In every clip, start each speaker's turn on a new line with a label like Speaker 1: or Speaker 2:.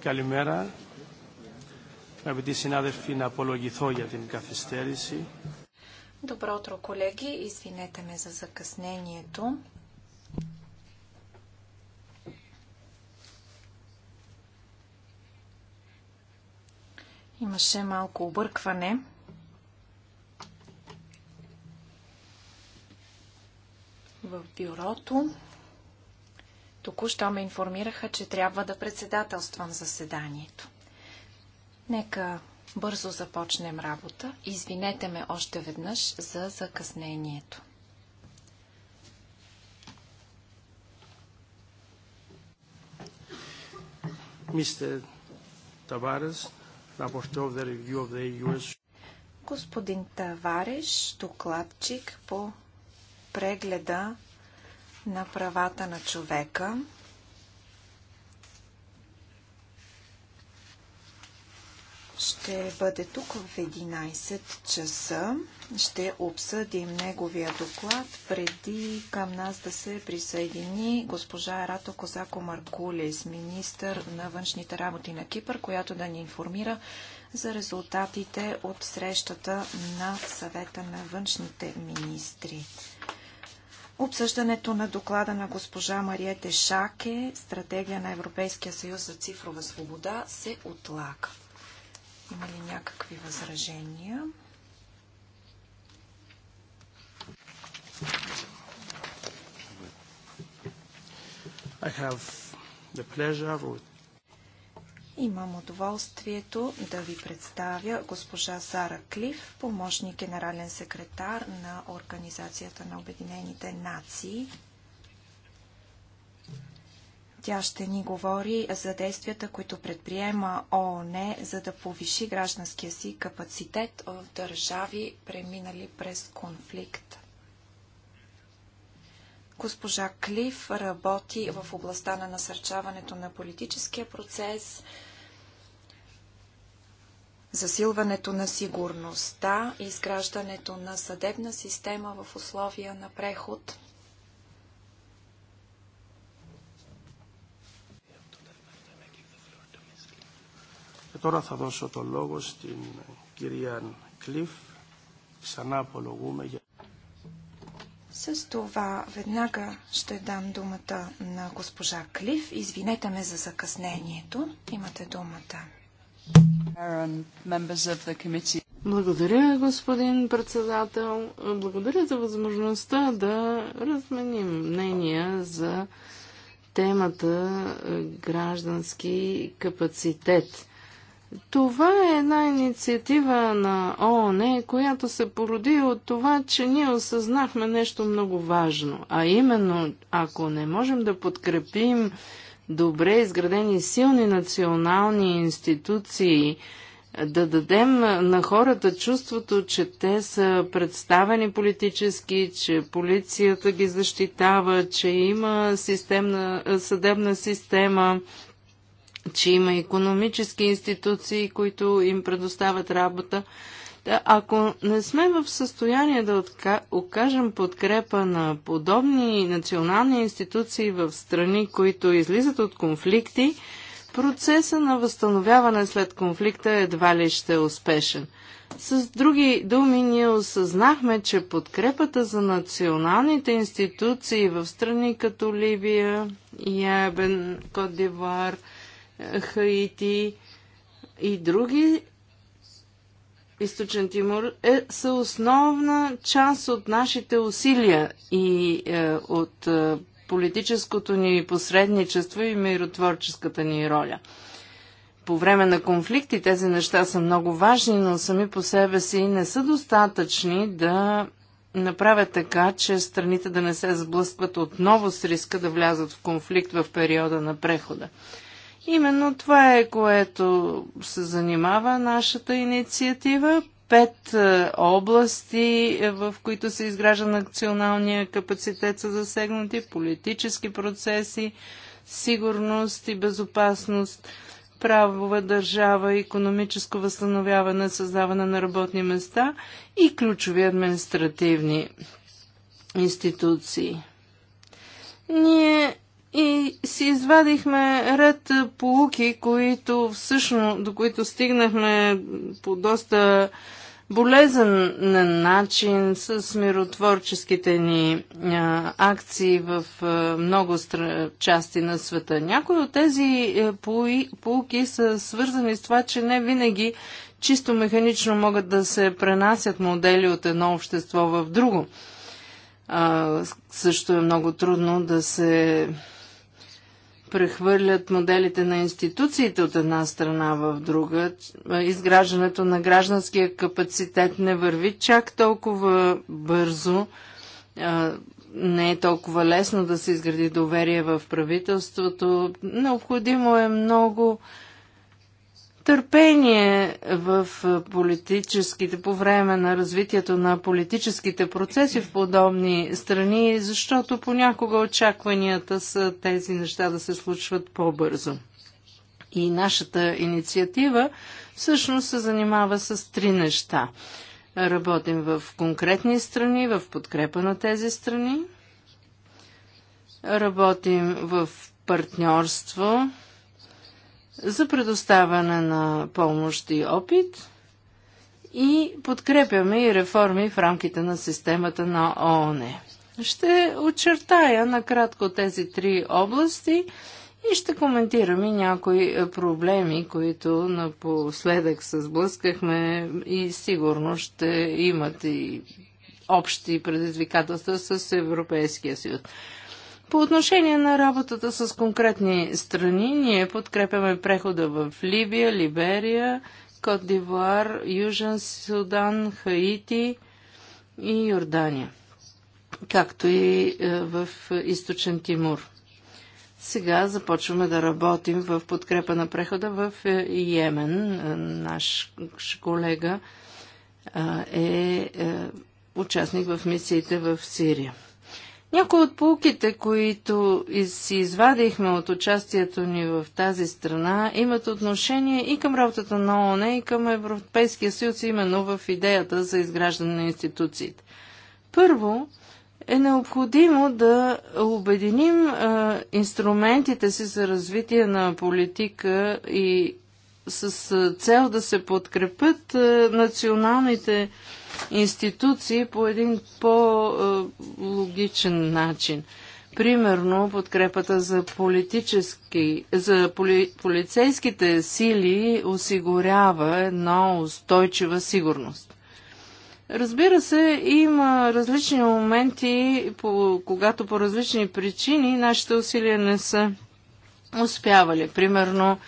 Speaker 1: Καλημέρα. Αγαπητοί συνάδελφοι, να απολογηθώ για την καθυστέρηση.
Speaker 2: Добро колеги. Извинете ме за закъснението. Имаше малко объркване. в бюрото. Току-що ме информираха, че трябва да председателствам заседанието. Нека бързо започнем работа. Извинете ме още веднъж за закъснението.
Speaker 3: Мистер Таварес, рапортер of the review of the US.
Speaker 2: Господин Тавареш, докладчик по прегледа на правата на човека. Ще бъде тук в 11 часа. Ще обсъдим неговия доклад преди към нас да се присъедини госпожа Рато Козако Маркулес, министър на външните работи на Кипър, която да ни информира за резултатите от срещата на съвета на външните министри. Обсъждането на доклада на госпожа Мария Тешаке, стратегия на Европейския съюз за цифрова свобода, се отлага. Има ли някакви възражения? I have the pleasure with Имам удоволствието да ви представя госпожа Сара Клиф, помощник генерален секретар на Организацията на Обединените нации. Тя ще ни говори за действията, които предприема ООН, за да повиши гражданския си капацитет в държави, преминали през конфликт. Госпожа Клиф работи в областта на насърчаването на политическия процес – засилването на сигурността и изграждането на съдебна система в условия на преход.
Speaker 3: Και τώρα θα δώσω το λόγο στην κυρία Κλиф. Ξανά
Speaker 2: απολογούμε για... С това веднага ще дам думата на госпожа Клиф. Извинете ме за закъснението. Имате думата.
Speaker 3: Благодаря, господин председател. Благодаря за възможността да разменим мнения за темата е, граждански капацитет. Това е една инициатива на ООН, която се породи от това, че ние осъзнахме нещо много важно, а именно, ако не можем да подкрепим добре изградени силни национални институции, да дадем на хората чувството, че те са представени политически, че полицията ги защитава, че има системна, съдебна система, че има економически институции, които им предоставят работа. Да, ако не сме в състояние да окажем подкрепа на подобни национални институции в страни, които излизат от конфликти, процеса на възстановяване след конфликта едва ли ще е успешен. С други думи, ние осъзнахме, че подкрепата за националните институции в страни като Ливия, Ябен, Кодивар, Хаити и други Източен Тимур е, са основна част от нашите усилия и е, от е, политическото ни посредничество и миротворческата ни роля. По време на конфликти тези неща са много важни, но сами по себе си не са достатъчни да направят така, че страните да не се сблъскват отново с риска да влязат в конфликт в периода на прехода. Именно това е, което се занимава нашата инициатива. Пет е, области, е, в които се изгражда националния капацитет са засегнати. Политически процеси, сигурност и безопасност, правова държава, економическо възстановяване, създаване на работни места и ключови административни институции. Ние и си извадихме ред полуки, които всъщност, до които стигнахме по доста болезнен начин с миротворческите ни а, акции в а, много стра... части на света. Някои от тези а, е, полуки са свързани с това, че не винаги чисто механично могат да се пренасят модели от едно общество в друго. А, също е много трудно да се прехвърлят моделите на институциите от една страна в друга. Е, изграждането на гражданския капацитет не върви чак толкова бързо. Е, не е толкова лесно да се изгради доверие в правителството. Необходимо е много търпение в политическите, по време на развитието на политическите процеси в подобни страни, защото понякога очакванията са тези неща да се случват по-бързо. И нашата инициатива всъщност се занимава с три неща. Работим в конкретни страни, в подкрепа на тези страни. Работим в партньорство за предоставяне на помощ и опит и подкрепяме и реформи в рамките на системата на ООН. Ще очертая накратко тези три области и ще коментирам и някои проблеми, които напоследък се сблъскахме и сигурно ще имат и общи предизвикателства с Европейския съюз. По отношение на работата с конкретни страни, ние подкрепяме прехода в Либия, Либерия, Кот Дивуар, Южен Судан, Хаити и Йордания, както и е, в Източен Тимур. Сега започваме да работим в подкрепа на прехода в е, Йемен. Е, наш колега е участник в мисиите в Сирия. Някои от полуките, които си извадихме от участието ни в тази страна, имат отношение и към работата на ООН и към Европейския съюз, именно в идеята за изграждане на институциите. Първо, е необходимо да обединим а, инструментите си за развитие на политика и с цел да се подкрепят а, националните а, институции по един по-логичен начин. Примерно подкрепата за, политически, за поли, полицейските сили осигурява една устойчива сигурност. Разбира се, има различни моменти, по, когато по различни причини нашите усилия не са успявали. Примерно,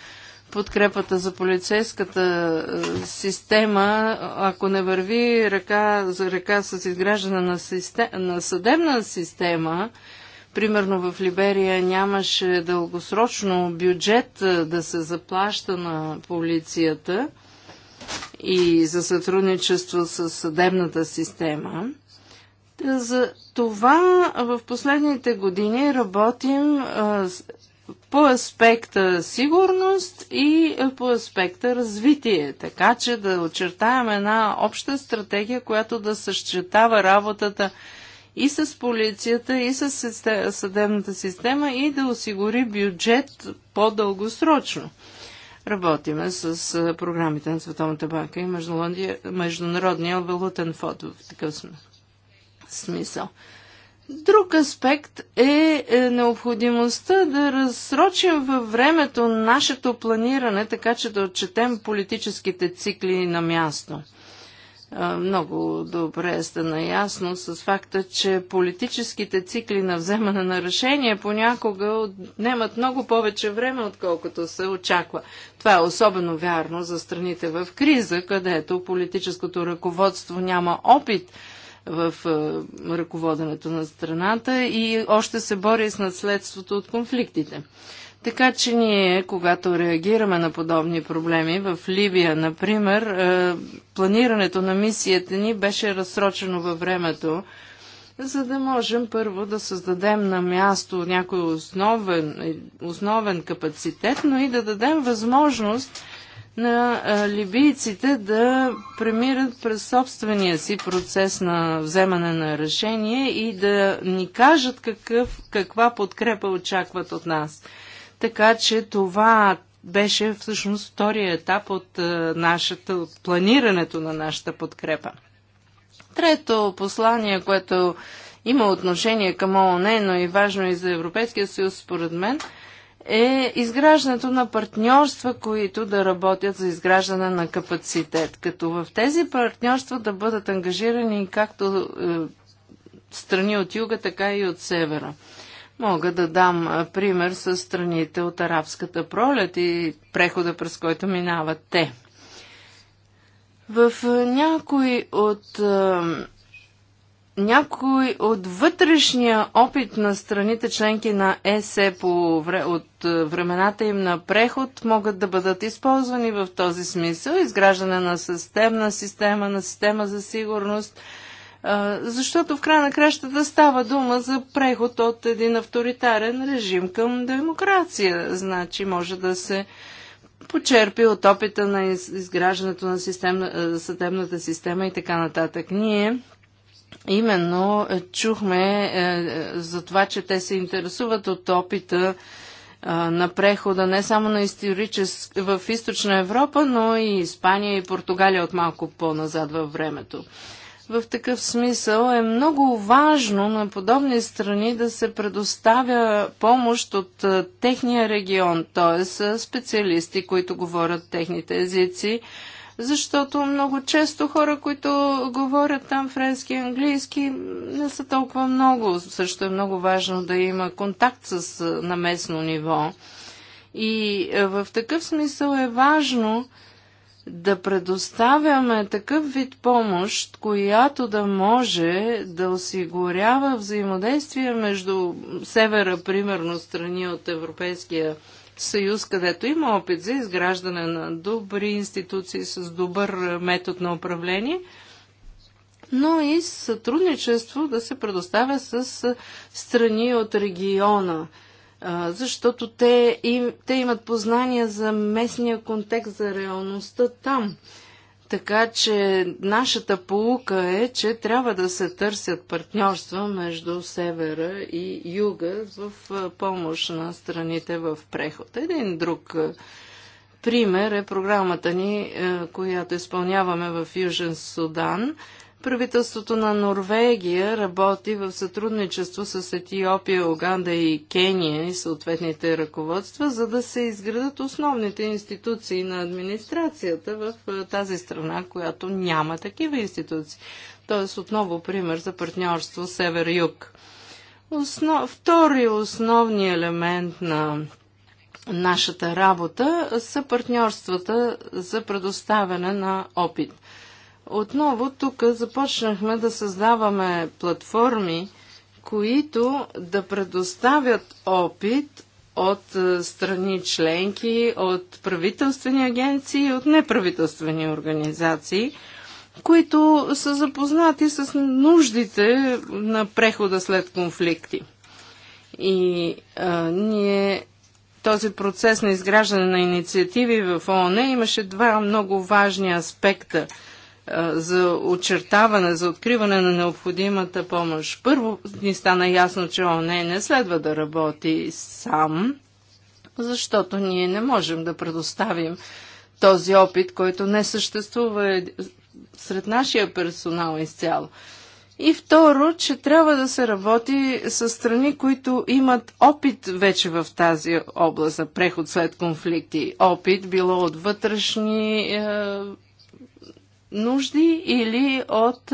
Speaker 3: подкрепата за полицейската е, система, ако не върви ръка за ръка с изграждане на, систем, на съдебна система, примерно в Либерия нямаше дългосрочно бюджет е, да се заплаща на полицията и за сътрудничество с съдебната система. За това в последните години работим е, по аспекта сигурност и по аспекта развитие, така че да очертаем една обща стратегия, която да съчетава работата и с полицията, и с съдебната система и да осигури бюджет по-дългосрочно. Работиме с програмите на Световната банка и Международния валутен фонд в такъв смисъл. Друг аспект е, е необходимостта да разсрочим във времето нашето планиране, така че да отчетем политическите цикли на място. Е, много добре сте наясно с факта, че политическите цикли на вземане на решения понякога отнемат много повече време, отколкото се очаква. Това е особено вярно за страните в криза, където политическото ръководство няма опит в е, ръководенето на страната и още се бори с наследството от конфликтите. Така че ние, когато реагираме на подобни проблеми в Либия, например, е, планирането на мисията ни беше разсрочено във времето, за да можем първо да създадем на място някой основен, е, основен капацитет, но и да дадем възможност на либийците да премират през собствения си процес на вземане на решение и да ни кажат какъв, каква подкрепа очакват от нас. Така че това беше всъщност втория етап от, нашата, от планирането на нашата подкрепа. Трето послание, което има отношение към ООН, но и важно и за Европейския съюз, според мен – е изграждането на партньорства, които да работят за изграждане на капацитет, като в тези партньорства да бъдат ангажирани както е, страни от юга, така и от севера. Мога да дам е, пример с страните от арабската пролет и прехода, през който минават те. В е, някои от е, някой от вътрешния опит на страните членки на ЕСЕ по вре, от е, времената им на преход могат да бъдат използвани в този смисъл. Изграждане на системна система, на система за сигурност, е, защото в края на кращата става дума за преход от един авторитарен режим към демокрация. Значи може да се почерпи от опита на изграждането на системна, е, съдебната система и така нататък. Ние Именно е, чухме е, е, за това, че те се интересуват от опита на прехода не само на историчес... в източна Европа, но и Испания и Португалия от малко по-назад във времето. В такъв смисъл е много важно на подобни страни да се предоставя помощ от техния регион, т.е. специалисти, които говорят техните езици, защото много често хора, които говорят там френски и английски, не са толкова много. Също е много важно да има контакт с, на местно ниво. И е, в такъв смисъл е важно да предоставяме такъв вид помощ, която да може да осигурява взаимодействие между севера, примерно страни от Европейския съюз, където има опит за изграждане на добри институции с добър метод на управление, но и сътрудничество да се предоставя с страни от региона, защото те, им, те имат познания за местния контекст, за реалността там. Така че нашата полука е, че трябва да се търсят партньорства между севера и юга в помощ на страните в преход. Един друг пример е програмата ни, която изпълняваме в Южен Судан – Правителството на Норвегия работи в сътрудничество с Етиопия, Уганда и Кения и съответните ръководства, за да се изградат основните институции на администрацията в тази страна, която няма такива институции. Тоест отново пример за партньорство Север-Юг. Основ... Втори основни елемент на нашата работа са партньорствата за предоставяне на опит – отново тук започнахме да създаваме платформи, които да предоставят опит от е, страни членки, от правителствени агенции и от неправителствени организации, които са запознати с нуждите на прехода след конфликти. И а, е, ние този процес на изграждане на инициативи в ООН имаше два много важни аспекта – за очертаване, за откриване на необходимата помощ. Първо ни стана ясно, че ОНЕ не следва да работи сам, защото ние не можем да предоставим този опит, който не съществува е сред нашия персонал изцяло. И второ, че трябва да се работи с страни, които имат опит вече в тази област за преход след конфликти. Опит било от вътрешни е, нужди или от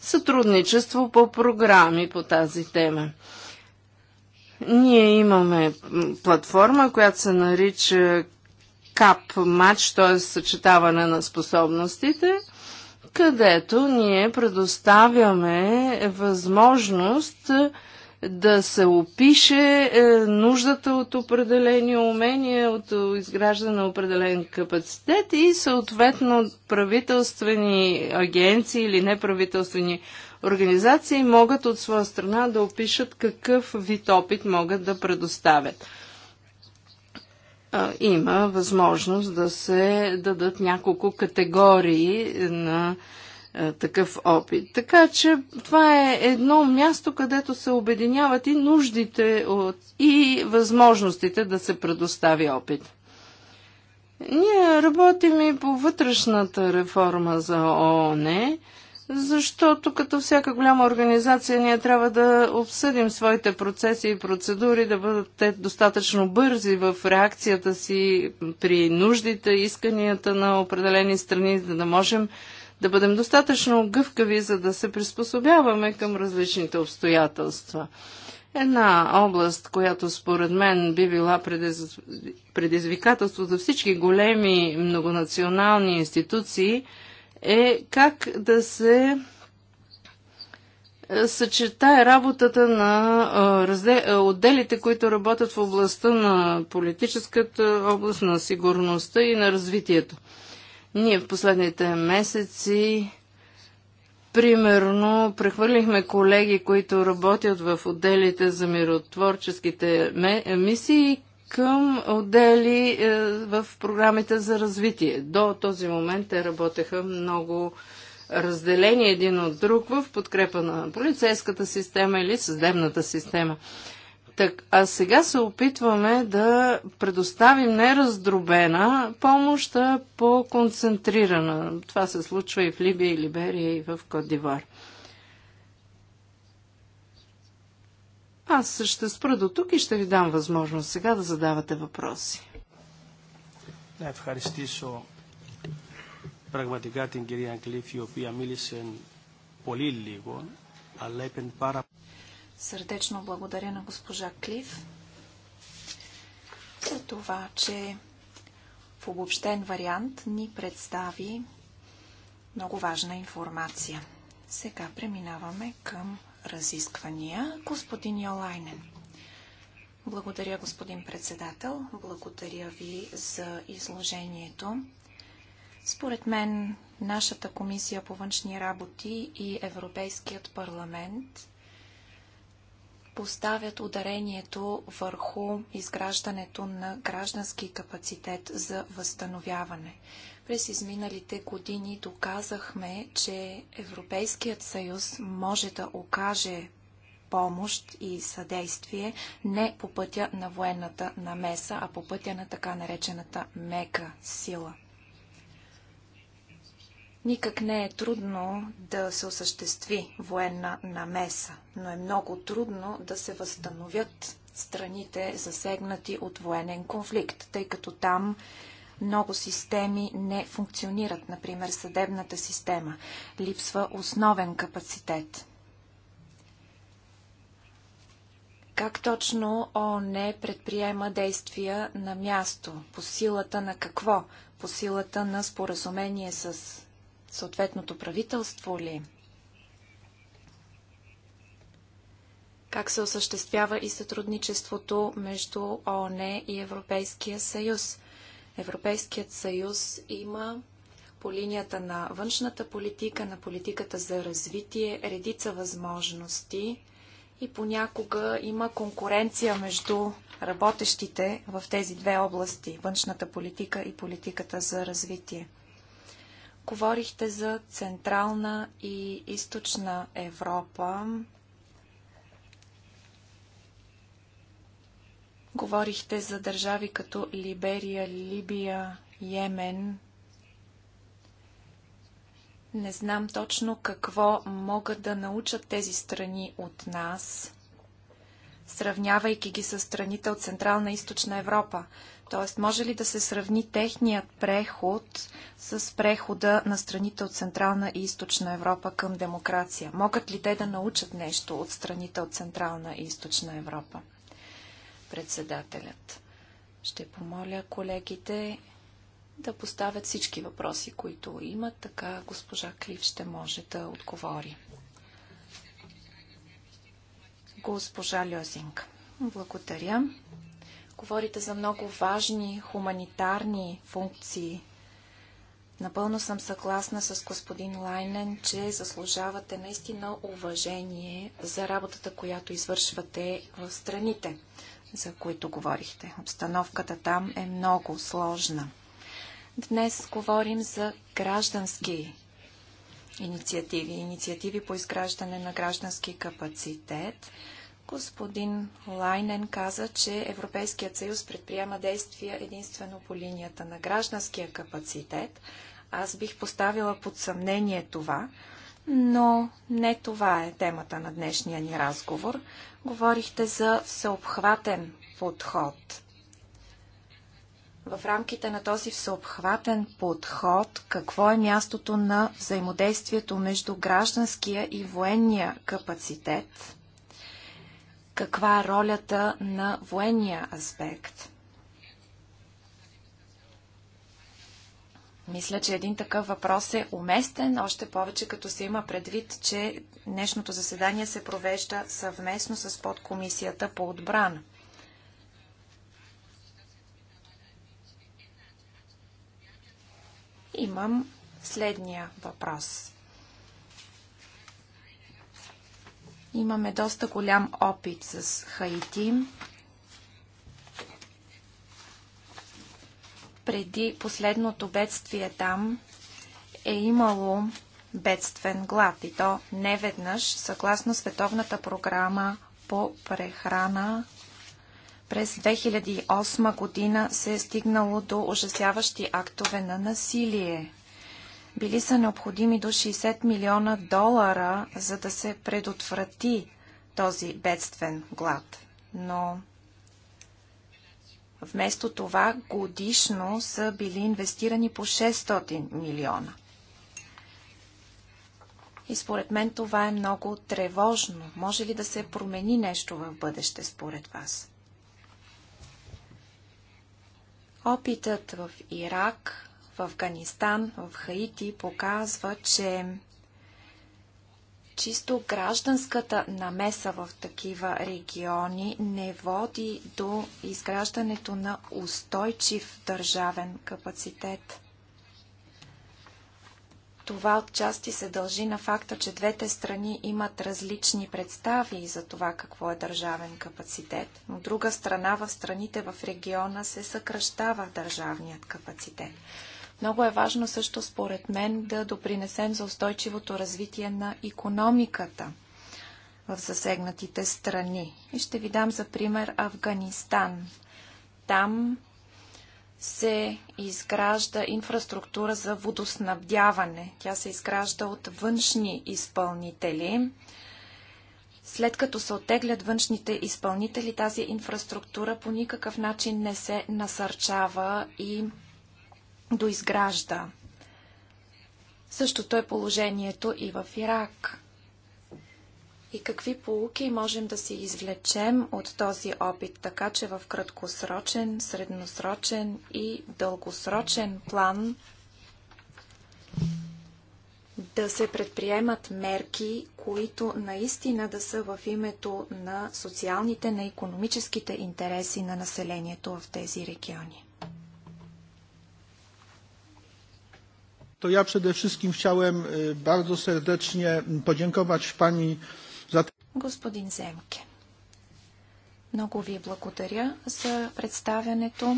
Speaker 3: сътрудничество по програми по тази тема. Ние имаме платформа, която се нарича CAP Match, т.е. съчетаване на способностите, където ние предоставяме възможност да се опише е, нуждата от определени умения, от изграждане на определен капацитет и съответно правителствени агенции или неправителствени организации могат от своя страна да опишат какъв вид опит могат да предоставят. Има възможност да се дадат няколко категории на е, такъв опит. Така че това е едно място, където се обединяват и нуждите от, и възможностите да се предостави опит. Ние работим и по вътрешната реформа за ООН, защото като всяка голяма организация ние трябва да обсъдим своите процеси и процедури, да бъдат те достатъчно бързи в реакцията си при нуждите, исканията на определени страни, за да можем да бъдем достатъчно гъвкави, за да се приспособяваме към различните обстоятелства. Една област, която според мен би била предизвикателство за всички големи многонационални институции, е как да се е, съчетае работата на е, е, отделите, които работят в областта на политическата област, на сигурността и на развитието. Ние в последните месеци Примерно, прехвърлихме колеги, които работят в отделите за миротворческите мисии към отдели е, в програмите за развитие. До този момент те работеха много разделени един от друг в подкрепа на полицейската система или съдебната система. Так, а сега се опитваме да предоставим нераздробена помощ, а по-концентрирана. Това се случва и в Либия, и Либерия, и в Кодивар. Аз ще спра до тук и ще ви дам възможност сега да задавате въпроси.
Speaker 1: Να ευχαριστήσω πραγματικά την κυρία η οποία μίλησε πολύ λίγο,
Speaker 2: αλλά είπε πάρα πολύ. Сърдечно благодаря на госпожа Клиф за това, че в обобщен вариант ни представи много важна информация. Сега преминаваме към разисквания. Господин Йолайнен. Благодаря, господин председател. Благодаря ви за изложението. Според мен, нашата комисия по външни работи и Европейският парламент поставят ударението върху изграждането на граждански капацитет за възстановяване. През изминалите години доказахме, че Европейският съюз може да окаже помощ и съдействие не по пътя на военната намеса, а по пътя на така наречената мека сила. Никак не е трудно да се осъществи военна намеса, но е много трудно да се възстановят страните засегнати от военен конфликт, тъй като там много системи не функционират, например съдебната система. Липсва основен капацитет. Как точно ООН предприема действия на място? По силата на какво? По силата на споразумение с Съответното правителство ли? Как се осъществява и сътрудничеството между ООН и Европейския съюз? Европейският съюз има по линията на външната политика, на политиката за развитие, редица възможности и понякога има конкуренция между работещите в тези две области външната политика и политиката за развитие. Говорихте за Централна и Източна Европа. Говорихте за държави като Либерия, Либия, Йемен. Не знам точно какво могат да научат тези страни от нас, сравнявайки ги с страните от Централна и Източна Европа. Тоест, може ли да се сравни техният преход с прехода на страните от Централна и Източна Европа към демокрация? Могат ли те да научат нещо от страните от Централна и Източна Европа? Председателят. Ще помоля колегите да поставят всички въпроси, които имат, така госпожа Клив ще може да отговори. Госпожа Льозинг. Благодаря. Говорите за много важни хуманитарни функции. Напълно съм съгласна с господин Лайнен, че заслужавате наистина уважение за работата, която извършвате в страните, за които говорихте. Обстановката там е много сложна. Днес говорим за граждански инициативи, инициативи по изграждане на граждански капацитет. Господин Лайнен каза, че Европейският съюз предприема действия единствено по линията на гражданския капацитет. Аз бих поставила под съмнение това, но не това е темата на днешния ни разговор. Говорихте за всеобхватен подход. В рамките на този всеобхватен подход, какво е мястото на взаимодействието между гражданския и военния капацитет? каква е ролята на военния аспект. Мисля, че един такъв въпрос е уместен, още повече като се има предвид, че днешното заседание се провежда съвместно с подкомисията по отбрана. Имам следния въпрос. Имаме доста голям опит с Хаити. Преди последното бедствие там е имало бедствен глад и то не веднъж, съгласно Световната програма по прехрана през 2008 година се е стигнало до ужасяващи актове на насилие. Били са необходими до 60 милиона долара, за да се предотврати този бедствен глад. Но вместо това годишно са били инвестирани по 600 милиона. И според мен това е много тревожно. Може ли да се промени нещо в бъдеще според вас? Опитът в Ирак в Афганистан, в Хаити показва, че чисто гражданската намеса в такива региони не води до изграждането на устойчив държавен капацитет. Това отчасти се дължи на факта, че двете страни имат различни представи за това какво е държавен капацитет. но друга страна, в страните в региона се съкръщава държавният капацитет. Много е важно също според мен да допринесем за устойчивото развитие на економиката в засегнатите страни. И ще ви дам за пример Афганистан. Там се изгражда инфраструктура за водоснабдяване. Тя се изгражда от външни изпълнители. След като се оттеглят външните изпълнители, тази инфраструктура по никакъв начин не се насърчава и доизгражда. Същото е положението и в Ирак. И какви полуки можем да си извлечем от този опит, така че в краткосрочен, средносрочен и дългосрочен план да се предприемат мерки, които наистина да са в името на социалните, на економическите интереси на населението в тези региони. to ja przede wszystkim chciałem bardzo serdecznie podziękować pani за... Господин Земке, много ви благодаря за представянето.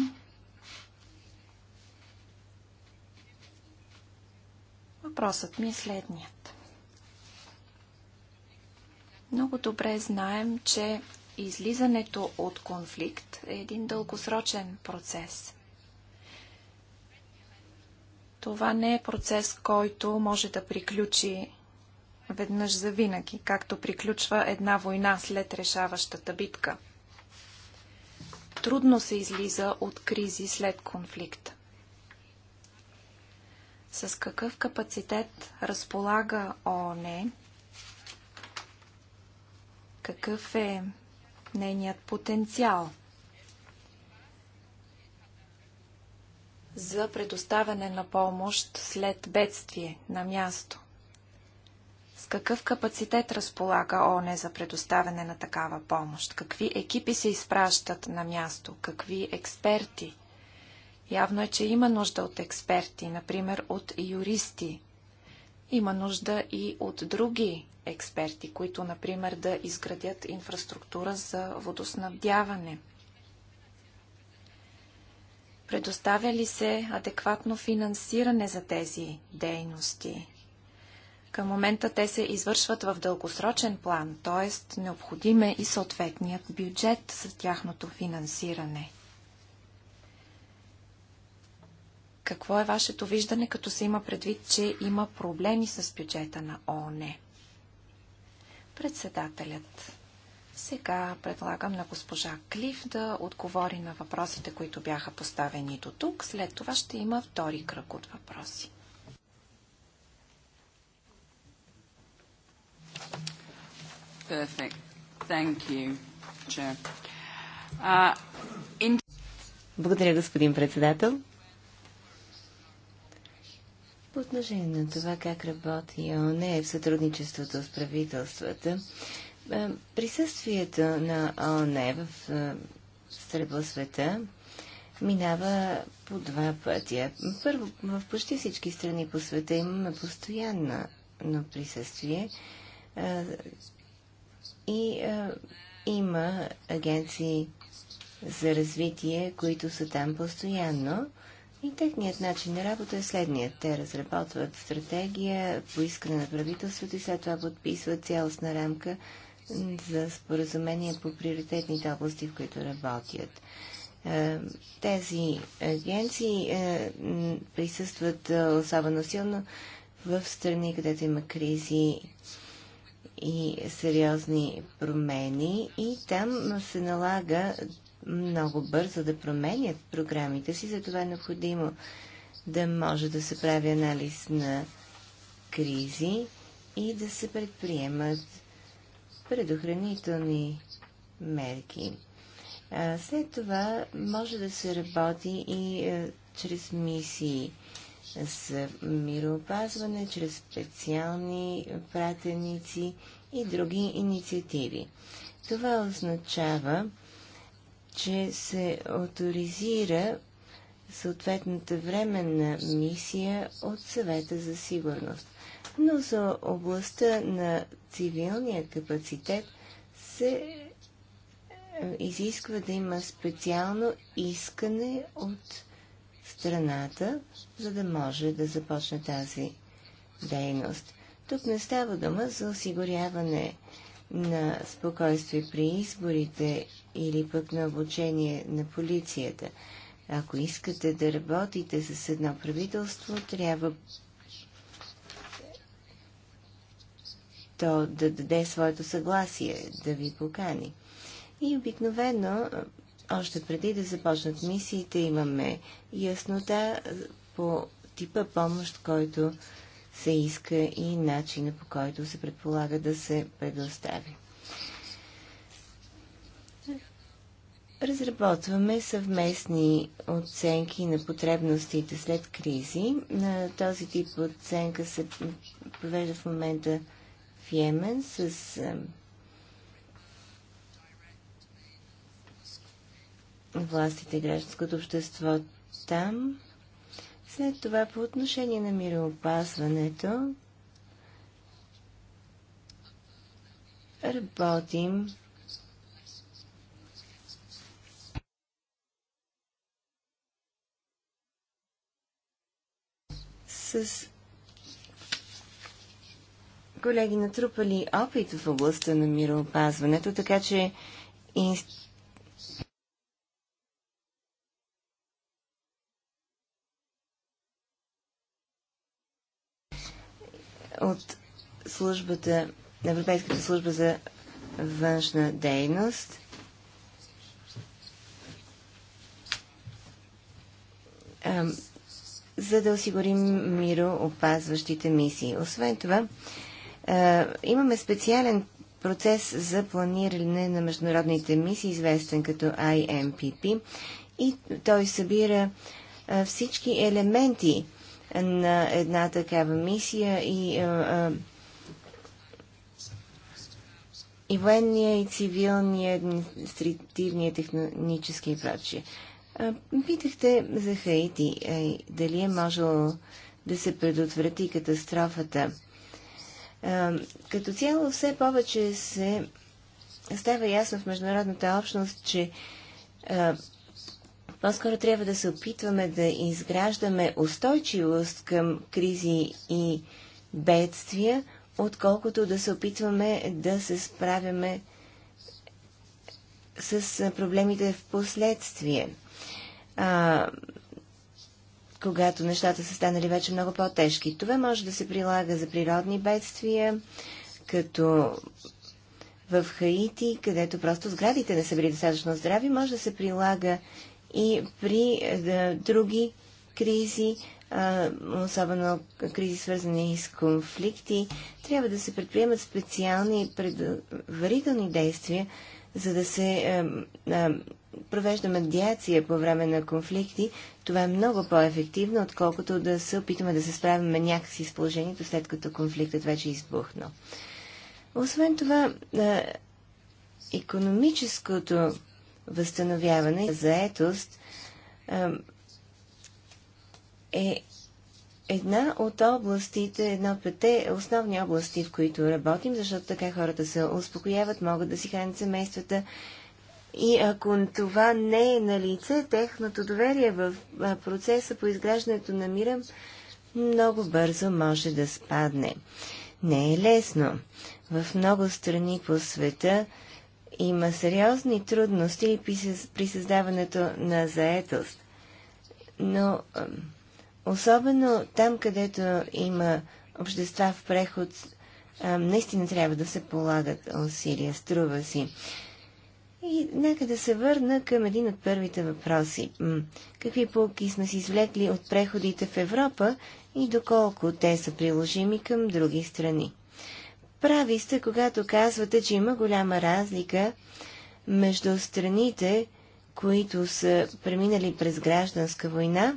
Speaker 2: Въпросът ми е следният. Много добре знаем, че излизането от конфликт е един дългосрочен процес. Това не е процес, който може да приключи веднъж за винаги, както приключва една война след решаващата битка. Трудно се излиза от кризи след конфликт. С какъв капацитет разполага ООН? Какъв е нейният потенциал? за предоставяне на помощ след бедствие на място. С какъв капацитет разполага ОНЕ за предоставяне на такава помощ? Какви екипи се изпращат на място? Какви експерти? Явно е, че има нужда от експерти, например от юристи. Има нужда и от други експерти, които, например, да изградят инфраструктура за водоснабдяване – Предоставя ли се адекватно финансиране за тези дейности? Към момента те се извършват в дългосрочен план, т.е. необходим е и съответният бюджет за тяхното финансиране. Какво е вашето виждане, като се има предвид, че има проблеми с бюджета на ООН? Председателят. Сега предлагам на госпожа Клиф да отговори на въпросите, които бяха поставени до тук. След това ще има втори кръг от въпроси.
Speaker 3: Thank you, Uh, in...
Speaker 1: Благодаря, господин председател. По отношение на това как работи ОНЕ в сътрудничеството с правителствата, е, присъствието на ООН в е, сребла света минава по два пътя. Първо, в почти всички страни по света имаме постоянно присъствие е, и има агенции за развитие, които са там постоянно. И техният начин на работа е следният. Те разработват стратегия, поискане на правителството и след това подписват цялостна рамка за споразумения по приоритетните области, в които работят. Е, тези агенции е, присъстват е, особено силно в страни, където има кризи и сериозни промени и там се налага много бързо да променят програмите си, затова е необходимо да може да се прави анализ на кризи и да се предприемат предохранителни мерки. след това може да се работи и чрез мисии с мироопазване, чрез специални пратеници и други инициативи. Това означава, че се авторизира съответната временна мисия от съвета за сигурност но за областта на цивилния капацитет се е, изисква да има специално искане от страната, за да може да започне тази дейност. Тук не става дума за осигуряване на спокойствие при изборите или пък на обучение на полицията. Ако искате да работите с едно правителство, трябва то да даде своето съгласие, да ви покани. И обикновено, още преди да започнат мисиите, имаме яснота по типа помощ, който се иска и начина по който се предполага да се предостави. Разработваме съвместни оценки на потребностите след кризи. На този тип оценка се провежда в момента в Йемен с властите, гражданското общество там. След това по отношение на мироопазването работим с колеги натрупали опит в областта на мироопазването, така че от службата, Европейската служба за външна дейност за да осигурим мироопазващите мисии. Освен това, е, имаме специален процес за планиране на международните мисии, известен като IMPP, и той събира е, всички елементи на една такава мисия и, е, и военния, и цивилния, административния, технически и прочие. Питахте за Хаити, дали е можело да се предотврати катастрофата е, като цяло все повече се става ясно в международната общност, че е, по-скоро трябва да се опитваме да изграждаме устойчивост към кризи и бедствия, отколкото да се опитваме да се справяме с проблемите в последствие. А, когато нещата са станали вече много по-тежки. Това може да се прилага за природни бедствия, като в Хаити, където просто сградите не са били достатъчно здрави, може да се прилага и при да, е, други кризи, а, особено кризи свързани с конфликти. Трябва да се предприемат специални предварителни действия, за да се а, а, провежда медиация по време на конфликти, това е много по-ефективно, отколкото да се опитаме да се справяме някакси с положението, след като конфликтът вече е избухнал. Освен това, а, е, економическото възстановяване, заетост а, е една от областите, една от пете основни области, в които работим, защото така хората се успокояват, могат да си хранят семействата. И ако това не е на лице, техното доверие в процеса по изграждането на мира много бързо може да спадне. Не е лесно. В много страни по света има сериозни трудности при създаването на заетост. Но Особено там, където има общества в преход, наистина трябва да се полагат усилия, струва си. И нека да се върна към един от първите въпроси. Какви полки сме си извлекли от преходите в Европа и доколко те са приложими към други страни? Прави сте, когато казвате, че има голяма разлика между страните, които са преминали през гражданска война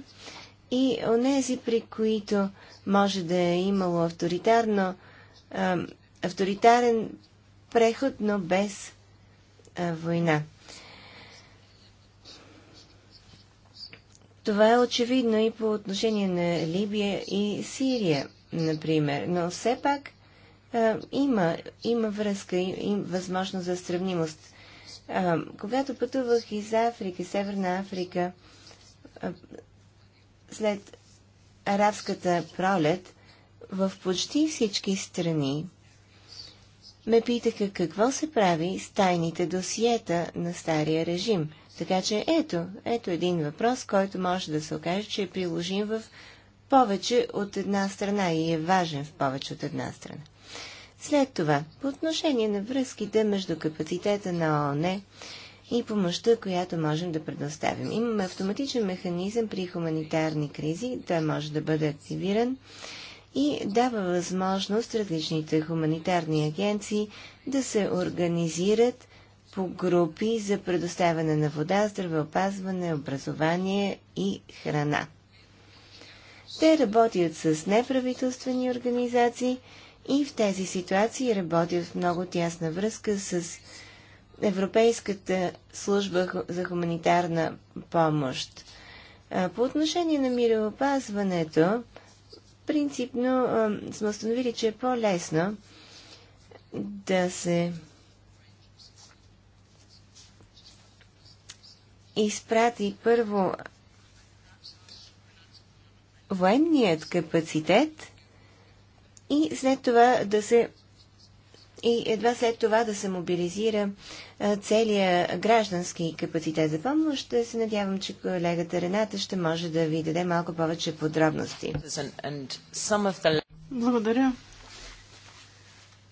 Speaker 1: и онези, при които може да е имало авторитарно, авторитарен преход, но без война. Това е очевидно и по отношение на Либия и Сирия, например. Но все пак а, има, има връзка и, и възможност за сравнимост. А, когато пътувах из Африка, Северна Африка, а, след арабската пролет в почти всички страни ме питаха какво се прави с тайните досиета на стария режим. Така че ето, ето един въпрос, който може да се окаже, че е приложим в повече от една страна и е важен в повече от една страна. След това, по отношение на връзките между капацитета на ОНЕ и помощта, която можем да предоставим. Имаме автоматичен механизъм при хуманитарни кризи, той може да бъде активиран и дава възможност различните хуманитарни агенции да се организират по групи за предоставяне на вода, здравеопазване, образование и храна. Те работят с неправителствени организации и в тези ситуации работят в много тясна връзка с Европейската служба за хуманитарна помощ. По отношение на мироопазването, принципно сме установили, че е по-лесно да се изпрати първо военният капацитет и след това да се и едва след това да се мобилизира целият граждански капацитет за помощ. Ще се надявам, че колегата Рената ще може да ви даде малко повече подробности.
Speaker 3: Благодаря.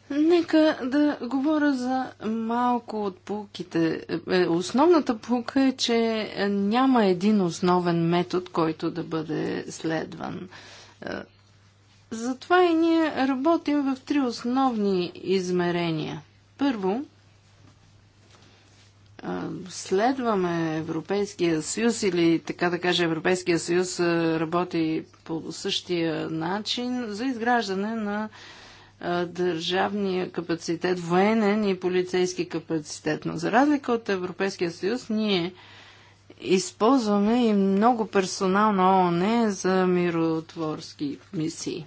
Speaker 3: Нека да говоря за малко от пулките. Е, основната пулка е, че няма един основен метод, който да бъде следван е, затова и ние работим в три основни измерения. Първо, следваме Европейския съюз или така да кажа Европейския съюз работи по същия начин за изграждане на държавния капацитет, военен и полицейски капацитет. Но за разлика от Европейския съюз, ние използваме и много персонал на ООН за миротворски мисии.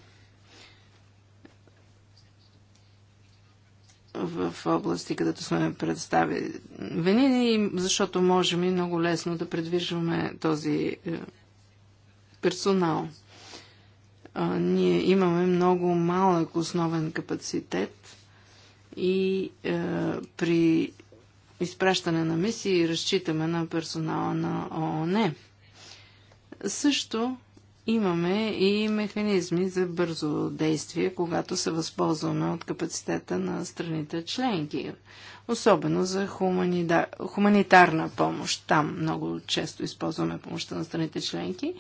Speaker 3: в области, където сме представени, защото можем и много лесно да предвижваме този е, персонал. Ние имаме много малък основен капацитет и е, при изпращане на мисии разчитаме на персонала на ООН. Също имаме и механизми за бързо действие, когато се възползваме от капацитета на страните членки, особено за хуманитарна помощ. Там много често използваме помощта на страните членки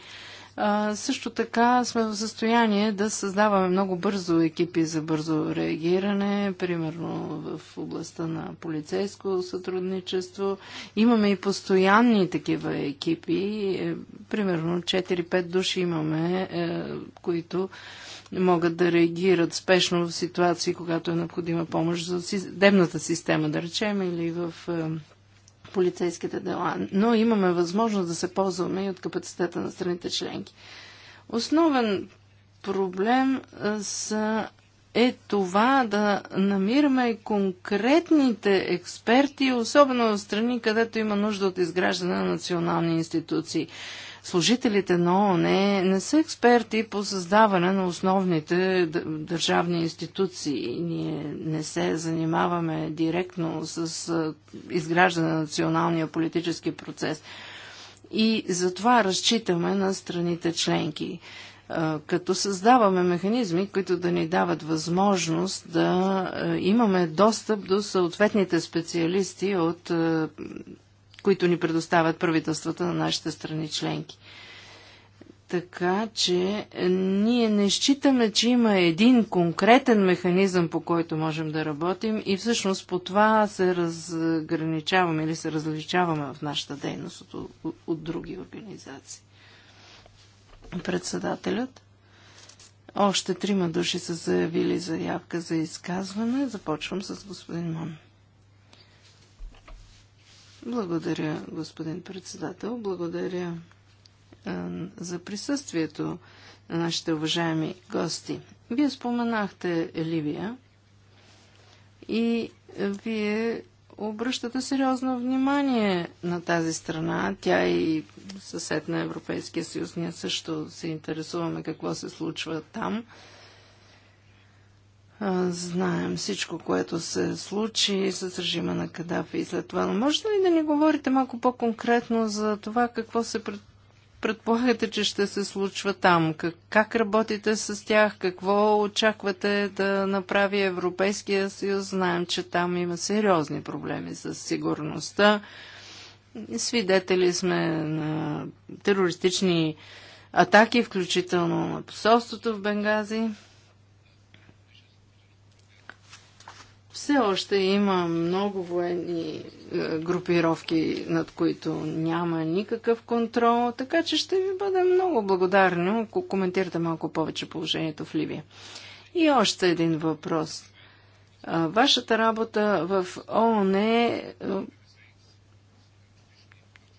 Speaker 3: също така сме в състояние да създаваме много бързо екипи за бързо реагиране, примерно в областта на полицейско сътрудничество. Имаме и постоянни такива екипи, е, примерно 4-5 души имаме, е, които могат да реагират спешно в ситуации, когато е необходима помощ за съдебната система, да речем, или в е, полицейските дела, но имаме възможност да се ползваме и от капацитета на страните членки. Основен проблем са, е това да намираме конкретните експерти, особено в страни, където има нужда от изграждане на национални институции служителите на ООН не са експерти по създаване на основните държавни институции. Ние не се занимаваме директно с изграждане на националния политически процес. И затова разчитаме на страните членки, като създаваме механизми, които да ни дават възможност да имаме достъп до съответните специалисти от които ни предоставят правителствата на нашите страни членки. Така че е, ние не считаме, че има един конкретен механизъм, по който можем да работим и всъщност по това се разграничаваме или се различаваме в нашата дейност от, от, други организации. Председателят. Още трима души са заявили заявка за изказване. Започвам с господин Мон. Благодаря, господин председател. Благодаря е, за присъствието на нашите уважаеми гости. Вие споменахте Ливия и вие обръщате сериозно внимание на тази страна. Тя и съсед на Европейския съюз. Ние също се интересуваме какво се случва там знаем всичко, което се случи с режима на Кадафи и след това. Но може ли да ни говорите малко по-конкретно за това какво се пред... предполагате, че ще се случва там? Как, как работите с тях? Какво очаквате да направи Европейския съюз? Знаем, че там има сериозни проблеми с сигурността. Свидетели сме на терористични атаки, включително на посолството в Бенгази. Все още има много военни е, групировки, над които няма никакъв контрол, така че ще ви бъда много благодарна, ако коментирате малко повече положението в Ливия. И още един въпрос. Вашата работа в ООН е, е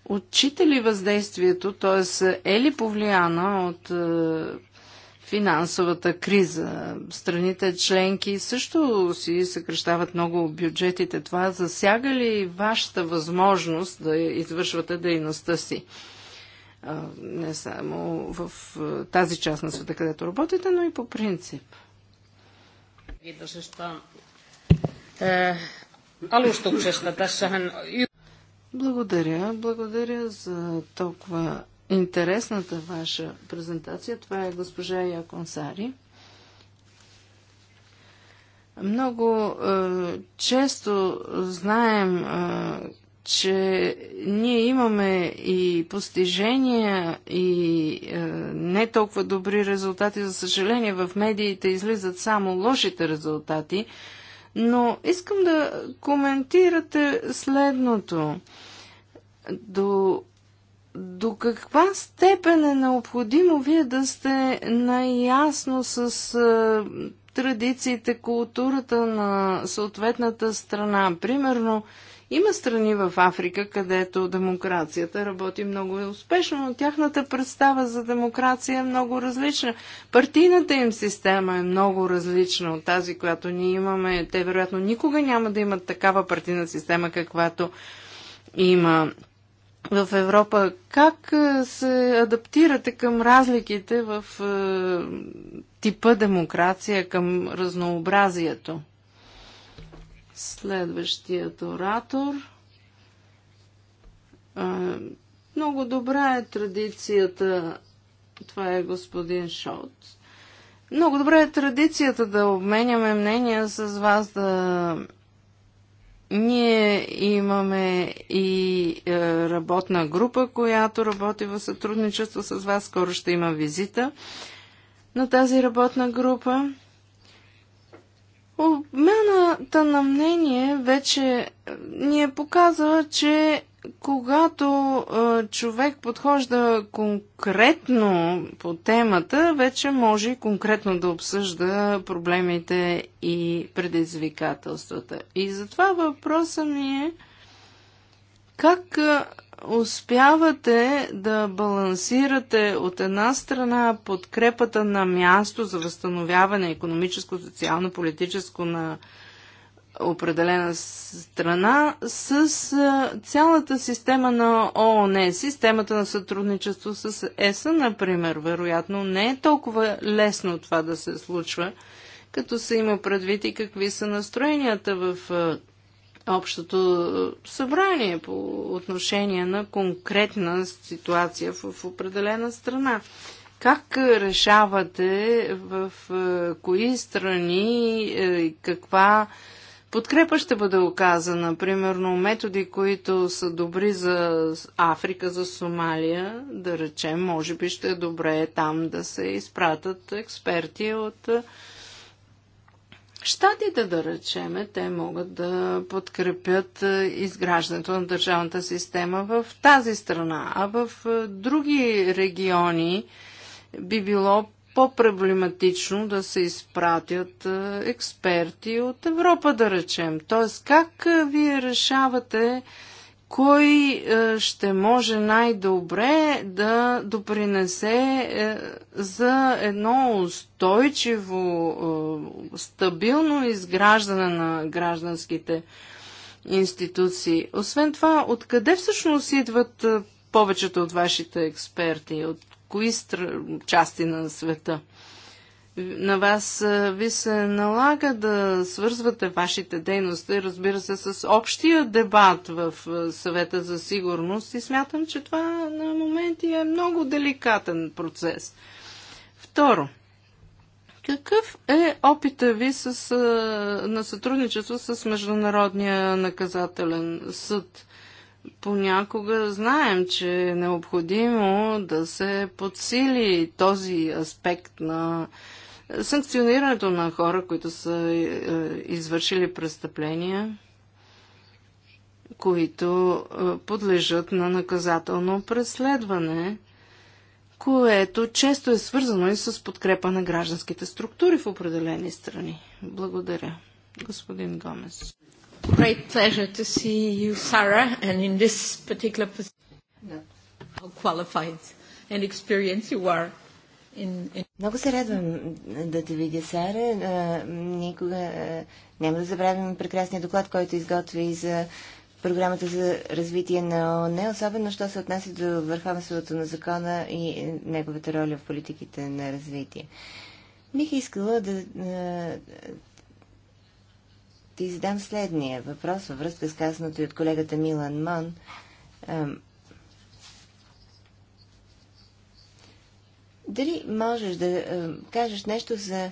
Speaker 3: отчита ли въздействието, т.е. е ли повлияна от е, финансовата криза. Страните членки също си съкрещават много бюджетите. Това засяга ли вашата възможност да извършвате дейността си? Не само в тази част на света, където работите, но и по принцип. Благодаря. Благодаря за толкова интересната ваша презентация. Това е госпожа Яконсари. Много е, често знаем, е, че ние имаме и постижения, и е, не толкова добри резултати. За съжаление, в медиите излизат само лошите резултати. Но искам да коментирате следното. До до каква степен е необходимо вие да сте наясно с а, е, традициите, културата на съответната страна? Примерно, има страни в Африка, където демокрацията работи много успешно, но тяхната представа за демокрация е много различна. Партийната им система е много различна от тази, която ние имаме. Те вероятно никога няма да имат такава партийна система, каквато има в Европа, как е, се адаптирате към разликите в е, типа демокрация, към разнообразието? Следващият оратор. Е, много добра е традицията, това е господин Шот. Много добра е традицията да обменяме мнения с вас, да ние имаме и е, работна група, която работи в сътрудничество с вас. Скоро ще има визита на тази работна група. Обмяната на мнение вече ни е показала, че когато а, човек подхожда конкретно по темата, вече може и конкретно да обсъжда проблемите и предизвикателствата. И затова въпросът ми е как успявате да балансирате от една страна подкрепата на място за възстановяване економическо, социално, политическо на определена страна с цялата система на ООН, системата на сътрудничество с ЕСА, например. Вероятно не е толкова лесно това да се случва, като се има предвид и какви са настроенията в общото събрание по отношение на конкретна ситуация в определена страна. Как решавате в кои страни е, каква подкрепа ще бъде оказана. Примерно методи, които са добри за Африка, за Сомалия, да речем, може би ще е добре там да се изпратят експерти от щатите, да речем, те могат да подкрепят изграждането на държавната система в тази страна, а в други региони би било по-проблематично да се изпратят е, експерти от Европа, да речем. Тоест, как е, вие решавате кой е, ще може най-добре да допринесе за едно устойчиво, стабилно изграждане на гражданските институции. Освен това, откъде всъщност идват повечето от вашите експерти? От кои стр... части на света. На вас ви се налага да свързвате вашите дейности, разбира се, с общия дебат в съвета за сигурност и смятам, че това на моменти е много деликатен процес. Второ, какъв е опита ви с, на сътрудничество с Международния наказателен съд? понякога знаем, че е необходимо да се подсили този аспект на санкционирането на хора, които са е, извършили престъпления, които е, подлежат на наказателно преследване, което често е свързано и с подкрепа на гражданските структури в определени страни. Благодаря, господин Гомес great pleasure to see you, Sarah, and in this particular position, how qualified and experienced you are.
Speaker 1: Много се радвам да те видя, Сара. никога няма да забравим прекрасния доклад, който изготви за програмата за развитие на ООН, особено що се отнася до върховенството на закона и неговата роля в политиките на развитие. Бих искала да ще задам следния въпрос във връзка с казаното и от колегата Милан Мон. Дали можеш да кажеш нещо за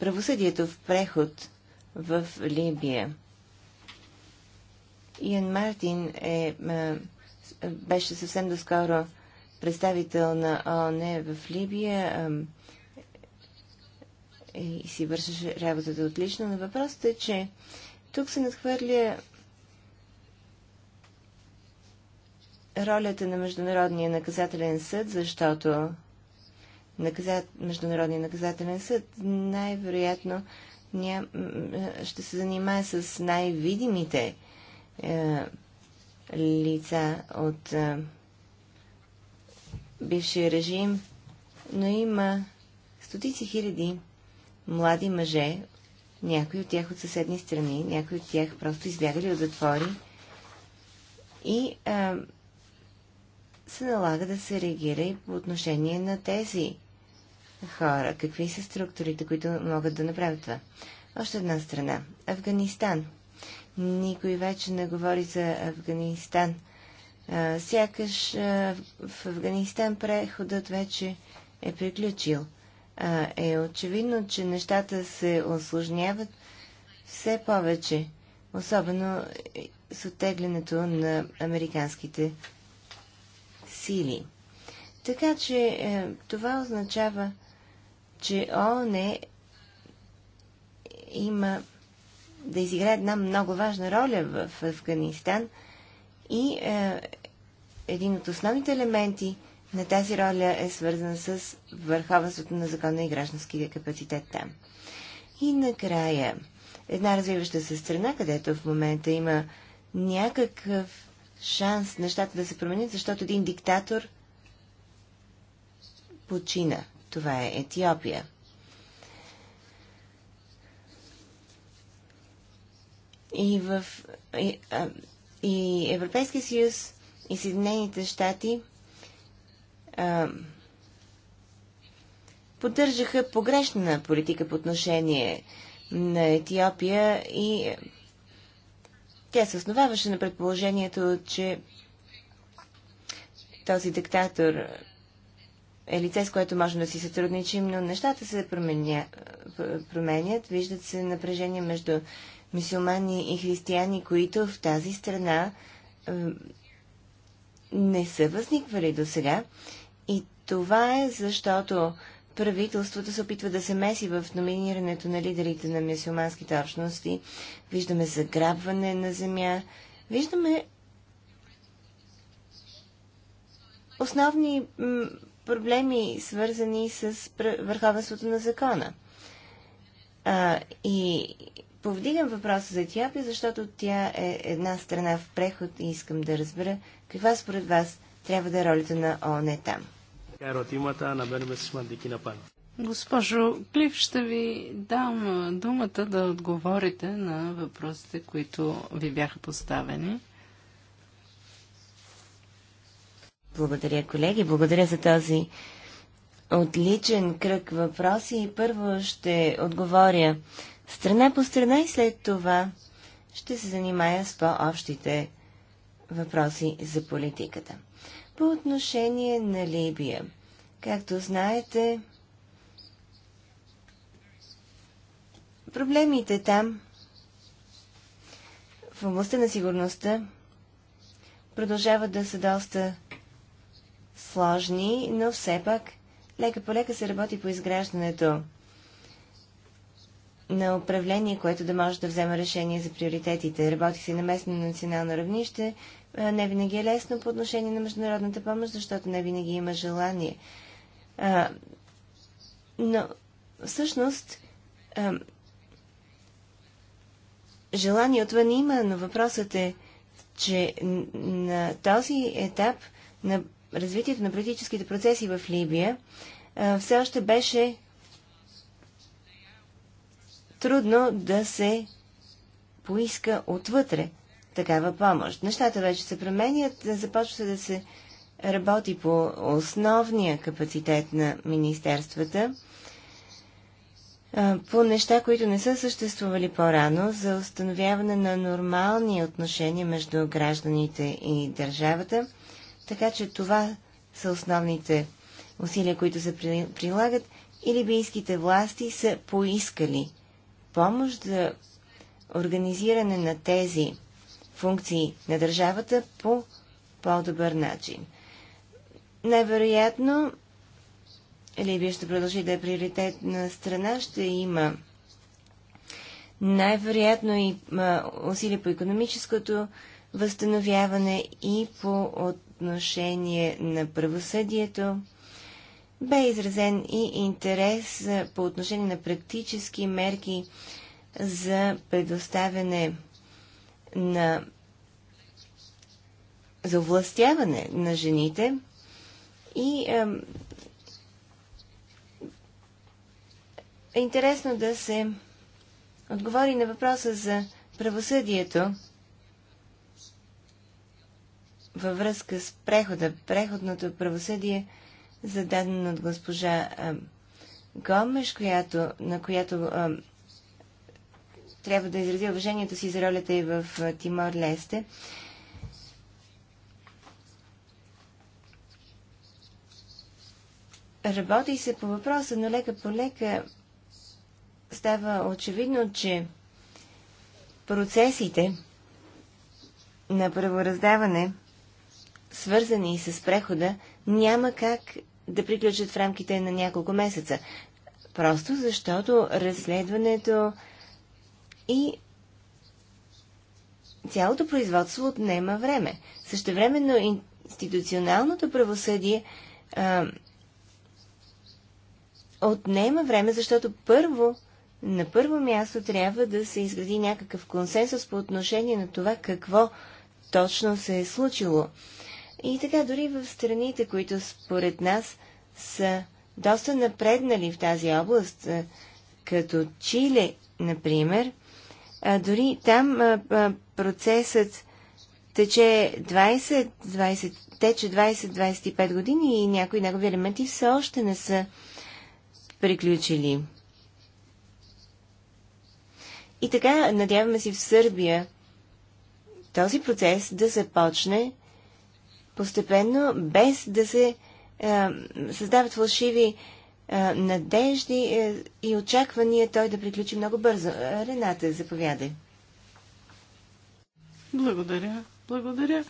Speaker 1: правосъдието в преход в Либия? Иан Мартин е, беше съвсем доскоро представител на ОНЕ в Либия. Е, и си вършеше работата отлично, но въпросът е, че тук се надхвърля ролята на Международния наказателен съд, защото наказат... Международния наказателен съд най-вероятно ня... ще се занимае с най-видимите е, лица от е, бившия режим, но има стотици хиляди млади мъже, някои от тях от съседни страни, някои от тях просто избягали от затвори и а, се налага да се реагира и по отношение на тези хора. Какви са структурите, които могат да направят това? Още една страна. Афганистан. Никой вече не говори за Афганистан. А, сякаш а, в Афганистан преходът вече е приключил е очевидно, че нещата се осложняват все повече, особено с оттеглянето на американските сили. Така че е, това означава, че ООН е, има да изиграе една много важна роля в Афганистан и е, един от основните елементи – на тази роля е свързана с върховенството на закона и гражданския капацитет там. И накрая, една развиваща се страна, където в момента има някакъв шанс нещата да се променят, защото един диктатор почина. Това е Етиопия. И в и, а, и Европейския съюз и Съединените щати – а, поддържаха погрешна политика по отношение на Етиопия и тя се основаваше на предположението, че този диктатор е лице, с което можем да си сътрудничим, но нещата се променя, променят. Виждат се напрежение между мисюлмани и християни, които в тази страна не са възниквали до сега. Това е защото правителството се опитва да се меси в номинирането на лидерите на мюсюлманските общности. Виждаме заграбване на земя. Виждаме основни проблеми, свързани с върховенството на закона. А, и повдигам въпроса за Етиопия, защото тя е една страна в преход и искам да разбера каква според вас трябва да е ролята на ООН там.
Speaker 2: Еρωτимата на бенеме σημαντики Дикина пан.
Speaker 1: Госпожо
Speaker 3: Клив, ще ви дам думата да отговорите на въпросите,
Speaker 1: които ви бяха поставени. Благодаря, колеги. Благодаря за този отличен кръг въпроси. Първо ще отговоря страна по страна и след това ще се занимая с по-общите въпроси за политиката. По отношение на Либия, както знаете, проблемите там в областта на сигурността продължават да са доста сложни, но все пак лека по лека се работи по изграждането на управление, което да може да взема решение за приоритетите. Работи се на местно национално равнище, е, не винаги е лесно по отношение на международната помощ, защото не винаги има желание. А, но всъщност а, желание отвън има, но въпросът е, че на този етап на развитието на политическите процеси в Либия а, все още беше трудно да се поиска отвътре такава помощ. Нещата вече се променят, започва да се работи по основния капацитет на министерствата, по неща, които не са съществували по-рано, за установяване на нормални отношения между гражданите и държавата. Така че това са основните усилия, които се прилагат. И либийските власти са поискали помощ за организиране на тези функции на държавата по по-добър начин. Най-вероятно Либия ще продължи да е приоритетна страна, ще има най-вероятно и усилия по економическото възстановяване и по отношение на правосъдието. Бе изразен и интерес по отношение на практически мерки за предоставяне на за овластяване на жените и е, е интересно да се отговори на въпроса за правосъдието във връзка с прехода, преходното правосъдие, зададено от госпожа е, Гомеш, която, на която е, трябва да изрази уважението си за ролята и в Тимор Лесте. Работи се по въпроса, но лека по лека става очевидно, че процесите на правораздаване, свързани с прехода, няма как да приключат в рамките на няколко месеца. Просто защото разследването и цялото производство отнема време. Същевременно институционалното правосъдие а, отнема време, защото първо, на първо място трябва да се изгради някакъв консенсус по отношение на това какво точно се е случило. И така, дори в страните, които според нас са доста напреднали в тази област, като Чили, например – а, дори там а, а, процесът тече 20, тече 20-25 години и някои негови елементи все още не са приключили. И така, надяваме си в Сърбия този процес да започне постепенно, без да се е, създават фалшиви надежди е, и очаквания той да приключи много бързо. Рената, заповядай.
Speaker 3: Благодаря. Благодаря,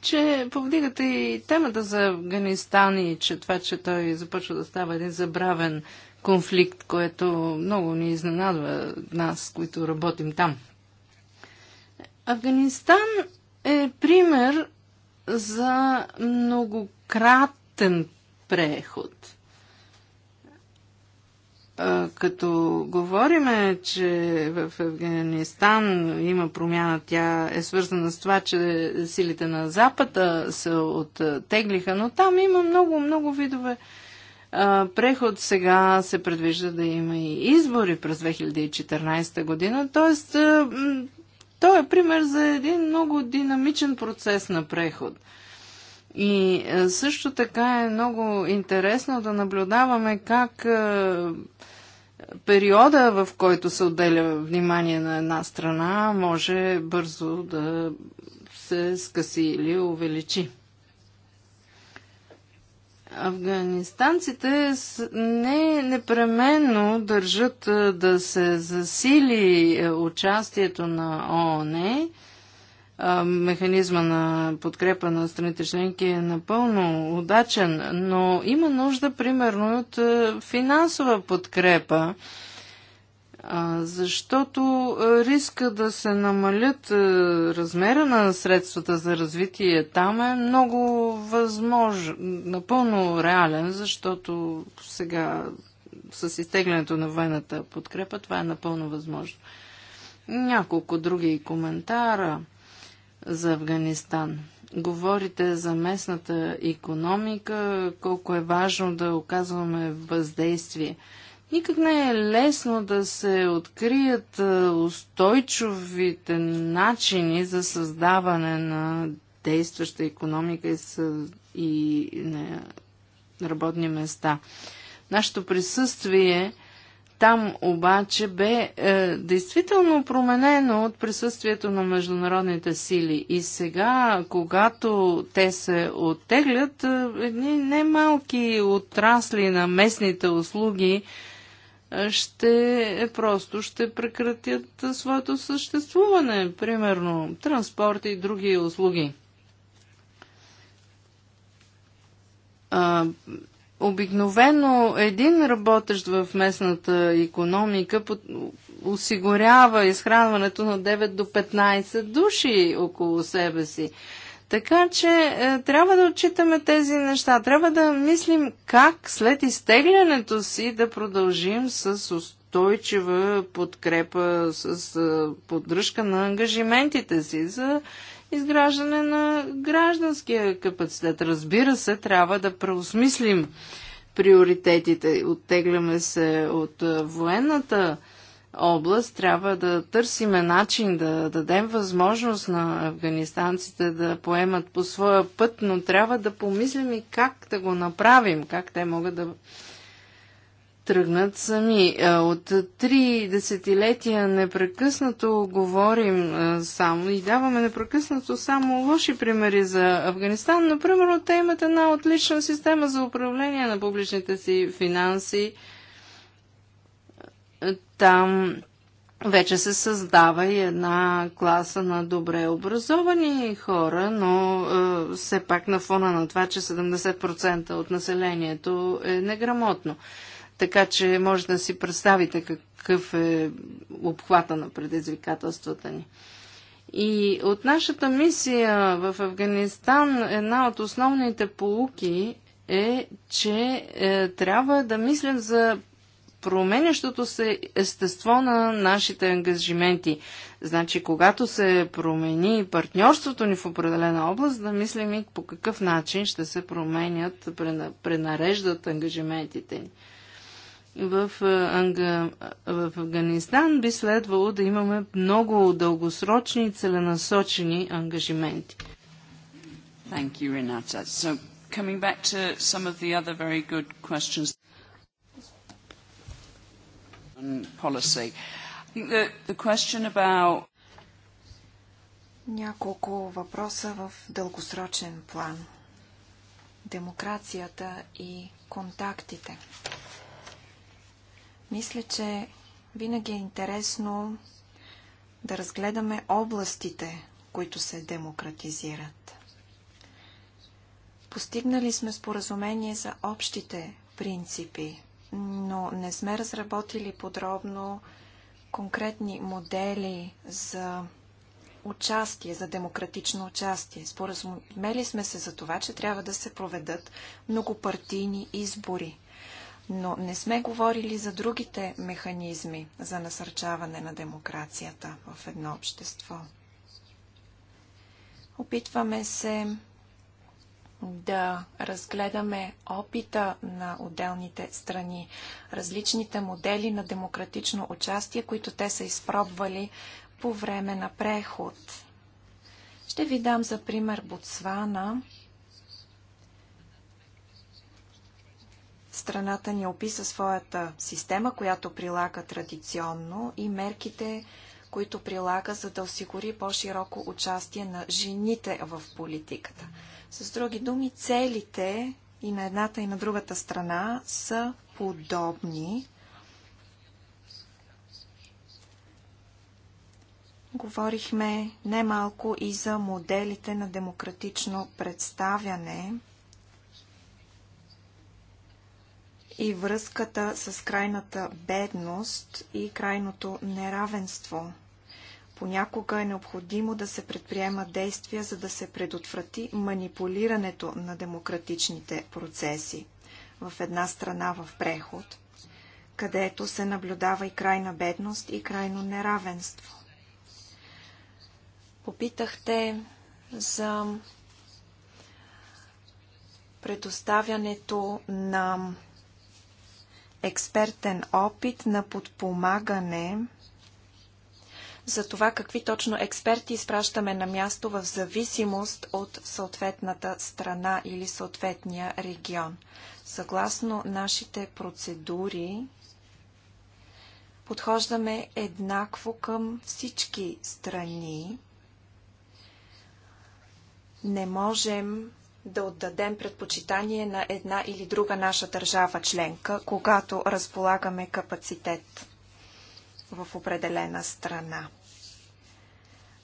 Speaker 3: че повдигате и темата за Афганистан и че това, че той започва да става един забравен конфликт, което много ни изненадва нас, които работим там. Афганистан е пример за многократен преход – като говориме, че в Афганистан има промяна, тя е свързана с това, че силите на Запада се оттеглиха, но там има много, много видове преход. Сега се предвижда да има и избори през 2014 година, т.е. той е пример за един много динамичен процес на преход. И също така е много интересно да наблюдаваме как периода, в който се отделя внимание на една страна, може бързо да се скъси или увеличи. Афганистанците не непременно държат да се засили участието на ООН, механизма на подкрепа на страните членки е напълно удачен, но има нужда примерно от финансова подкрепа, защото риска да се намалят размера на средствата за развитие там е много възможен, напълно реален, защото сега с изтеглянето на военната подкрепа това е напълно възможно. Няколко други коментара за Афганистан. Говорите за местната економика, колко е важно да оказваме въздействие. Никак не е лесно да се открият устойчивите начини за създаване на действаща економика и, с, и не, работни места. Нашето присъствие там обаче бе е, действително променено от присъствието на международните сили. И сега, когато те се оттеглят, е, едни немалки отрасли на местните услуги е, ще е, просто ще прекратят своето съществуване, примерно транспорт и други услуги. Обикновено един работещ в местната економика осигурява изхранването на 9 до 15 души около себе си. Така че е, трябва да отчитаме тези неща. Трябва да мислим как след изтеглянето си да продължим с устойчива подкрепа, с е, поддръжка на ангажиментите си за изграждане на гражданския капацитет. Разбира се, трябва да преосмислим приоритетите. Оттегляме се от военната област. Трябва да търсиме начин да дадем възможност на афганистанците да поемат по своя път, но трябва да помислим и как да го направим, как те могат да тръгнат сами. Е, от три десетилетия непрекъснато говорим е, само и даваме непрекъснато само лоши примери за Афганистан. Например, те имат една отлична система за управление на публичните си финанси. Там вече се създава и една класа на добре образовани хора, но е, все пак на фона на това, че 70% от населението е неграмотно. Така че може да си представите какъв е обхвата на предизвикателствата ни. И от нашата мисия в Афганистан една от основните полуки е, че е, трябва да мислим за променящото се естество на нашите ангажименти. Значи, когато се промени партньорството ни в определена област, да мислим и по какъв начин ще се променят, пренареждат ангажиментите ни в, Анга, в Афганистан би следвало да имаме много дългосрочни и целенасочени ангажименти. Thank you, Renata. So, coming back to some of the other very good questions on policy. I think the question about
Speaker 2: няколко въпроса в дългосрочен план. Демокрацията и контактите. Мисля, че винаги е интересно да разгледаме областите, които се демократизират. Постигнали сме споразумение за общите принципи, но не сме разработили подробно конкретни модели за участие, за демократично участие. Споразумели сме се за това, че трябва да се проведат многопартийни избори но не сме говорили за другите механизми за насърчаване на демокрацията в едно общество. Опитваме се да разгледаме опита на отделните страни, различните модели на демократично участие, които те са изпробвали по време на преход. Ще ви дам за пример Ботсвана, Страната ни описа своята система, която прилага традиционно и мерките, които прилага, за да осигури по-широко участие на жените в политиката. С други думи, целите и на едната и на другата страна са подобни. Говорихме немалко и за моделите на демократично представяне и връзката с крайната бедност и крайното неравенство. Понякога е необходимо да се предприемат действия, за да се предотврати манипулирането на демократичните процеси в една страна в преход, където се наблюдава и крайна бедност и крайно неравенство. Попитахте за предоставянето на експертен опит на подпомагане за това какви точно експерти изпращаме на място в зависимост от съответната страна или съответния регион. Съгласно нашите процедури, подхождаме еднакво към всички страни. Не можем да отдадем предпочитание на една или друга наша държава членка, когато разполагаме капацитет в определена страна.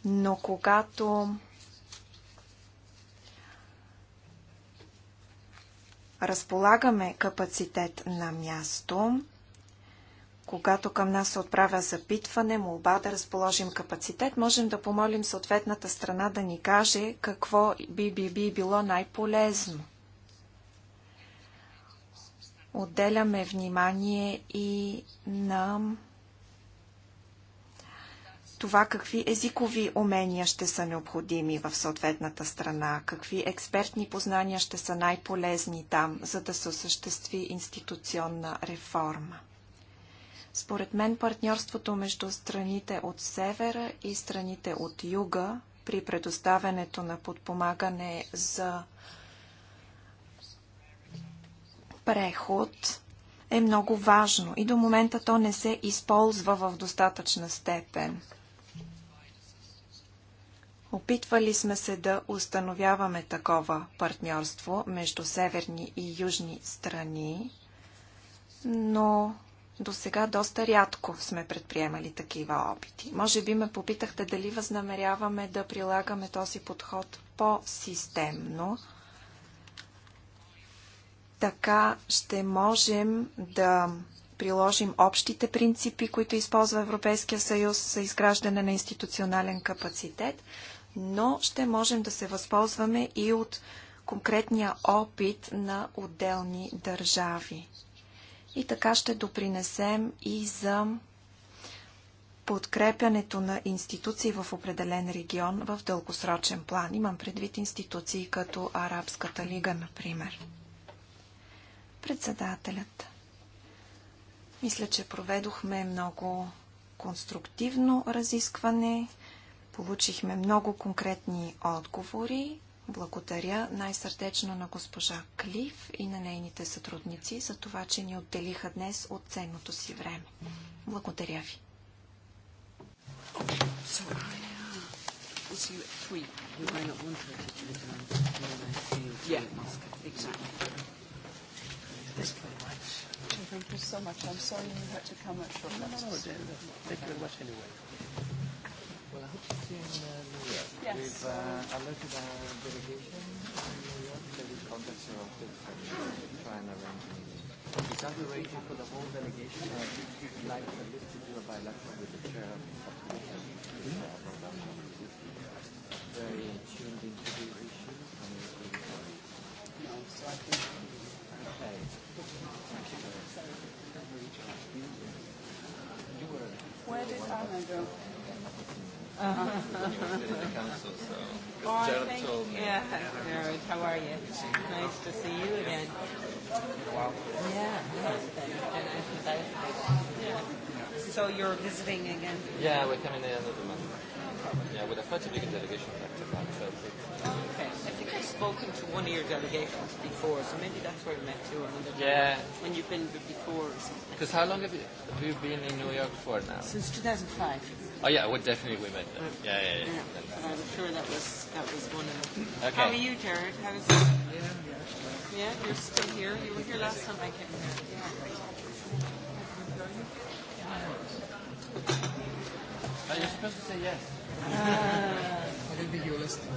Speaker 2: Но когато разполагаме капацитет на място, когато към нас се отправя запитване, молба да разположим капацитет, можем да помолим съответната страна да ни каже какво би, би, би било най-полезно. Отделяме внимание и на това какви езикови умения ще са необходими в съответната страна, какви експертни познания ще са най-полезни там, за да се осъществи институционна реформа. Според мен партньорството между страните от севера и страните от юга при предоставянето на подпомагане за преход е много важно и до момента то не се използва в достатъчна степен. Опитвали сме се да установяваме такова партньорство между северни и южни страни, но до сега доста рядко сме предприемали такива опити. Може би ме попитахте дали възнамеряваме да прилагаме този подход по-системно. Така ще можем да приложим общите принципи, които използва Европейския съюз за изграждане на институционален капацитет, но ще можем да се възползваме и от конкретния опит на отделни държави и така ще допринесем и за подкрепянето на институции в определен регион в дългосрочен план. Имам предвид институции като Арабската лига, например. Председателят. Мисля, че проведохме много конструктивно разискване, получихме много конкретни отговори. Благодаря най-сърдечно на госпожа Клиф и на нейните сътрудници за това, че ни отделиха днес от ценното си време. Благодаря ви.
Speaker 3: Thank you so much. I'm sorry you had to come at short notice. No, no, no. Thank you very much anyway. It's in uh,
Speaker 1: New York. Yes. We've uh, alerted our delegation in New York. that is contact you offered the try and arrange a meeting. Because we're waiting for the whole delegation, uh, we'd
Speaker 3: like at least to do a bilateral with the chair of the commission. Very tuned into the issue And no, so I think... Okay. Thank you. Where did Anna go? oh,
Speaker 1: thank, Yeah, Jared, how are you? Nice to see you again. Wow. Yeah, yeah. So you're visiting again? Yeah, we're coming the end of the month. Yeah, with a a big delegation back to Okay spoken to one of your delegations before,
Speaker 3: so maybe that's where we met you. Another yeah. When you've been before or something.
Speaker 1: Because how long have you, have you been in New York for now? Since 2005. Oh yeah, well definitely we met then. Yeah, yeah, yeah. yeah. I'm sure that was that was one of them. Okay. How are you, Jared? How is it? Yeah, yeah. Yeah, you're still here. You were here last time I came here. Yeah. Are you supposed to say yes? I didn't think you were listening.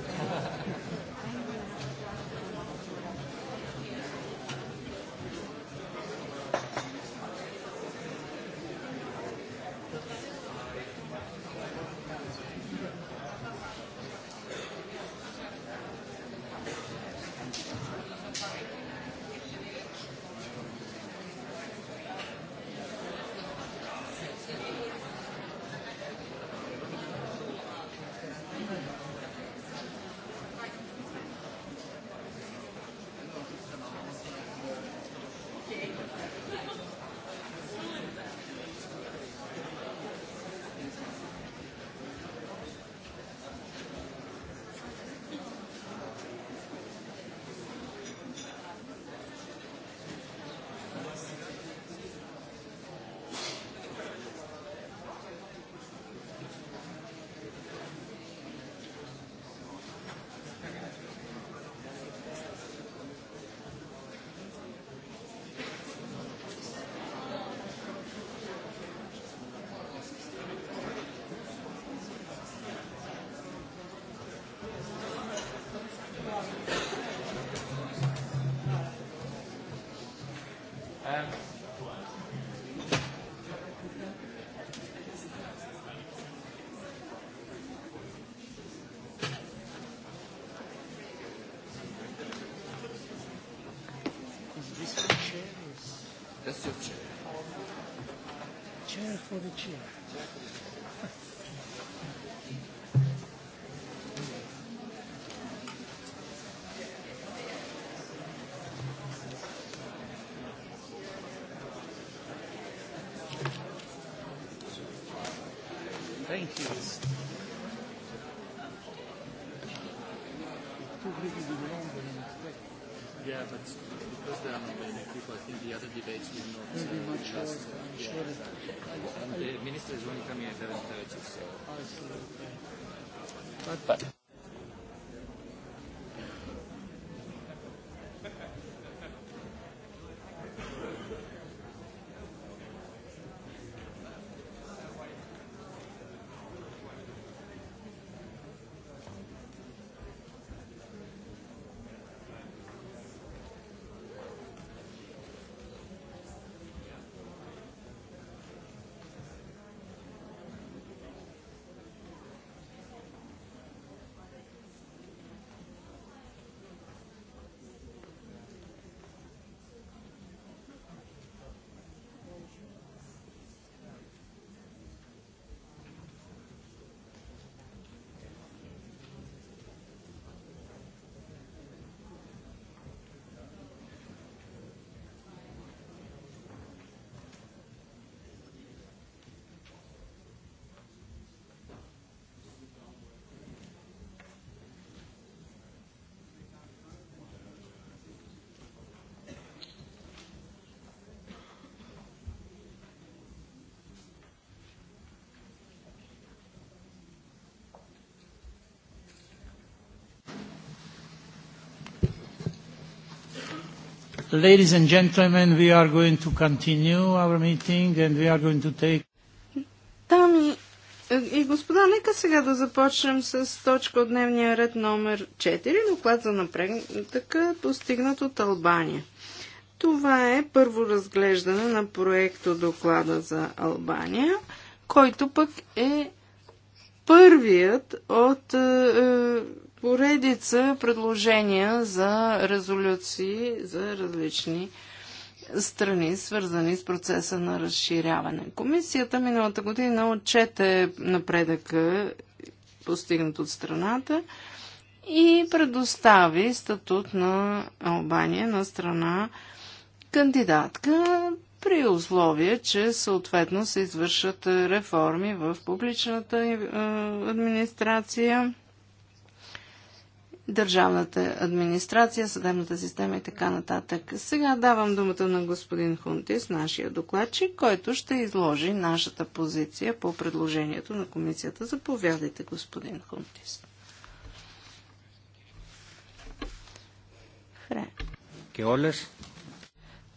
Speaker 1: for Thank you.
Speaker 2: Yeah, but because there are not many people, I think the other debates will not uh, much last. Ministre, zvonite mi je
Speaker 1: 9.90.
Speaker 3: Ladies and gentlemen, we are going to continue our meeting and we are going to take... Дами и господа, нека сега да започнем с точка от дневния ред номер 4, доклад за напрегнатъка, достигнат от Албания. Това е първо разглеждане на проекто доклада за Албания, който пък е първият от е, поредица предложения за резолюции за различни страни, свързани с процеса на разширяване. Комисията миналата година отчете напредъка, постигнат от страната, и предостави статут на Албания на страна кандидатка при условие, че съответно се извършат реформи в публичната администрация държавната администрация, съдебната система и така нататък. Сега давам думата на господин Хунтис, нашия докладчик, който ще изложи нашата позиция по предложението на комисията. Заповядайте, господин Хунтис. Хре.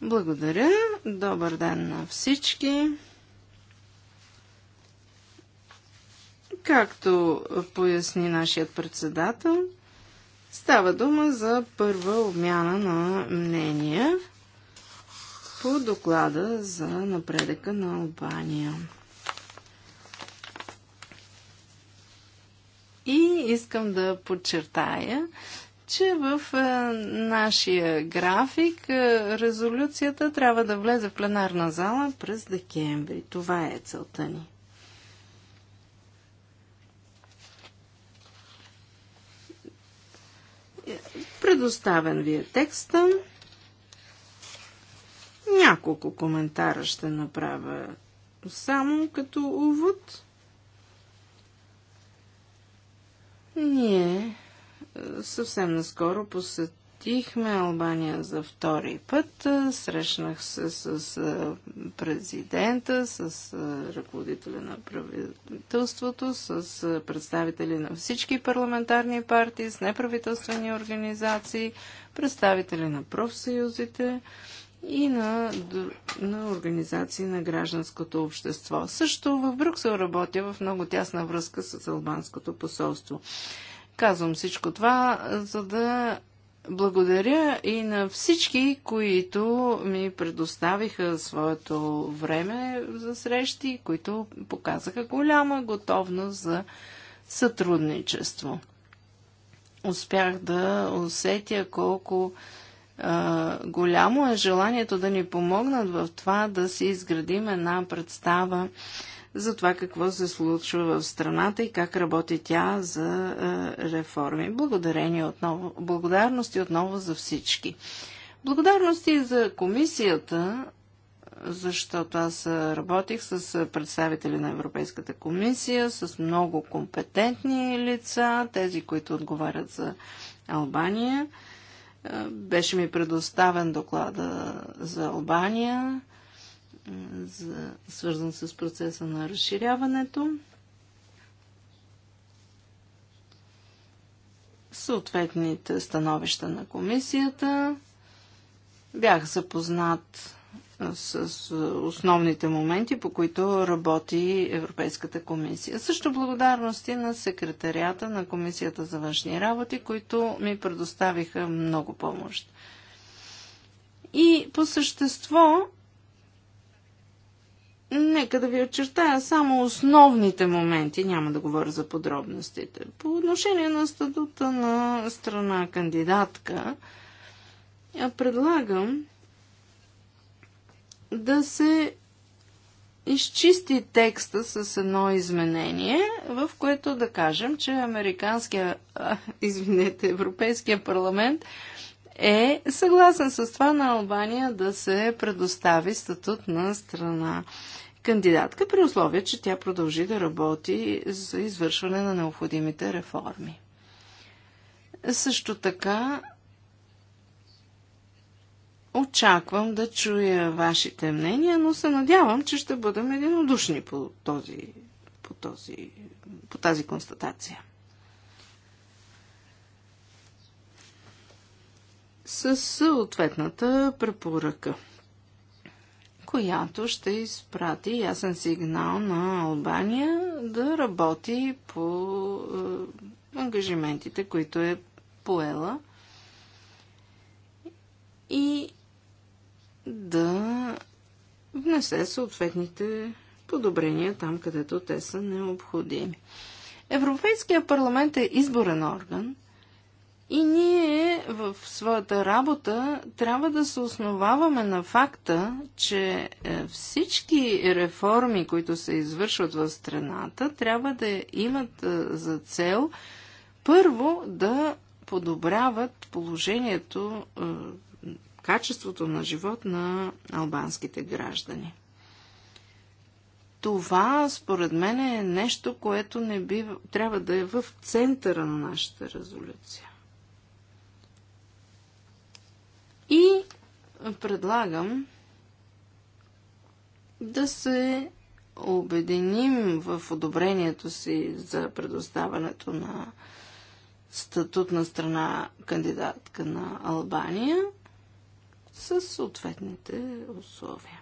Speaker 3: Благодаря. Добър ден на всички. Както поясни нашият председател, Става дума за първа обмяна на мнения по доклада за напредъка на Албания. И искам да подчертая, че в е, нашия график е, резолюцията трябва да влезе в пленарна зала през декември. Това е целта ни. Предоставен ви е текста. Няколко коментара ще направя само като увод. Ние е, съвсем наскоро посет, посетихме Албания за втори път. Срещнах се с президента, с ръководителя на правителството, с представители на всички парламентарни партии, с неправителствени организации, представители на профсъюзите и на, на организации на гражданското общество. Също в Брюксел работя в много тясна връзка с Албанското посолство. Казвам всичко това, за да благодаря и на всички, които ми предоставиха своето време за срещи, които показаха голяма готовност за сътрудничество. Успях да усетя колко а, голямо е желанието да ни помогнат в това да си изградим една представа за това какво се случва в страната и как работи тя за е, реформи. Благодарение отново, благодарности отново за всички. Благодарности за комисията, защото аз е, работих с е, представители на Европейската комисия, с много компетентни лица, тези, които отговарят за Албания. Беше ми предоставен доклада за Албания. Е, за, свързан с процеса на разширяването. Съответните становища на комисията. Бях запознат е, с е, основните моменти, по които работи Европейската комисия. Също благодарности на секретарията на Комисията за външни работи, които ми предоставиха много помощ. И по същество Нека да ви очертая само основните моменти, няма да говоря за подробностите. По отношение на статута на страна кандидатка, я предлагам да се изчисти текста с едно изменение, в което да кажем, че американския, извинете, Европейския парламент е съгласен с това на Албания да се предостави статут на страна кандидатка при условие, че тя продължи да работи за извършване на необходимите реформи. Също така очаквам да чуя вашите мнения, но се надявам, че ще бъдем единодушни по, този, по, този, по тази констатация. Със съответната препоръка която ще изпрати ясен сигнал на Албания да работи по е, ангажиментите, които е поела и да внесе съответните подобрения там, където те са необходими. Европейския парламент е изборен орган – и ние в своята работа трябва да се основаваме на факта, че е, всички реформи, които се извършват в страната, трябва да имат е, за цел първо да подобряват положението, е, качеството на живот на албанските граждани. Това, според мен, е нещо, което не бива, трябва да е в центъра на нашата резолюция. И предлагам да се обединим в одобрението си за предоставянето на статут на страна кандидатка на Албания с съответните условия.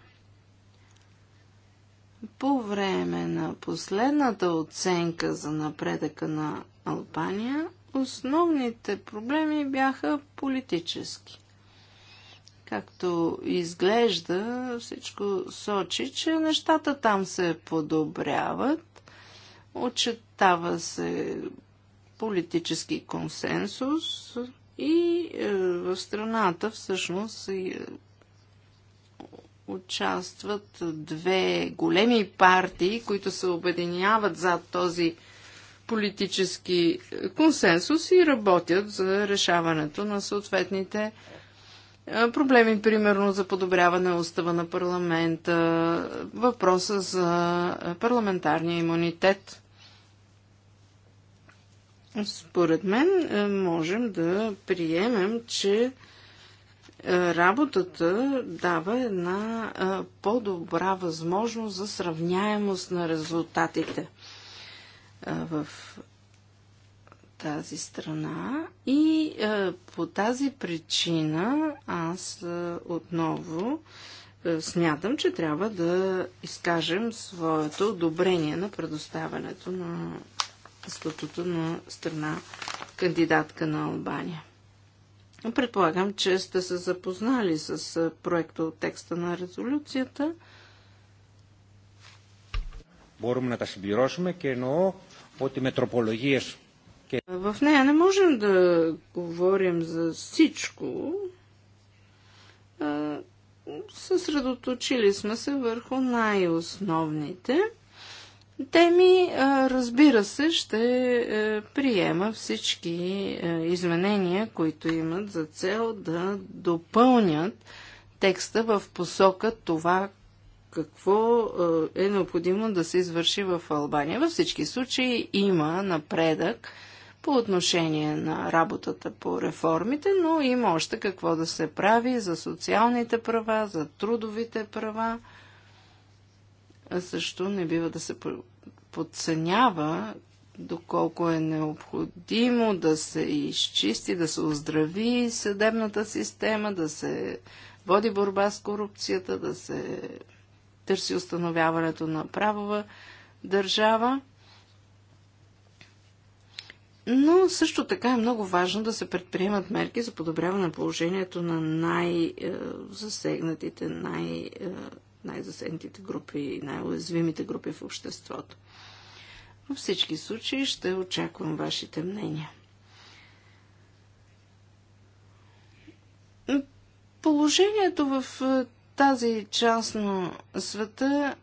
Speaker 3: По време на последната оценка за напредъка на Албания, основните проблеми бяха политически. Както изглежда, всичко сочи, че нещата там се подобряват, отчетава се политически консенсус и е, в страната всъщност е, участват две големи партии, които се обединяват зад този политически консенсус и работят за решаването на съответните е, проблеми, примерно, за подобряване устава на парламента, въпроса за е, парламентарния имунитет. Според мен е, можем да приемем, че работата дава една по-добра възможност за сравняемост на резултатите в тази страна и е, по тази причина аз е, отново е, смятам, че трябва да изкажем своето одобрение на предоставянето на статута на страна кандидатка на Албания. Предполагам, че сте се запознали с е, проекта от текста на резолюцията. Μπορούμε να τα συμπληρώσουμε και ότι в нея не можем да говорим за всичко. Съсредоточили сме се върху най-основните теми. Разбира се, ще е, приема всички е, изменения, които имат за цел да допълнят текста в посока това, какво е, е необходимо да се извърши в Албания. Във всички случаи има напредък по отношение на работата по реформите, но има още какво да се прави за социалните права, за трудовите права. А също не бива да се подценява доколко е необходимо да се изчисти, да се оздрави съдебната система, да се води борба с корупцията, да се търси установяването на правова държава. Но също така е много важно да се предприемат мерки за подобряване на положението на най-засегнатите, най- е, най-засегнатите групи, най-уязвимите групи в обществото. Във всички случаи ще очаквам вашите мнения. Положението в е, тази част на света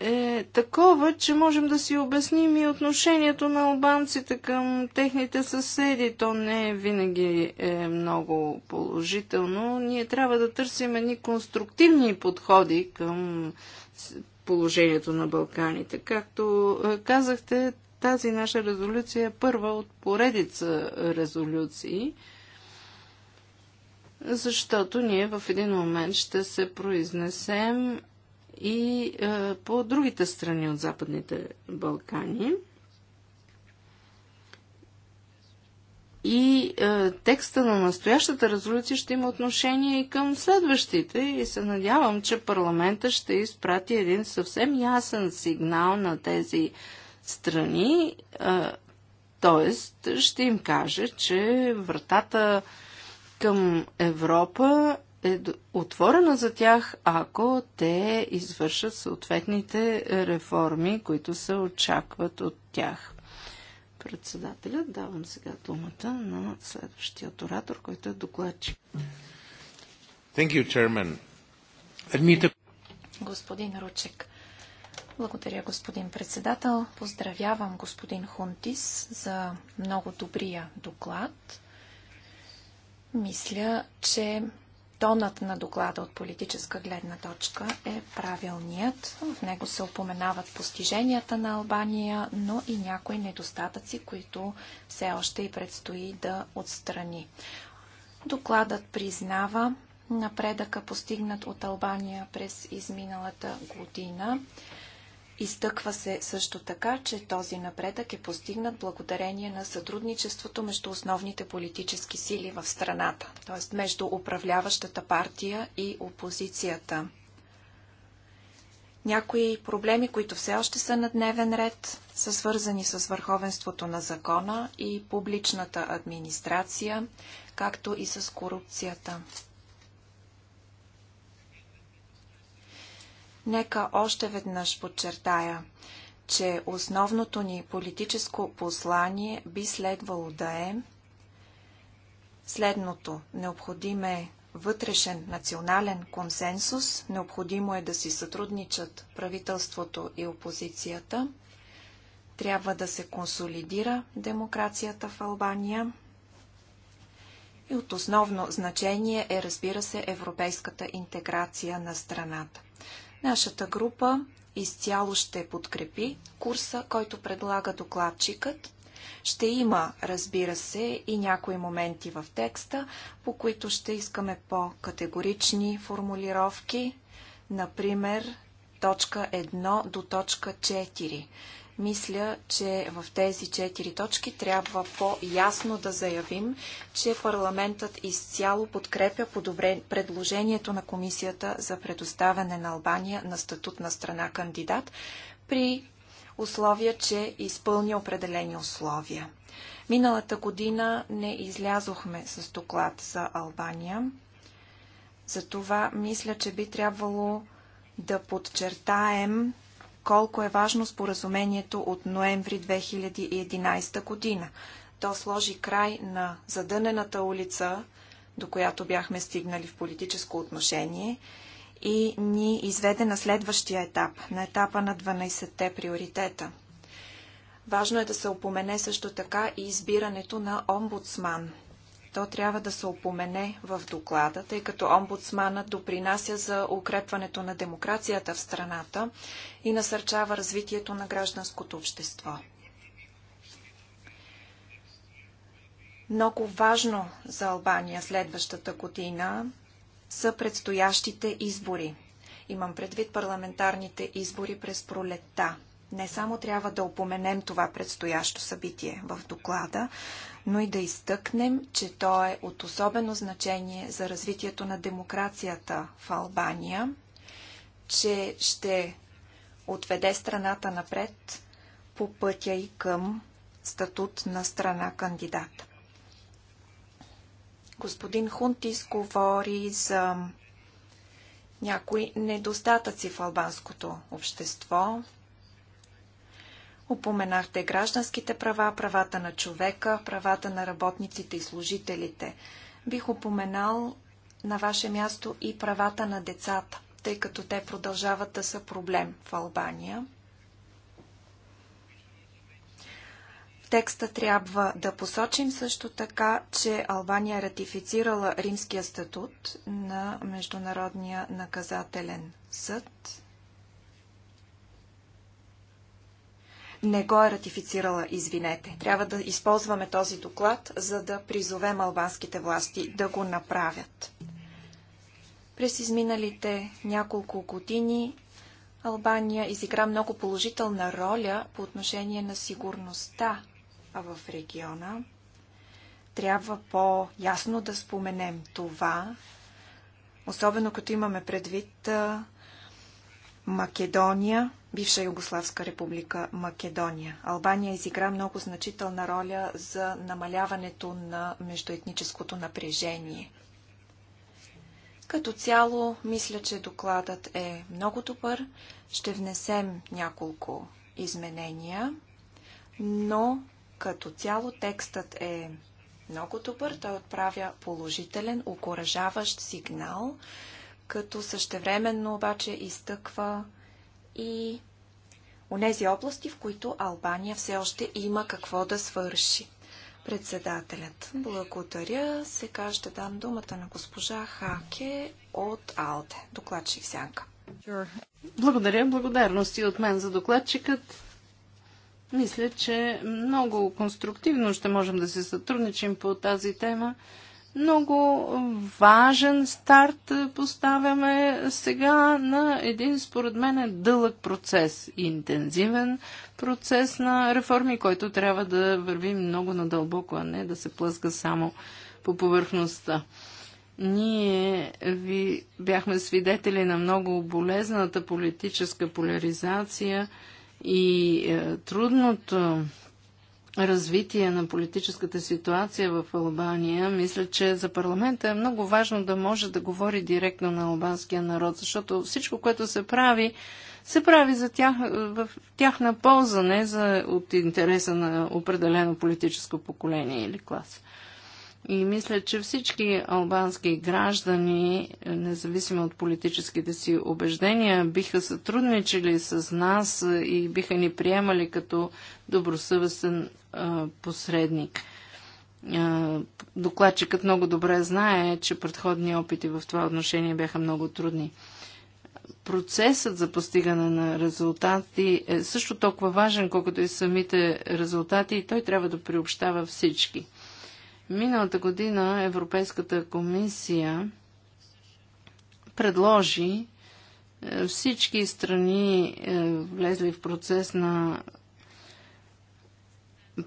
Speaker 3: е такова, че можем да си обясним и отношението на албанците към техните съседи. То не е винаги е много положително. Ние трябва да търсим едни конструктивни подходи към положението на Балканите. Както е, казахте, тази наша резолюция е първа от поредица резолюции, защото ние в един момент ще се произнесем и е, по другите страни от Западните Балкани. И е, текста на настоящата резолюция ще има отношение и към следващите и се надявам, че парламента ще изпрати един съвсем ясен сигнал на тези страни, е, т.е. ще им каже, че вратата към Европа е отворена за тях, ако те извършат съответните реформи, които се очакват от тях. Председателя, давам сега думата на следващия оратор, който е докладчик.
Speaker 2: Господин Ручек, благодаря, господин председател. Поздравявам господин Хунтис за много добрия доклад. Мисля, че тонът на доклада от политическа гледна точка е правилният. В него се упоменават постиженията на Албания, но и някои недостатъци, които все още и предстои да отстрани. Докладът признава напредъка постигнат от Албания през изминалата година. Изтъква се също така, че този напредък е постигнат благодарение на сътрудничеството между основните политически сили в страната, т.е. между управляващата партия и опозицията. Някои проблеми, които все още са на дневен ред, са свързани с върховенството на закона и публичната администрация, както и с корупцията. Нека още веднъж подчертая, че основното ни политическо послание би следвало да е следното. Необходим е вътрешен национален консенсус, необходимо е да си сътрудничат правителството и опозицията, трябва да се консолидира демокрацията в Албания и от основно значение е, разбира се, европейската интеграция на страната. Нашата група изцяло ще подкрепи курса, който предлага докладчикът. Ще има, разбира се, и някои моменти в текста, по които ще искаме по-категорични формулировки, например точка 1 до точка 4. Мисля, че в тези четири точки трябва по-ясно да заявим, че парламентът изцяло подкрепя предложението на комисията за предоставяне на Албания на статут на страна кандидат при условия, че изпълни определени условия. Миналата година не излязохме с доклад за Албания. Затова мисля, че би трябвало да подчертаем колко е важно споразумението от ноември 2011 година. То сложи край на задънената улица, до която бяхме стигнали в политическо отношение и ни изведе на следващия етап, на етапа на 12-те приоритета. Важно е да се упомене също така и избирането на омбудсман – то трябва да се опомене в доклада, тъй като омбудсмана допринася за укрепването на демокрацията в страната и насърчава развитието на гражданското общество. Много важно за Албания следващата година са предстоящите избори. Имам предвид парламентарните избори през пролетта. Не само трябва да опоменем това предстоящо събитие в доклада, но и да изтъкнем, че то е от особено значение за развитието на демокрацията в Албания, че ще отведе страната напред по пътя и към статут на страна кандидат. Господин Хунтис говори за някои недостатъци в албанското общество, Опоменахте гражданските права, правата на човека, правата на работниците и служителите. Бих упоменал на ваше място и правата на децата, тъй като те продължават да са проблем в Албания. В текста трябва да посочим също така, че Албания е ратифицирала Римския статут на Международния наказателен съд. не го е ратифицирала, извинете. Трябва да използваме този доклад, за да призовем албанските власти да го направят. През изминалите няколко години Албания изигра много положителна роля по отношение на сигурността в региона. Трябва по-ясно да споменем това, особено като имаме предвид Македония, бивша Югославска република Македония. Албания изигра много значителна роля за намаляването на междуетническото напрежение. Като цяло, мисля, че докладът е много добър. Ще внесем няколко изменения, но като цяло текстът е много добър. Той отправя положителен, окоръжаващ сигнал, като същевременно обаче изтъква и онези области, в които Албания все още има какво да свърши. Председателят. Благодаря. Сега ще дам думата на госпожа Хаке от АЛДЕ. Докладчик Сянка. Благодаря. Благодарности
Speaker 3: от мен за докладчикът. Мисля, че много конструктивно ще можем да се сътрудничим по тази тема. Много важен старт поставяме сега на един, според мен, дълъг процес, интензивен процес на реформи, който трябва да върви много надълбоко, а не да се плъзга само по повърхността. Ние ви бяхме свидетели на много болезната политическа поляризация и е, трудното развитие на политическата ситуация в Албания, мисля, че за парламента е много важно да може да говори директно на албанския народ, защото всичко, което се прави, се прави за тях, в тяхна полза, не за, от интереса на определено политическо поколение или клас. И мисля, че всички албански граждани, независимо от политическите си убеждения, биха сътрудничили с нас и биха ни приемали като добросъвестен посредник. Докладчикът много добре знае, че предходни опити в това отношение бяха много трудни. Процесът за постигане на резултати е също толкова важен, колкото и самите резултати, и той трябва да приобщава всички. Миналата година Европейската комисия предложи е, всички страни, е, влезли в процес на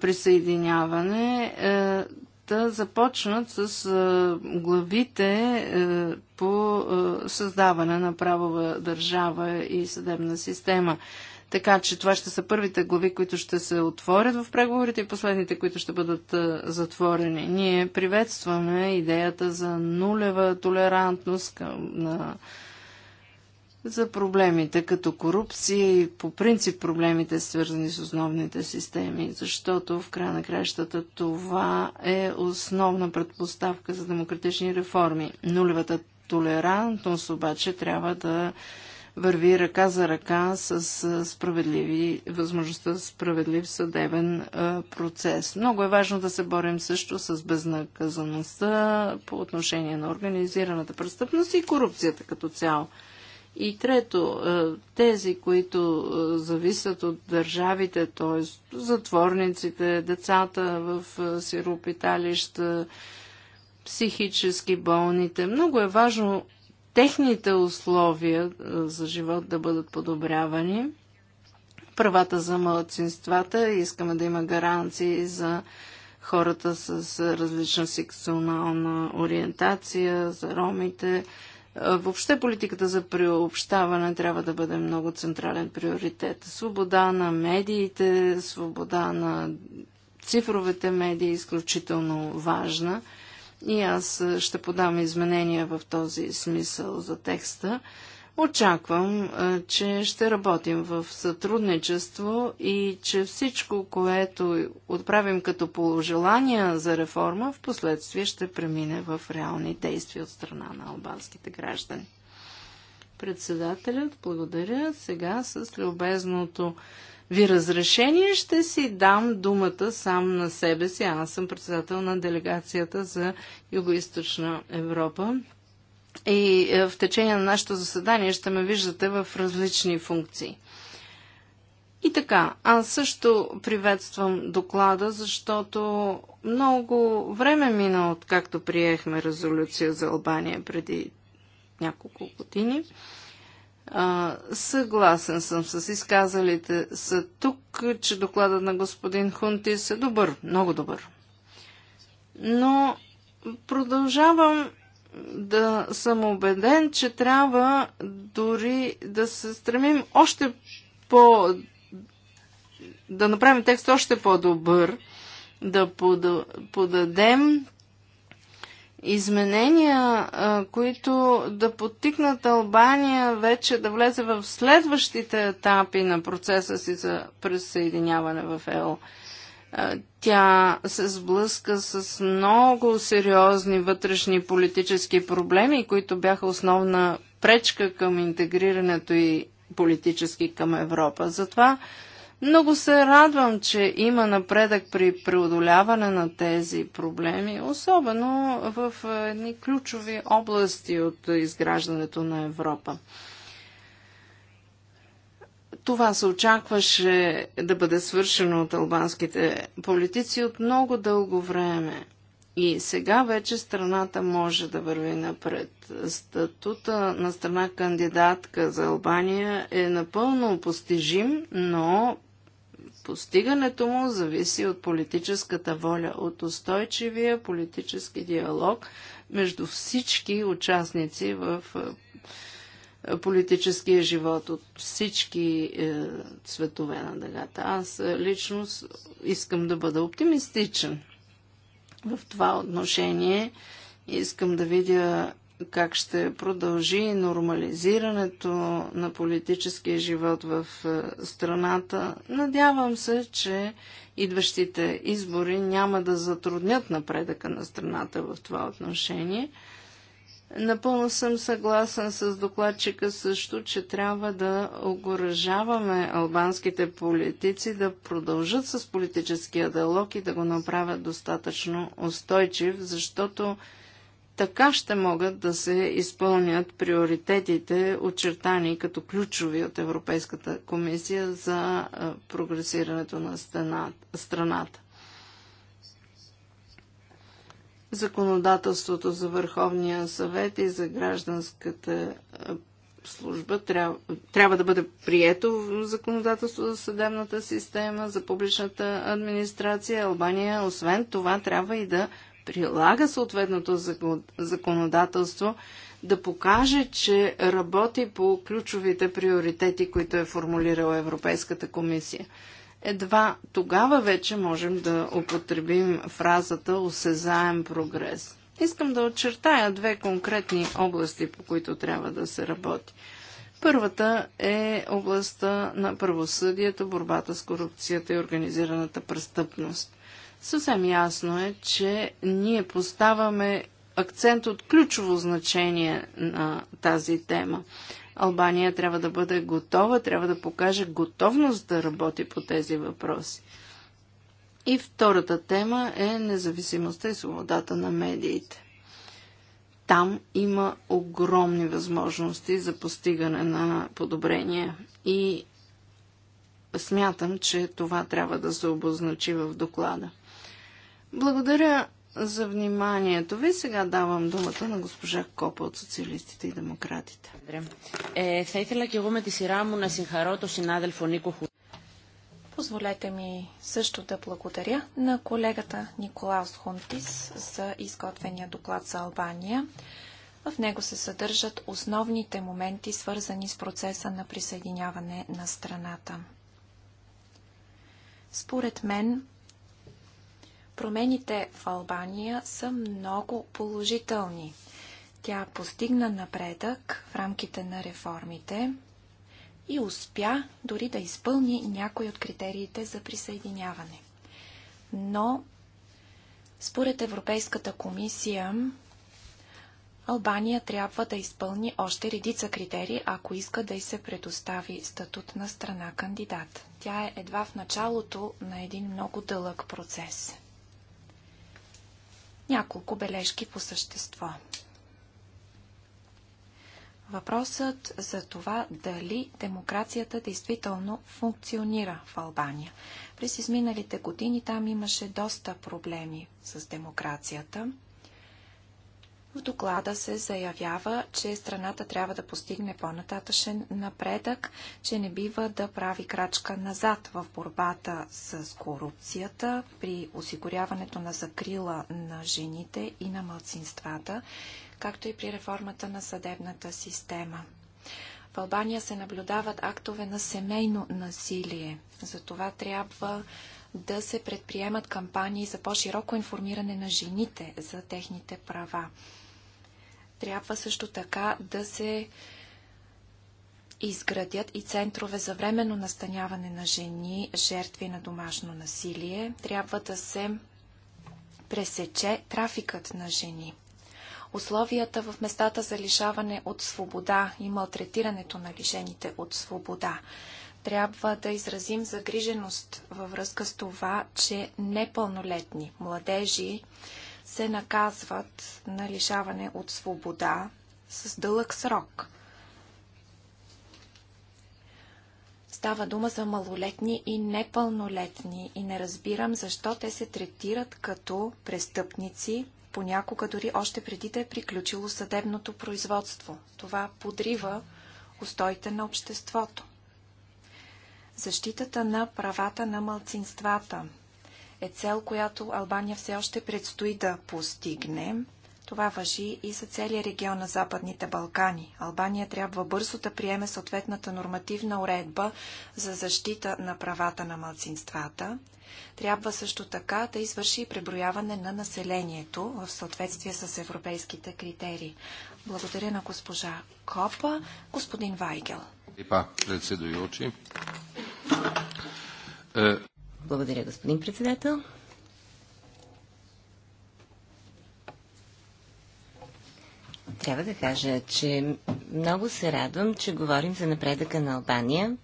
Speaker 3: присъединяване е, да започнат с е, главите е, по създаване на правова държава и съдебна система. Така че това ще са първите глави, които ще се отворят в преговорите и последните, които ще бъдат затворени. Ние приветстваме идеята за нулева толерантност към, на за проблемите като корупция и по принцип проблемите свързани с основните системи, защото в края на краищата това е основна предпоставка за демократични реформи. Нулевата толерантност обаче трябва да върви ръка за ръка с справедливи, възможността за справедлив съдебен процес. Много е важно да се борим също с безнаказаността по отношение на организираната престъпност и корупцията като цяло. И трето, е, тези, които е, зависят от държавите, т.е. затворниците, децата в е, сиропиталища, психически болните, много е важно техните условия за живот да бъдат подобрявани. Правата за младсинствата, искаме да има гаранции за хората с различна сексуална ориентация, за ромите, е, въобще политиката за приобщаване трябва да бъде много централен приоритет. Свобода на медиите, свобода на цифровите медии е изключително важна. И аз ще подам изменения в този смисъл за текста. Очаквам, че ще работим в сътрудничество и че всичко, което отправим като положелания за реформа, в последствие ще премине в реални действия от страна на албанските граждани. Председателят, благодаря. Сега с любезното ви разрешение ще си дам думата сам на себе си. Аз съм председател на делегацията за Юго-Источна Европа и е, в течение на нашето заседание ще ме виждате в различни функции. И така, аз също приветствам доклада, защото много време мина от както приехме резолюция за Албания преди няколко години. съгласен съм с изказалите са тук, че докладът на господин Хунтис е добър, много добър. Но продължавам да съм убеден, че трябва дори да се стремим още по... да направим текст още по-добър, да подадем изменения, които да подтикнат Албания вече да влезе в следващите етапи на процеса си за присъединяване в ЕО. Тя се сблъска с много сериозни вътрешни политически проблеми, които бяха основна пречка към интегрирането и политически към Европа. Затова много се радвам, че има напредък при преодоляване на тези проблеми, особено в едни ключови области от изграждането на Европа. Това се очакваше да бъде свършено от албанските политици от много дълго време. И сега вече страната може да върви напред. Статута на страна кандидатка за Албания е напълно постижим, но постигането му зависи от политическата воля, от устойчивия политически диалог между всички участници в политическия живот от всички е, цветове на дъгата. Аз е, лично искам да бъда оптимистичен в това отношение. Искам да видя как ще продължи нормализирането на политическия живот в е, страната. Надявам се, че идващите избори няма да затруднят напредъка на страната в това отношение – Напълно съм съгласен с докладчика също, че трябва да огоръжаваме албанските политици да продължат с политическия диалог и да го направят достатъчно устойчив, защото така ще могат да се изпълнят приоритетите, очертани като ключови от Европейската комисия за прогресирането на страната законодателството за Върховния съвет и за гражданската служба трябва, трябва да бъде прието в законодателство за съдебната система, за публичната администрация. Албания, освен това, трябва и да прилага съответното законодателство, да покаже, че работи по ключовите приоритети, които е формулирала Европейската комисия едва тогава вече можем да употребим фразата осезаем прогрес. Искам да очертая две конкретни области, по които трябва да се работи. Първата е областта на правосъдието, борбата с корупцията и организираната престъпност. Съвсем ясно е, че ние поставаме акцент от ключово значение на тази тема. Албания трябва да бъде готова, трябва да покаже готовност да работи по тези въпроси. И втората тема е независимостта и свободата на медиите. Там има огромни възможности за постигане на подобрения и смятам, че това трябва да се обозначи в доклада. Благодаря за вниманието ви. Сега давам думата на госпожа Копа от
Speaker 1: Социалистите и Демократите. Е,
Speaker 2: Позволете ми също да благодаря на колегата Николаус Хунтис за изготвения доклад за Албания. В него се съдържат основните моменти, свързани с процеса на присъединяване на страната. Според мен, Промените в Албания са много положителни. Тя постигна напредък в рамките на реформите и успя дори да изпълни някои от критериите за присъединяване. Но, според Европейската комисия, Албания трябва да изпълни още редица критерии, ако иска да й се предостави статут на страна кандидат. Тя е едва в началото на един много дълъг процес. Няколко бележки по същество. Въпросът за това дали демокрацията действително функционира в Албания. През изминалите години там имаше доста проблеми с демокрацията. В доклада се заявява, че страната трябва да постигне по-нататъчен напредък, че не бива да прави крачка назад в борбата с корупцията при осигуряването на закрила на жените и на мълцинствата, както и при реформата на съдебната система. В Албания се наблюдават актове на семейно насилие. Затова трябва да се предприемат кампании за по-широко информиране на жените за техните права. Трябва също така да се изградят и центрове за временно настаняване на жени, жертви на домашно насилие. Трябва да се пресече трафикът на жени. Условията в местата за лишаване от свобода и малтретирането на лишените от свобода. Трябва да изразим загриженост във връзка с това, че непълнолетни младежи се наказват на лишаване от свобода с дълъг срок. Става дума за малолетни и непълнолетни и не разбирам защо те се третират като престъпници, понякога дори още преди да е приключило съдебното производство. Това подрива устоите на обществото. Защитата на правата на малцинствата – е цел, която Албания все още предстои да постигне. Това въжи и за целия регион на Западните Балкани. Албания трябва бързо да приеме съответната нормативна уредба за защита на правата на малцинствата. Трябва също така да извърши преброяване на населението в съответствие с европейските критерии. Благодаря на госпожа Копа, господин Вайгел. Лепа, благодаря, господин председател.
Speaker 1: Трябва да кажа, че много се радвам, че говорим за напредъка на Албания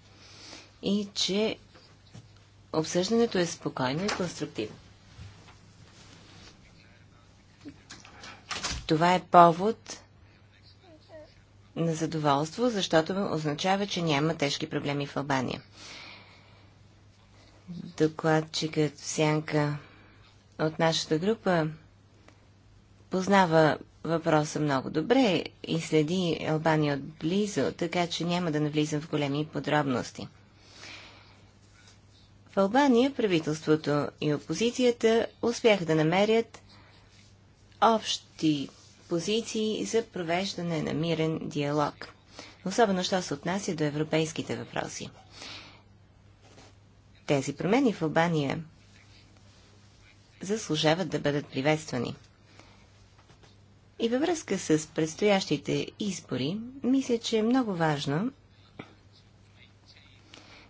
Speaker 1: и че обсъждането е спокойно и конструктивно. Това е повод на задоволство, защото означава, че няма тежки проблеми в Албания докладчикът Сянка от нашата група познава въпроса много добре и следи Албания отблизо, така че няма да навлизам в големи подробности. В Албания правителството и опозицията успяха да намерят общи позиции за провеждане на мирен диалог, особено що се отнася до европейските въпроси. Тези промени в Албания заслужават да бъдат приветствани. И във връзка с предстоящите избори, мисля, че е много важно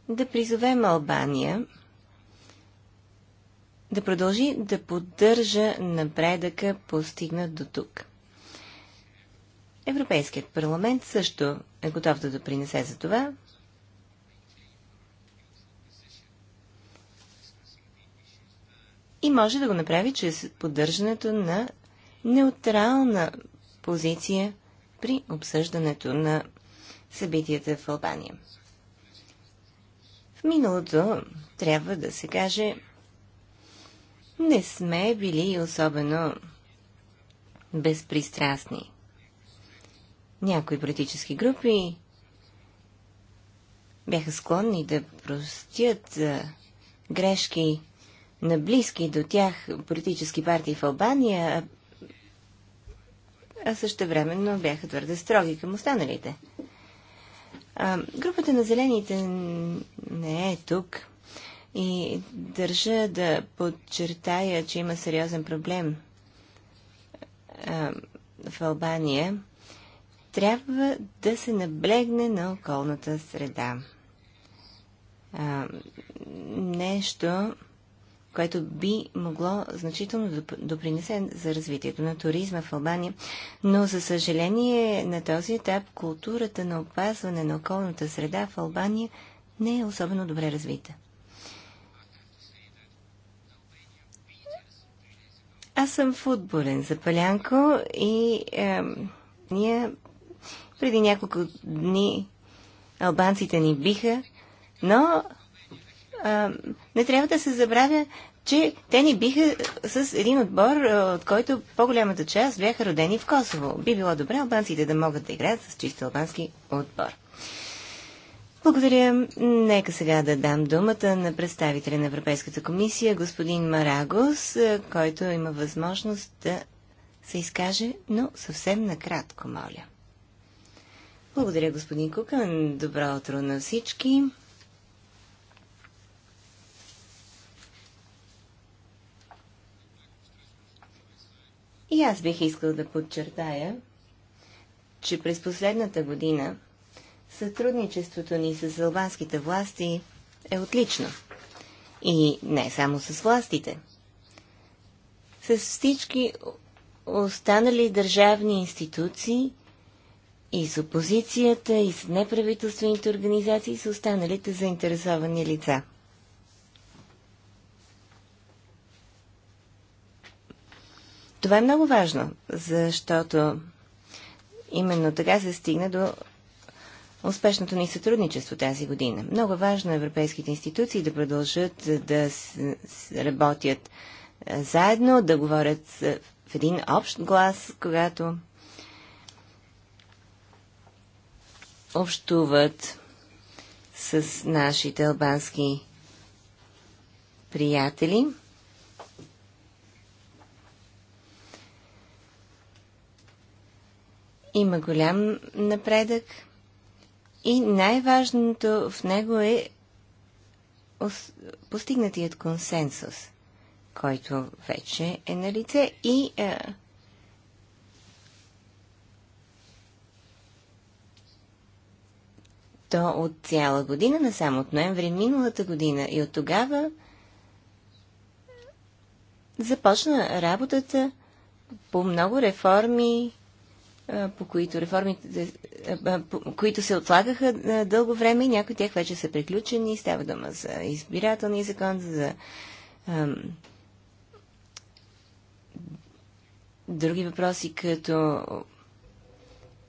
Speaker 1: да призовем Албания да продължи да поддържа напредъка постигнат до тук. Европейският парламент също е готов да допринесе за това, и може да го направи чрез поддържането на неутрална позиция при обсъждането на събитията в Албания. В миналото трябва да се каже, не сме били особено безпристрастни. Някои политически групи бяха склонни да простят грешки на близки до тях политически партии в Албания, а също времено бяха твърде строги към останалите. А, групата на зелените не е тук и държа да подчертая, че има сериозен проблем а, в Албания. Трябва да се наблегне на околната среда. А, нещо, което би могло значително допринесе за развитието на туризма в Албания. Но, за съжаление, на този етап културата на опазване на околната среда в Албания не е особено добре развита. Аз съм футболен за Палянко и е, ние преди няколко дни албанците ни биха, но а, не трябва да се забравя, че те ни биха с един отбор, от който по-голямата част бяха родени в Косово. Би било добре албанците да могат да играят с чист албански отбор. Благодаря. Нека сега да дам думата на представителя на Европейската комисия, господин Марагос, който има възможност да се изкаже, но съвсем накратко, моля. Благодаря, господин Кукан. Добро утро на всички. И аз бих искал да подчертая, че през последната година сътрудничеството ни с албанските власти е отлично. И не само с властите. С всички останали държавни институции и с опозицията, и с неправителствените организации, и с останалите заинтересовани лица. Това е много важно, защото именно така се стигна до успешното ни сътрудничество тази година. Много важно е европейските институции да продължат да работят е, заедно, да говорят е, в един общ глас, когато общуват с нашите албански приятели. Има голям напредък и най-важното в него е постигнатият консенсус, който вече е на лице и а, то от цяла година, не само от ноември миналата година и от тогава започна работата по много реформи по които реформите, които се отлагаха дълго време и някои от тях вече са приключени. Става дума за избирателния закон, за ам, други въпроси, като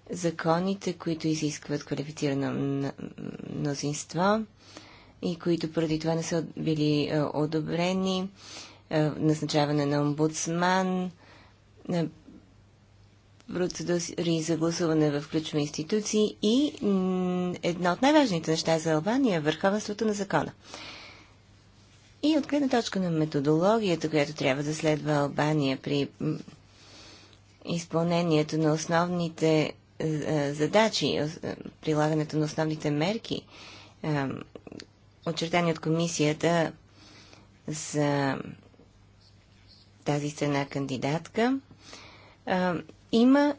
Speaker 1: законите, които изискват квалифицирано мнозинство и които поради това не са били одобрени, назначаване на омбудсман, процедури за гласуване в ключови институции и една от най-важните неща за Албания – е върховенството на закона. И от гледна точка на методологията, която трябва да следва Албания при изпълнението на основните е, е, задачи, е, прилагането на основните мерки, очертани от комисията за тази страна кандидатка, има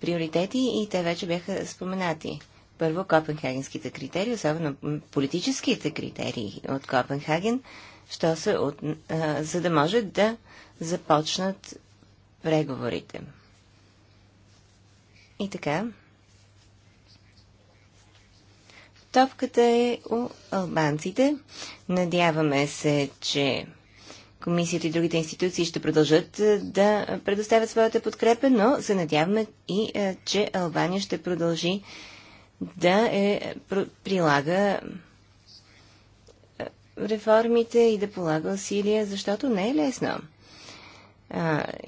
Speaker 1: приоритети и те вече бяха споменати. Първо, копенхагенските критерии, особено политическите критерии от Копенхаген, що се от, а, за да може да започнат преговорите. И така. Топката е у албанците. Надяваме се, че комисията и другите институции ще продължат е, да предоставят своята подкрепа, но се надяваме и, е, че Албания ще продължи да е, прилага е, реформите и да полага усилия, защото не е лесно.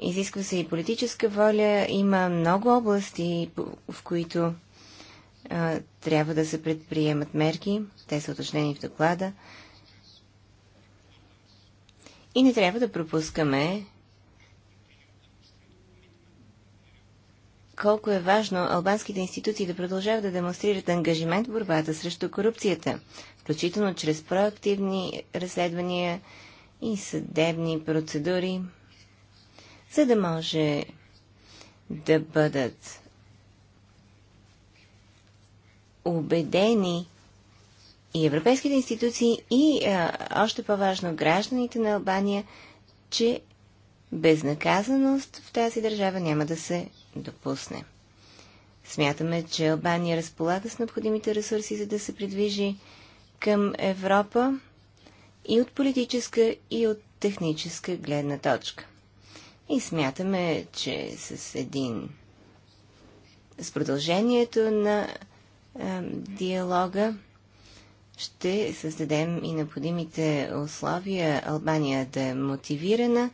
Speaker 1: изисква се и политическа воля. Има много области, в които трябва да се предприемат мерки. Те са уточнени в доклада. И не трябва да пропускаме колко е важно албанските институции да продължават да демонстрират ангажимент в борбата срещу корупцията, включително чрез проактивни разследвания и съдебни процедури, за да може да бъдат убедени и европейските институции, и а, още по-важно гражданите на Албания, че безнаказаност в тази държава няма да се допусне. Смятаме, че Албания разполага с необходимите ресурси, за да се придвижи към Европа и от политическа, и от техническа гледна точка. И смятаме, че с един с продължението на а, диалога ще създадем и необходимите условия Албания да е мотивирана,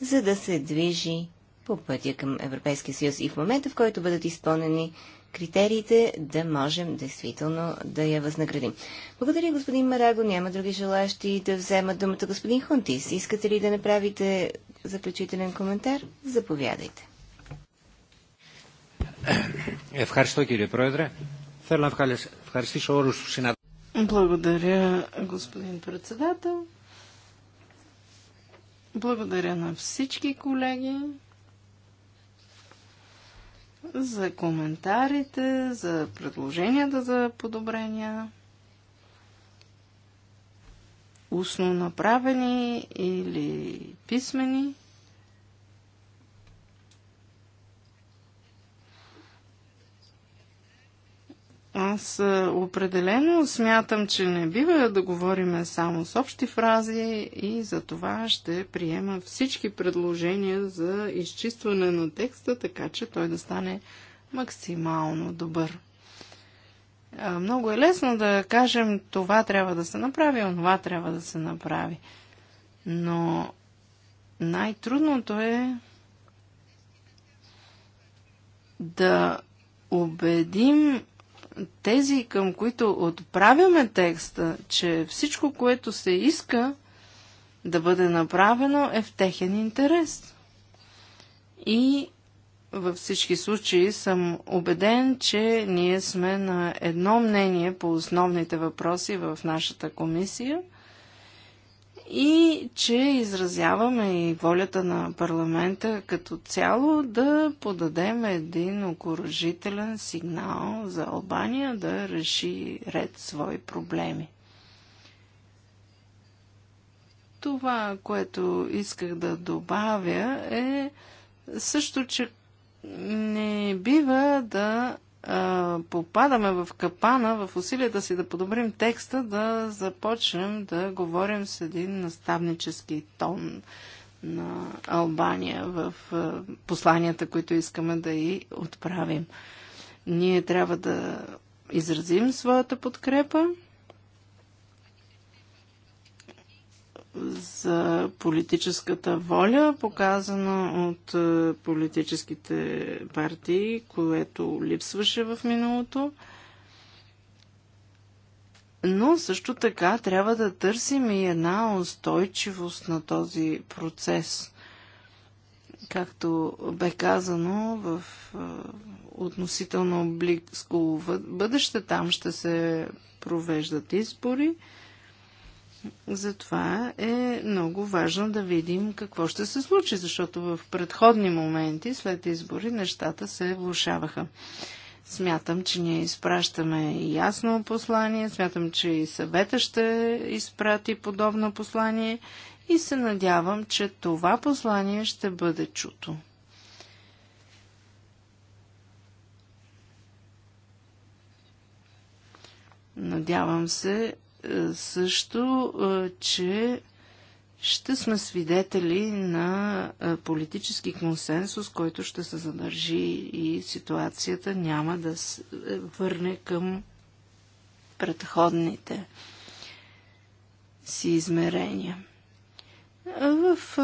Speaker 1: за да се движи по пътя към Европейския съюз и в момента, в който бъдат изпълнени критериите, да можем действително да я възнаградим. Благодаря, господин Мараго. Няма други желащи да вземат думата. Господин Хунтис, искате ли да направите заключителен коментар? Заповядайте. Ευχαριστώ
Speaker 3: κύριε Πρόεδρε. Θέλω να ευχαριστήσω όλους τους
Speaker 1: благодаря, господин
Speaker 3: председател. Благодаря на всички колеги за коментарите, за предложенията за подобрения, устно направени или писмени. Аз е, определено смятам, че не бива да говорим само с общи фрази и за това ще приема всички предложения за изчистване на текста, така че той да стане максимално добър. Е, много е лесно да кажем това трябва да се направи, онова трябва да се направи. Но най-трудното е да убедим тези, към които отправяме текста, че всичко, което се иска да бъде направено, е в техен интерес. И във всички случаи съм убеден, че ние сме на едно мнение по основните въпроси в нашата комисия – и че изразяваме и волята на парламента като цяло да подадем един окоръжителен сигнал за Албания да реши ред свои проблеми. Това, което исках да добавя е също, че не бива да попадаме в капана, в усилията си да подобрим текста, да започнем да говорим с един наставнически тон на Албания в посланията, които искаме да и отправим. Ние трябва да изразим своята подкрепа за политическата воля, показана от е, политическите партии, което липсваше в миналото. Но също така трябва да търсим и една устойчивост на този процес. Както бе казано, в е, относително близко бъдеще там ще се провеждат избори. Затова е много важно да видим какво ще се случи, защото в предходни моменти след избори нещата се влушаваха. Смятам, че ние изпращаме ясно послание, смятам, че и съвета ще изпрати подобно послание и се надявам, че това послание ще бъде чуто. Надявам се също, че ще сме свидетели на политически консенсус, който ще се задържи и ситуацията няма да се върне към предходните си измерения. В е,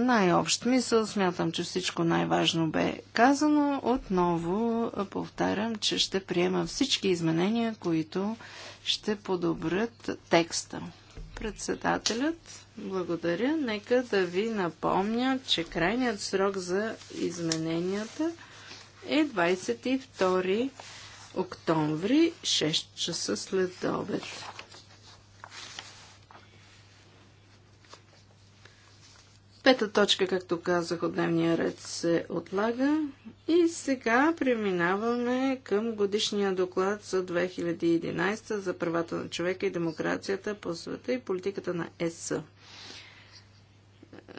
Speaker 3: най-общ мисъл смятам, че всичко най-важно бе казано. Отново е, повтарям, че ще приема всички изменения, които ще подобрят текста. Председателят, благодаря. Нека да ви напомня, че крайният срок за измененията е 22 октомври, 6 часа след обед. Пета точка, както казах, от дневния ред се отлага. И сега преминаваме към годишния доклад за 2011 за правата на човека и демокрацията по света и политиката на ЕС.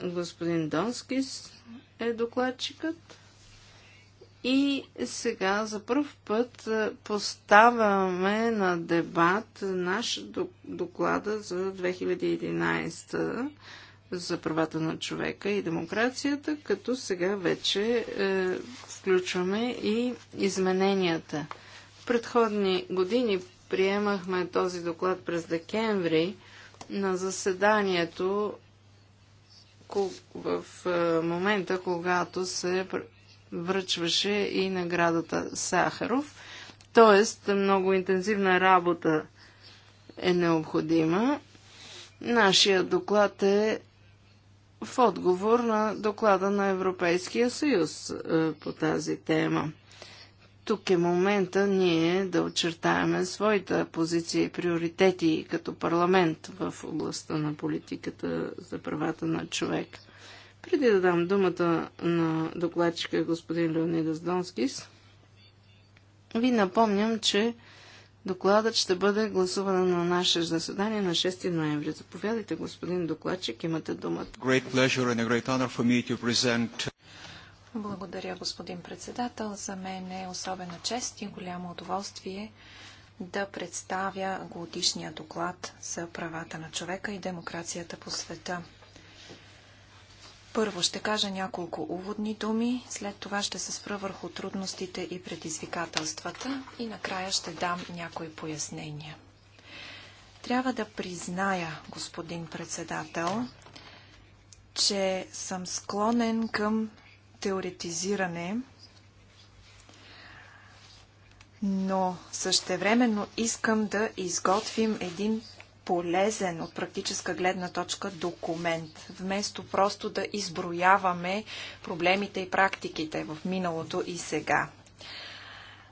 Speaker 3: Господин Донскис е докладчикът. И сега за първ път е, поставяме на дебат наш доклада за 2011 за правата на човека и демокрацията, като сега вече е, включваме и измененията. В предходни години приемахме този доклад през декември на заседанието в е, момента, когато се връчваше и наградата Сахаров. Тоест, много интензивна работа е необходима. Нашия доклад е в отговор на доклада на Европейския съюз е, по тази тема. Тук е момента ние да очертаваме своята позиция и приоритети като парламент в областта на политиката за правата на човек. Преди да дам думата на докладчика господин Леонидас Донскис, ви напомням, че Докладът ще бъде гласуван на наше заседание на 6 ноември. Заповядайте, господин докладчик, имате думата.
Speaker 1: Present...
Speaker 2: Благодаря, господин председател. За мен е особена чест и голямо удоволствие да представя годишния доклад за правата на човека и демокрацията по света. Първо ще кажа няколко уводни думи, след това ще се спра върху трудностите и предизвикателствата и накрая ще дам някои пояснения. Трябва да призная, господин председател, че съм склонен към теоретизиране, но същевременно искам да изготвим един полезен от практическа гледна точка документ, вместо просто да изброяваме проблемите и практиките в миналото и сега.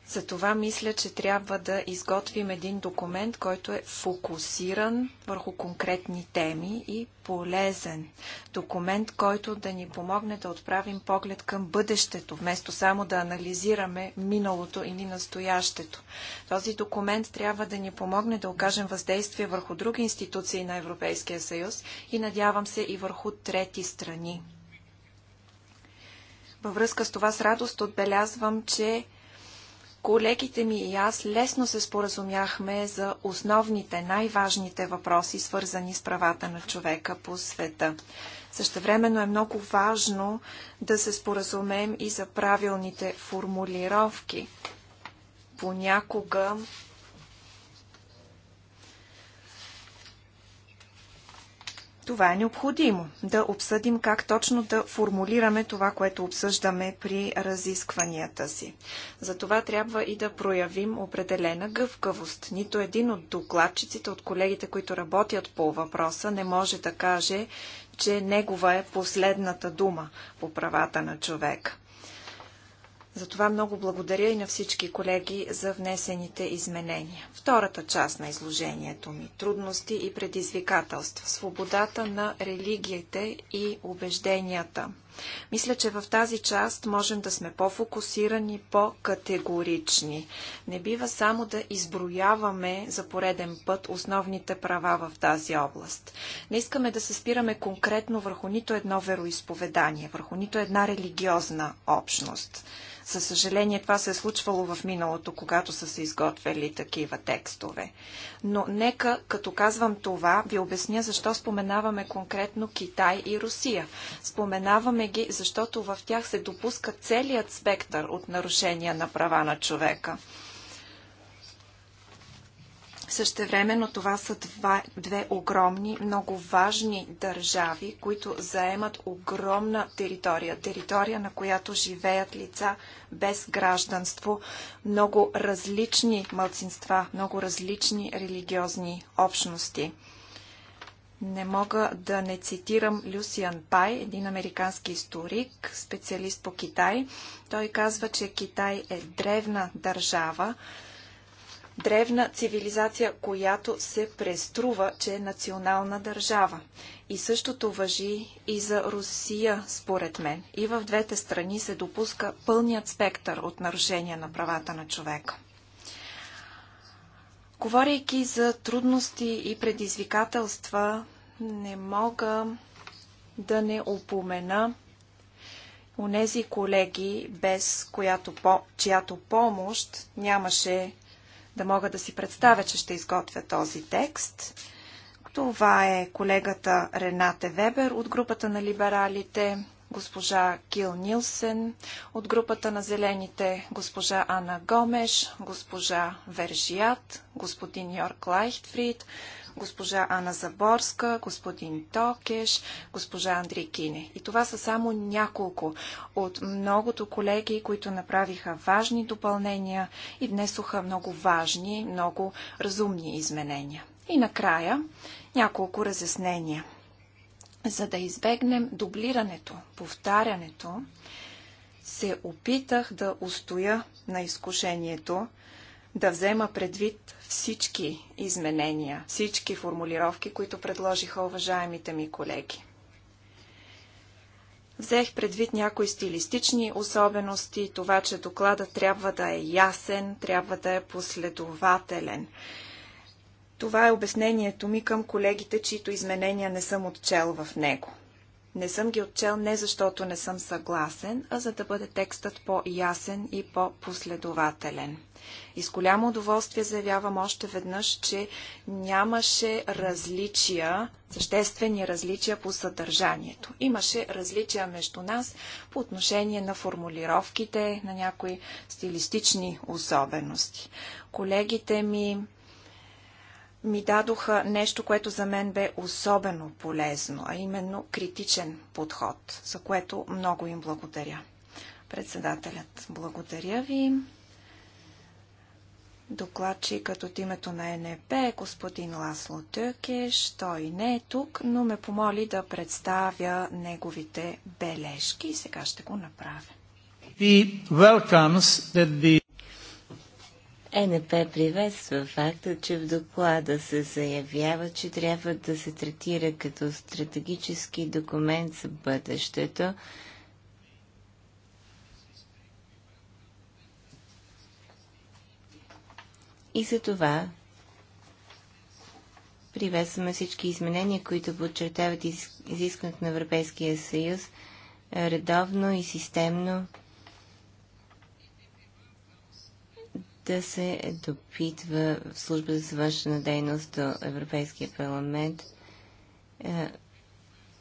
Speaker 2: Затова мисля, че трябва да изготвим един документ, който е фокусиран върху конкретни теми и полезен. Документ, който да ни помогне да отправим поглед към бъдещето, вместо само да анализираме миналото или настоящето. Този документ трябва да ни помогне да окажем въздействие върху други институции на Европейския съюз и надявам се и върху трети страни. Във връзка с това с радост отбелязвам, че Колегите ми и аз лесно се споразумяхме за основните, най-важните въпроси, свързани с правата на човека по света. Същевременно е много важно да се споразумеем и за правилните формулировки. Понякога Това е необходимо да обсъдим как точно да формулираме това, което обсъждаме при разискванията си. За това трябва и да проявим определена гъвкавост. Нито един от докладчиците, от колегите, които работят по въпроса, не може да каже, че негова е последната дума по правата на човека. Затова много благодаря и на всички колеги за внесените изменения. Втората част на изложението ми – трудности и предизвикателства, свободата на религиите и убежденията. Мисля, че в тази част можем да сме по-фокусирани, по-категорични. Не бива само да изброяваме за пореден път основните права в тази област. Не искаме да се спираме конкретно върху нито едно вероисповедание, върху нито една религиозна общност. За съжаление, това се е случвало в миналото, когато са се изготвяли такива текстове. Но нека, като казвам това, ви обясня защо споменаваме конкретно Китай и Русия. Споменаваме ги, защото в тях се допуска целият спектър от нарушения на права на човека. Същевременно това са два, две огромни, много важни държави, които заемат огромна територия. Територия, на която живеят лица без гражданство, много различни мълцинства, много различни религиозни общности. Не мога да не цитирам Люсиан Пай, един американски историк, специалист по Китай. Той казва, че Китай е древна държава, древна цивилизация, която се преструва, че е национална държава. И същото въжи и за Русия, според мен. И в двете страни се допуска пълният спектър от нарушения на правата на човека. Говорейки за трудности и предизвикателства, не мога да не упомена унези колеги, без която, по, чиято помощ нямаше да мога да си представя, че ще изготвя този текст. Това е колегата Ренате Вебер от групата на либералите, госпожа Кил Нилсен, от групата на зелените госпожа Ана Гомеш, госпожа Вержият, господин Йорк Лайхтфрид, госпожа Ана Заборска, господин Токеш, госпожа Андрей Кине. И това са само няколко от многото колеги, които направиха важни допълнения и внесоха много важни, много разумни изменения. И накрая няколко разяснения. За да избегнем дублирането, повтарянето, се опитах да устоя на изкушението да взема предвид всички изменения, всички формулировки, които предложиха уважаемите ми колеги. Взех предвид някои стилистични особености, това, че докладът трябва да е ясен, трябва да е последователен. Това е обяснението ми към колегите, чието изменения не съм отчел в него. Не съм ги отчел не защото не съм съгласен, а за да бъде текстът по-ясен и по-последователен. И с голямо удоволствие заявявам още веднъж, че нямаше различия, съществени различия по съдържанието. Имаше различия между нас по отношение на формулировките, на някои стилистични особености. Колегите ми ми дадоха нещо, което за мен бе особено полезно, а именно критичен подход, за което много им благодаря. Председателят, благодаря ви. Докладчи като от името на НЕП е господин Ласло Тъкеш. Той не е тук, но ме помоли да представя неговите бележки и сега ще го направя.
Speaker 1: The... ЕНП приветства факта, че в доклада се заявява, че трябва да се третира като стратегически документ за бъдещето, И за това приветстваме всички изменения, които подчертават изискването на Европейския съюз редовно и системно да се допитва в служба за външна дейност до Европейския парламент е,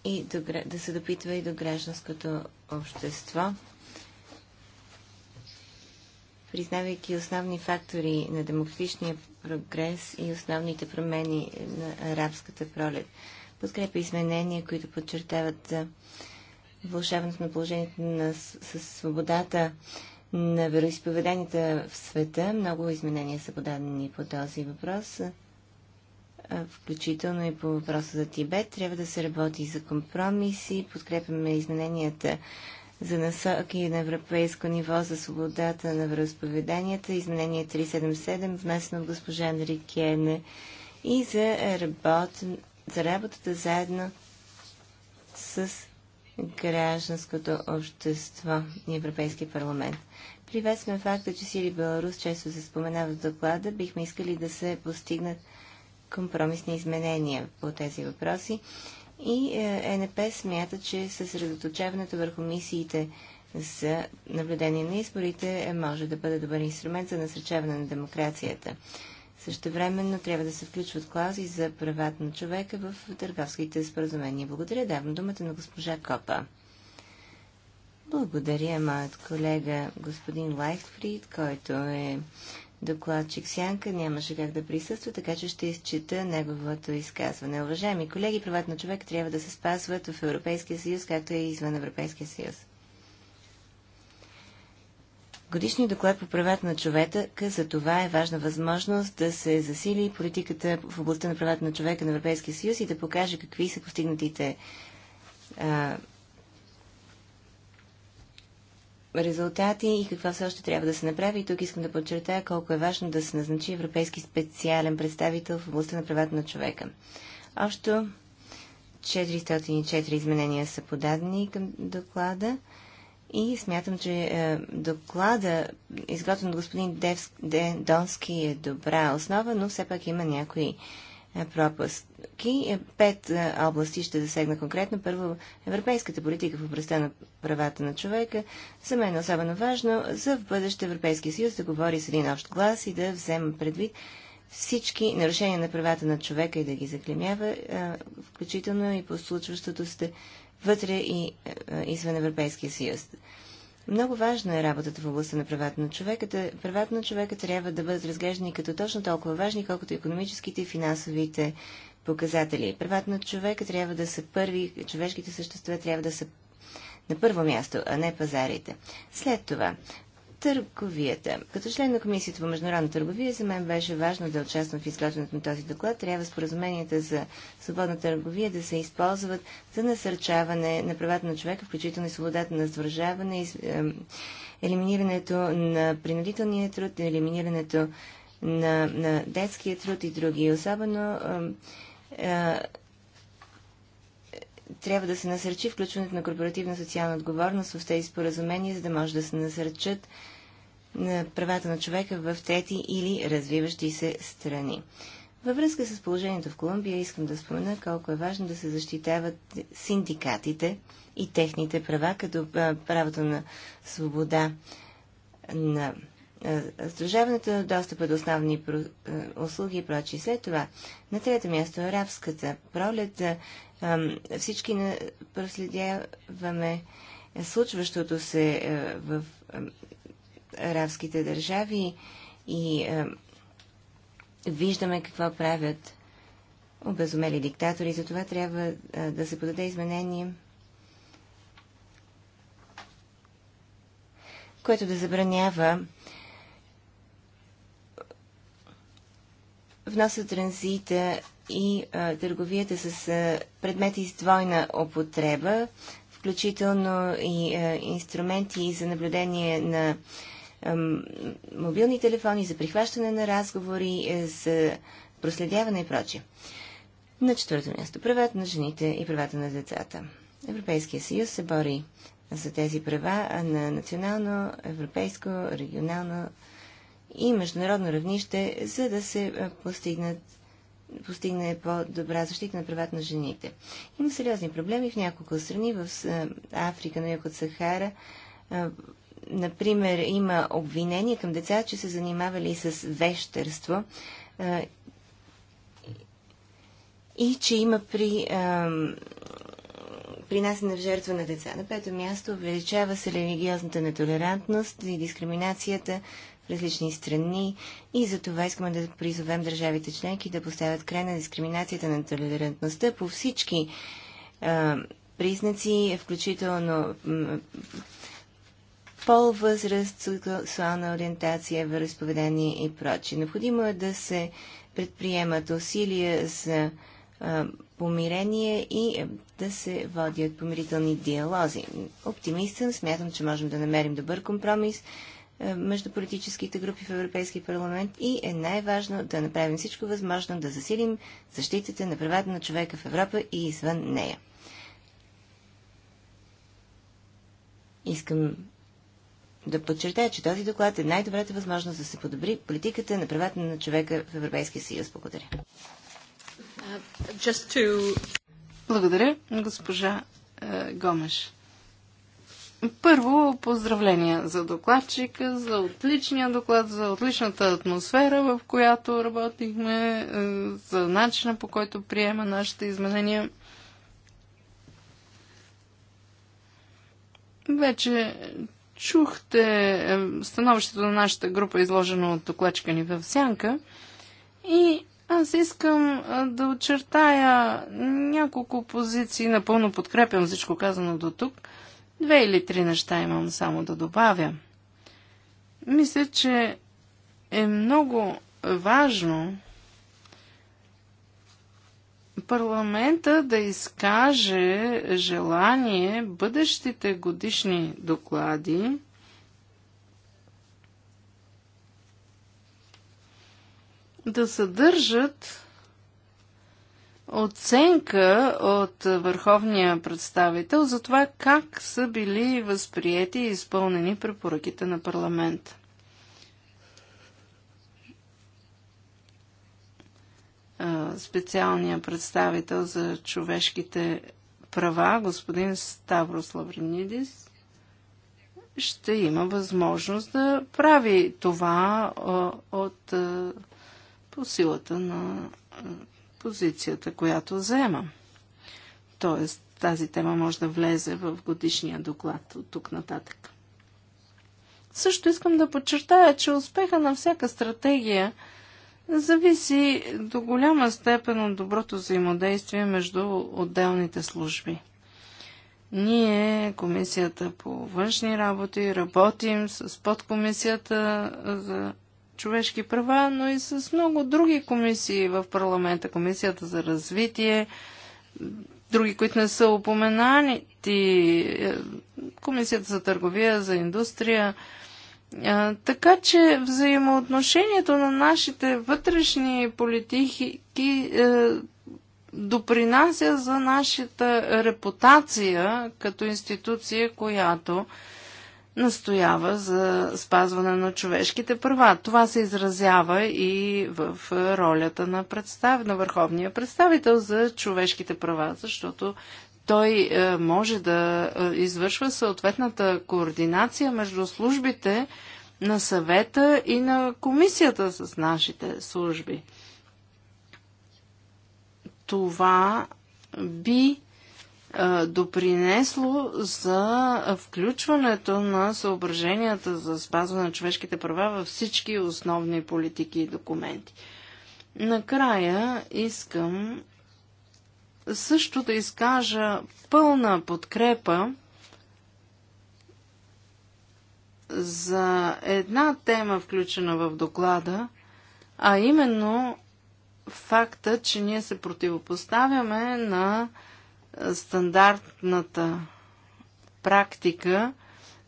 Speaker 1: и до, да се допитва и до гражданското общество, признавайки основни фактори на демократичния прогрес и основните промени на арабската пролет. Подкрепя изменения, които подчертават влушаването на положението на, с, с свободата на вероисповеданията в света. Много изменения са подадени по този въпрос, включително и по въпроса за Тибет. Трябва да се работи за компромиси. Подкрепяме измененията за насоки на европейско ниво за свободата на вероисповеданията. Изменение 377, внесено от госпожа Нарикене, и за, работ... за работата заедно с гражданското общество и Европейския парламент. Приветстваме факта, че Сирия Беларус често се споменава в доклада. Бихме искали да се постигнат компромисни изменения по тези въпроси. И е, ЕНП смята, че съсредоточаването върху мисиите за наблюдение на изборите може да бъде добър инструмент за насречаване на демокрацията. Същевременно трябва да се включват клаузи за правата на човека в търговските споразумения. Благодаря. Давам думата на госпожа Копа. Благодаря, моят колега господин Лайфрид, който е докладчик Сянка, нямаше как да присъства, така че ще изчита неговото изказване. Уважаеми колеги, правата на човек трябва да се спазват в Европейския съюз, както и извън Европейския съюз. Годишният доклад по правата на човека за това е важна възможност да се засили политиката в областта на правата на човека на Европейския съюз и да покаже какви са постигнатите а, резултати и какво все още трябва да се направи. И тук искам да подчертая колко е важно да се назначи европейски специален представител в областта на правата на човека. Общо 404 изменения са подадени към доклада. И смятам, че е, доклада, изготвен от господин Донски, е добра основа, но все пак има някои е, пропуски. Е, пет е, области ще засегна конкретно. Първо, европейската политика в областта на правата на човека. За мен е особено важно за в бъдеще Европейския съюз да говори с един общ глас и да взема предвид всички нарушения на правата на човека и да ги заклемява, е, включително и по случващото сте вътре и е, е, извън Европейския съюз. Много важна е работата в областта на правата на човека. Правата на човека трябва да бъдат разглеждани като точно толкова важни, колкото економическите и финансовите показатели. Правата на човека трябва да са първи, човешките същества трябва да са на първо място, а не пазарите. След това, търговията. Като член на Комисията по международна търговия, за мен беше важно да участвам в изготвянето на този доклад. Трябва споразуменията за свободна търговия да се използват за насърчаване на правата на човека, включително и свободата на свържаване, елиминирането на принудителния труд, елиминирането на, на детския труд и други. Особено е, трябва да се насърчи включването на корпоративна социална отговорност в тези споразумения, за да може да се насърчат на правата на човека в трети или развиващи се страни. Във връзка с положението в Колумбия искам да спомена колко е важно да се защитават синдикатите и техните права, като правото на свобода на сдружаването, достъпа до основни услуги и прочие. След това, на трето място, арабската пролет. Всички проследяваме случващото се в арабските държави и е, виждаме какво правят обезумели диктатори. За това трябва е, да се подаде изменение, което да забранява вноса, транзита и е, търговията с е, предмети с двойна употреба, включително и е, инструменти за наблюдение на мобилни телефони, за прихващане на разговори, е, за проследяване и прочие. На четвърто място правата на жените и правата на децата. Европейския съюз се бори за тези права на национално, европейско, регионално и международно равнище, за да се постигнат постигне по-добра защита на правата на жените. Има сериозни проблеми в няколко страни, в Африка, на юг от Сахара, Например, има обвинение към деца, че се занимавали с вещерство а, и че има при а, нас в жертва на деца. На пето място увеличава се религиозната нетолерантност и дискриминацията в различни страни и за това искаме да призовем държавите членки да поставят край на дискриминацията на толерантността по всички а, признаци, включително пол, възраст, сексуална ориентация, вероисповедание и прочие. Необходимо е да се предприемат усилия за а, помирение и да се водят помирителни диалози. Оптимист съм, смятам, че можем да намерим добър компромис а, между политическите групи в Европейски парламент и е най-важно да направим всичко възможно да засилим защитите на правата на човека в Европа и извън нея. Искам да подчертая, че този доклад е най-добрата възможност да се подобри политиката на правата на човека в Европейския съюз. Благодаря.
Speaker 3: Uh, to... Благодаря, госпожа е, Гомеш. Първо, поздравления за докладчика, за отличния доклад, за отличната атмосфера, в която работихме, е, за начина по който приема нашите изменения. Вече Чухте е, становището на нашата група, изложено от оклечка ни в Сянка. И аз искам е, да очертая няколко позиции. Напълно подкрепям всичко казано до тук. Две или три неща имам само да добавя. Мисля, че е много важно парламента да изкаже желание бъдещите годишни доклади да съдържат оценка от върховния представител за това как са били възприяти и изпълнени препоръките на парламента. специалния представител за човешките права, господин Ставрос Лавренидис, ще има възможност да прави това от по силата на позицията, която заема. Тоест, тази тема може да влезе в годишния доклад от тук нататък. Също искам да подчертая, че успеха на всяка стратегия – зависи до голяма степен от доброто взаимодействие между отделните служби. Ние, Комисията по външни работи, работим с подкомисията за човешки права, но и с много други комисии в парламента. Комисията за развитие, други, които не са упоменани, е, комисията за търговия, за индустрия, така че взаимоотношението на нашите вътрешни политики е, допринася за нашата репутация като институция, която настоява за спазване на човешките права. Това се изразява и в ролята на, представ... на върховния представител за човешките права, защото той е, може да е, извършва съответната координация между службите на съвета и на комисията с нашите служби. Това би е, допринесло за включването на съображенията за спазване на човешките права във всички основни политики и документи. Накрая искам също да изкажа пълна подкрепа за една тема, включена в доклада, а именно факта, че ние се противопоставяме на стандартната практика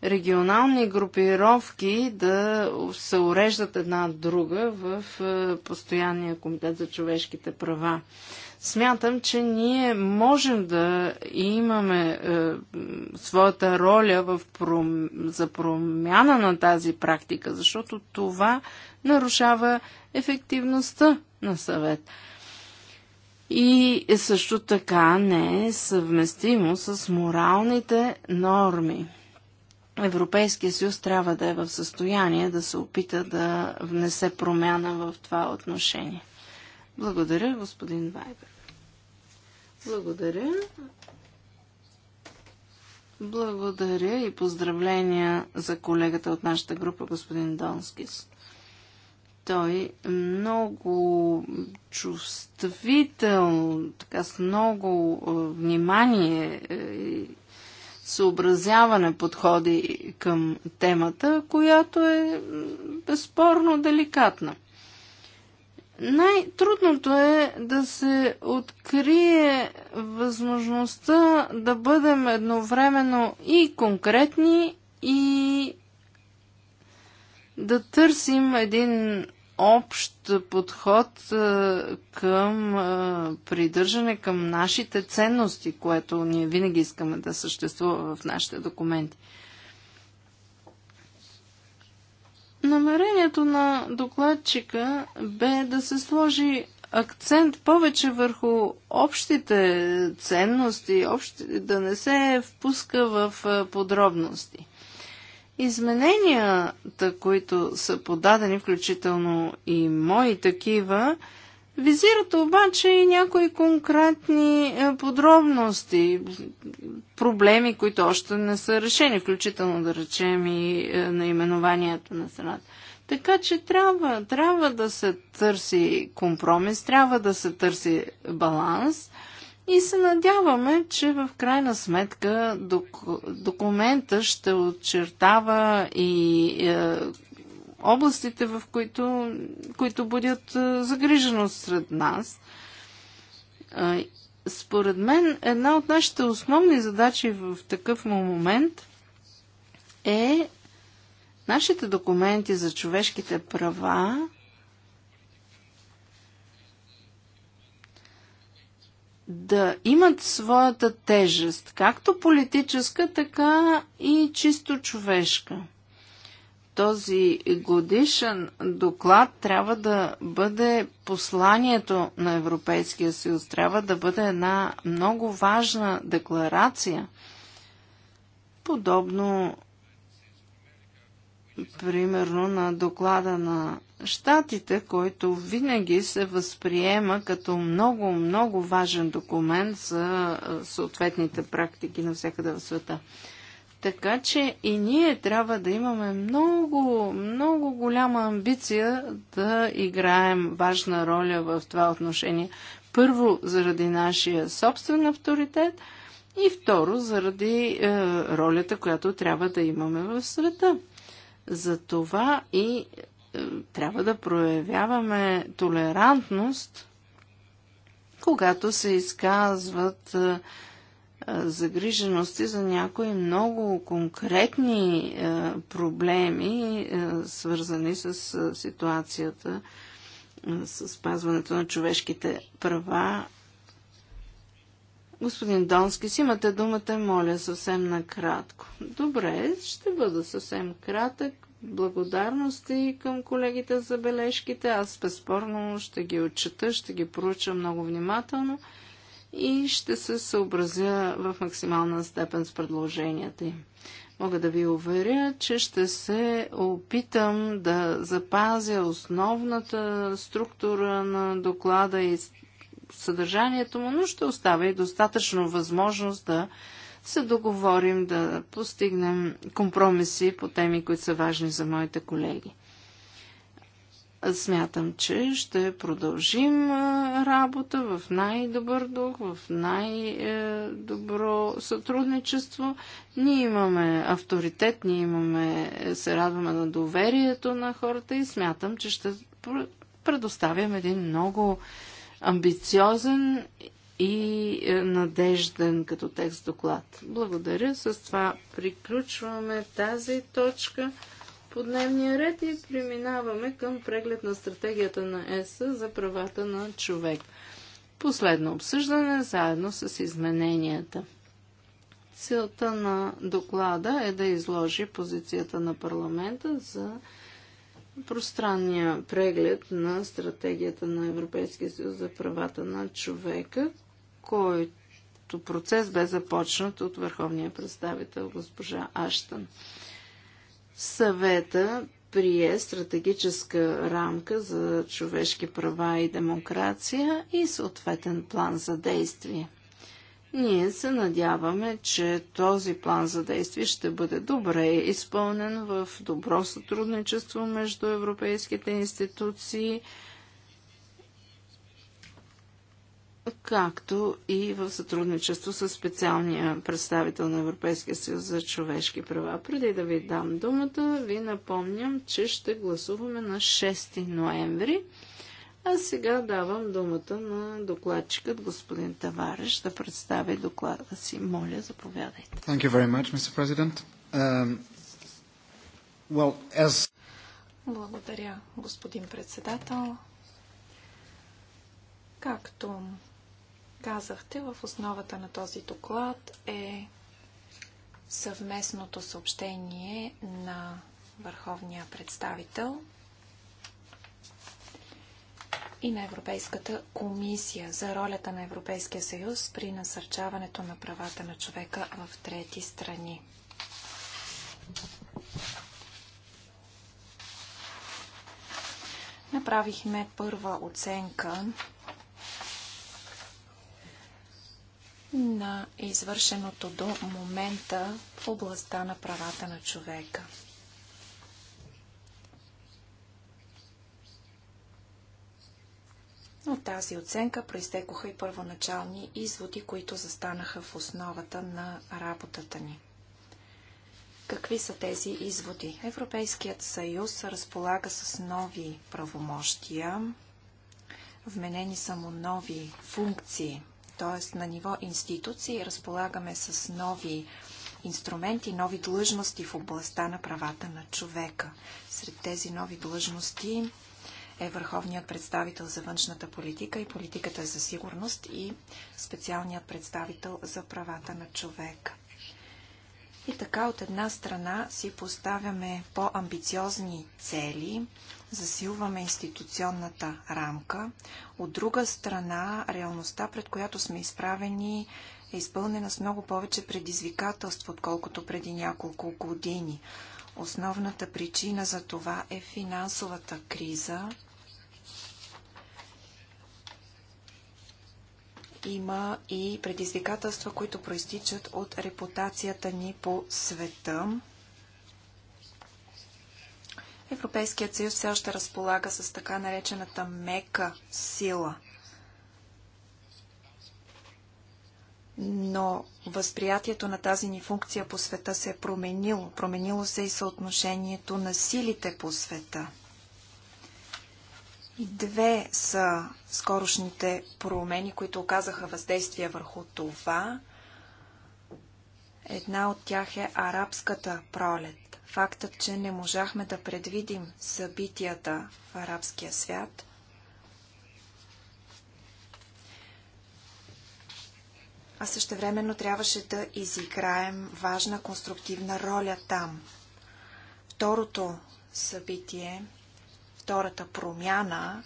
Speaker 3: регионални групировки да се уреждат една друга в е, постоянния комитет за човешките права смятам, че ние можем да имаме е, своята роля в пром... за промяна на тази практика, защото това нарушава ефективността на съвет. И също така не е съвместимо с моралните норми. Европейския съюз трябва да е в състояние да се опита да внесе промяна в това отношение. Благодаря, господин Вайбер. Благодаря. Благодаря и поздравления за колегата от нашата група, господин Донскис. Той много чувствител, така с много е, внимание е, и съобразяване подходи към темата, която е безспорно деликатна. Най-трудното е да се открие възможността да бъдем едновременно и конкретни, и да търсим един общ подход е, към е, придържане към нашите ценности, което ние винаги искаме да съществува в нашите документи. намерението на докладчика бе да се сложи акцент повече върху общите ценности, общи, да не се впуска в подробности. Измененията, които са подадени, включително и мои такива, Визират обаче и някои конкретни е, подробности, проблеми, които още не са решени, включително да речем и е, наименованието на страната. Така че трябва, трябва да се търси компромис, трябва да се търси баланс и се надяваме, че в крайна сметка док, документа ще очертава и е, областите, в които, които будят загриженост сред нас. Според мен, една от нашите основни задачи в такъв момент е нашите документи за човешките права да имат своята тежест, както политическа, така и чисто човешка този годишен доклад трябва да бъде посланието на Европейския съюз, трябва да бъде една много важна декларация, подобно примерно на доклада на Штатите, който винаги се възприема като много, много важен документ за съответните практики навсякъде в света. Така че и ние трябва да имаме много, много голяма амбиция да играем важна роля в това отношение. Първо, заради нашия собствен авторитет и второ, заради е, ролята, която трябва да имаме в света. За това и е, трябва да проявяваме толерантност, когато се изказват. Е, загрижености за някои много конкретни проблеми, свързани с ситуацията с спазването на човешките права. Господин Донски, си имате думата, моля, съвсем накратко. Добре, ще бъда съвсем кратък. Благодарности към колегите за бележките. Аз безспорно ще ги отчета, ще ги проуча много внимателно и ще се съобразя в максимална степен с предложенията им. Мога да ви уверя, че ще се опитам да запазя основната структура на доклада и съдържанието му, но ще оставя и достатъчно възможност да се договорим да постигнем компромиси по теми, които са важни за моите колеги. Смятам, че ще продължим работа в най-добър дух, в най-добро сътрудничество. Ние имаме авторитет, ние имаме, се радваме на доверието на хората и смятам, че ще предоставям един много амбициозен и е, надежден като текст доклад. Благодаря. С това приключваме тази точка по дневния ред и преминаваме към преглед на стратегията на ЕС за правата на човек. Последно обсъждане заедно с измененията. Целта на доклада е да изложи позицията на парламента за пространния преглед на стратегията на Европейския съюз за правата на човека, който процес бе започнат от върховния представител госпожа Аштън съвета прие стратегическа рамка за човешки права и демокрация и съответен план за действие. Ние се надяваме, че този план за действие ще бъде добре изпълнен в добро сътрудничество между европейските институции, както и в сътрудничество с специалния представител на Европейския съюз за човешки права. Преди да ви дам думата, ви напомням, че ще гласуваме на 6 ноември. А сега давам думата на докладчикът господин Тавареш да представи
Speaker 2: доклада си. Моля, заповядайте.
Speaker 3: Thank you very much, Mr. President. Um, well, as...
Speaker 2: Благодаря, господин председател. Както Казахте, в основата на този доклад е съвместното съобщение на върховния представител и на Европейската комисия за ролята на Европейския съюз при насърчаването на правата на човека в трети страни. Направихме първа оценка на извършеното до момента в областта на правата на човека. От тази оценка проистекоха и първоначални изводи, които застанаха в основата на работата ни. Какви са тези изводи? Европейският съюз разполага с нови правомощия, вменени само нови функции т.е. на ниво институции разполагаме с нови инструменти, нови длъжности в областта на правата на човека. Сред тези нови длъжности е върховният представител за външната политика и политиката за сигурност и специалният представител за правата на човека. И така от една страна си поставяме по-амбициозни цели, засилваме институционната рамка. От друга страна, реалността, пред която сме изправени, е изпълнена с много повече предизвикателство, отколкото преди няколко години. Основната причина за това е финансовата криза. Има и предизвикателства, които проистичат от репутацията ни по света. Европейският съюз все още разполага с така наречената мека сила. Но възприятието на тази ни функция по света се е променило. Променило се и съотношението на силите по света. Две са скорошните промени, които оказаха въздействие върху това. Една от тях е арабската пролет. Фактът, че не можахме да предвидим събитията в арабския свят, а също времено трябваше да изиграем важна конструктивна роля там. Второто събитие, втората промяна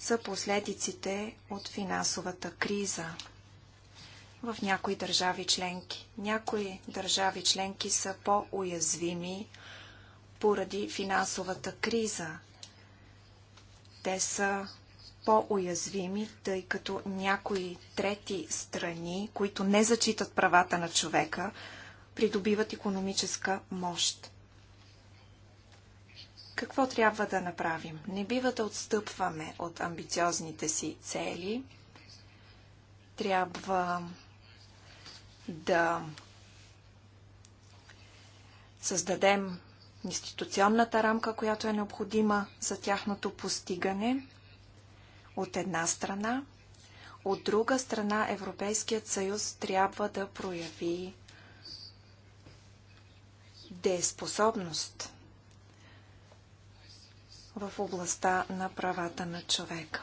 Speaker 2: са последиците от финансовата криза – в някои държави членки. Някои държави членки са по-уязвими поради финансовата криза. Те са по-уязвими, тъй като някои трети страни, които не зачитат правата на човека, придобиват економическа мощ. Какво трябва да направим? Не бива да отстъпваме от амбициозните си цели. Трябва да създадем институционната рамка, която е необходима за тяхното постигане, от една страна. От друга страна, Европейският съюз трябва да прояви дееспособност в областта на правата на човека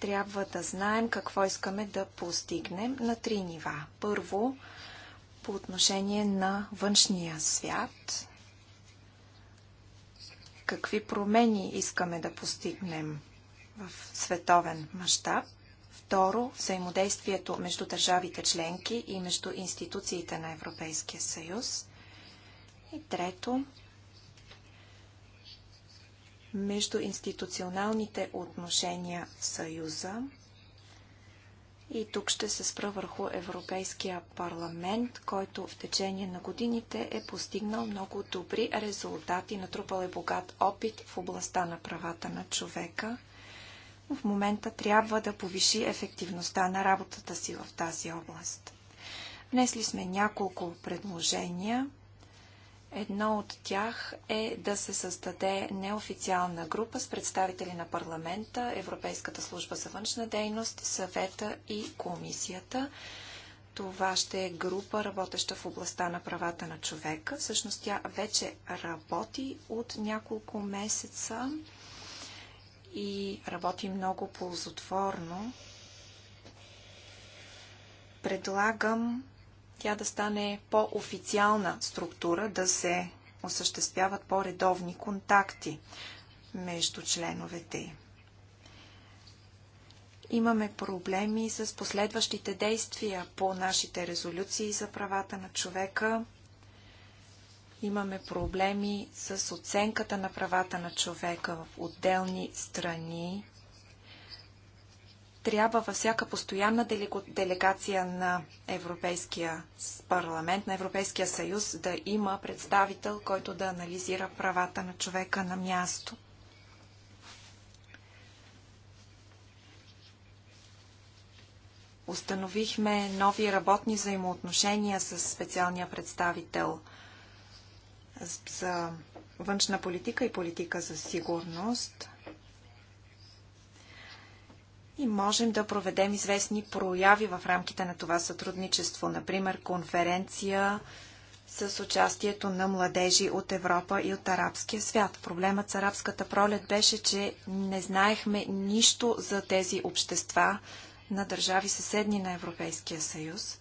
Speaker 2: трябва да знаем какво искаме да постигнем на три нива. Първо, по отношение на външния свят, какви промени искаме да постигнем в световен мащаб. Второ, взаимодействието между държавите членки и между институциите на Европейския съюз. И трето, между институционалните отношения в Съюза. И тук ще се спра върху Европейския парламент, който в течение на годините е постигнал много добри резултати, натрупал е богат опит в областта на правата на човека. В момента трябва да повиши ефективността на работата си в тази област. Внесли сме няколко предложения. Едно от тях е да се създаде неофициална група с представители на парламента, Европейската служба за външна дейност, съвета и комисията. Това ще е група, работеща в областта на правата на човека. Всъщност тя вече работи от няколко месеца и работи много ползотворно. Предлагам тя да стане по-официална структура, да се осъществяват по-редовни контакти между членовете Имаме проблеми с последващите действия по нашите резолюции за правата на човека. Имаме проблеми с оценката на правата на човека в отделни страни трябва във всяка постоянна делегация на Европейския парламент, на Европейския съюз да има представител, който да анализира правата на човека на място. Установихме нови работни взаимоотношения с специалния представител за външна политика и политика за сигурност – и можем да проведем известни прояви в рамките на това сътрудничество, например конференция с участието на младежи от Европа и от арабския свят. Проблемът с арабската пролет беше, че не знаехме нищо за тези общества на държави съседни на Европейския съюз.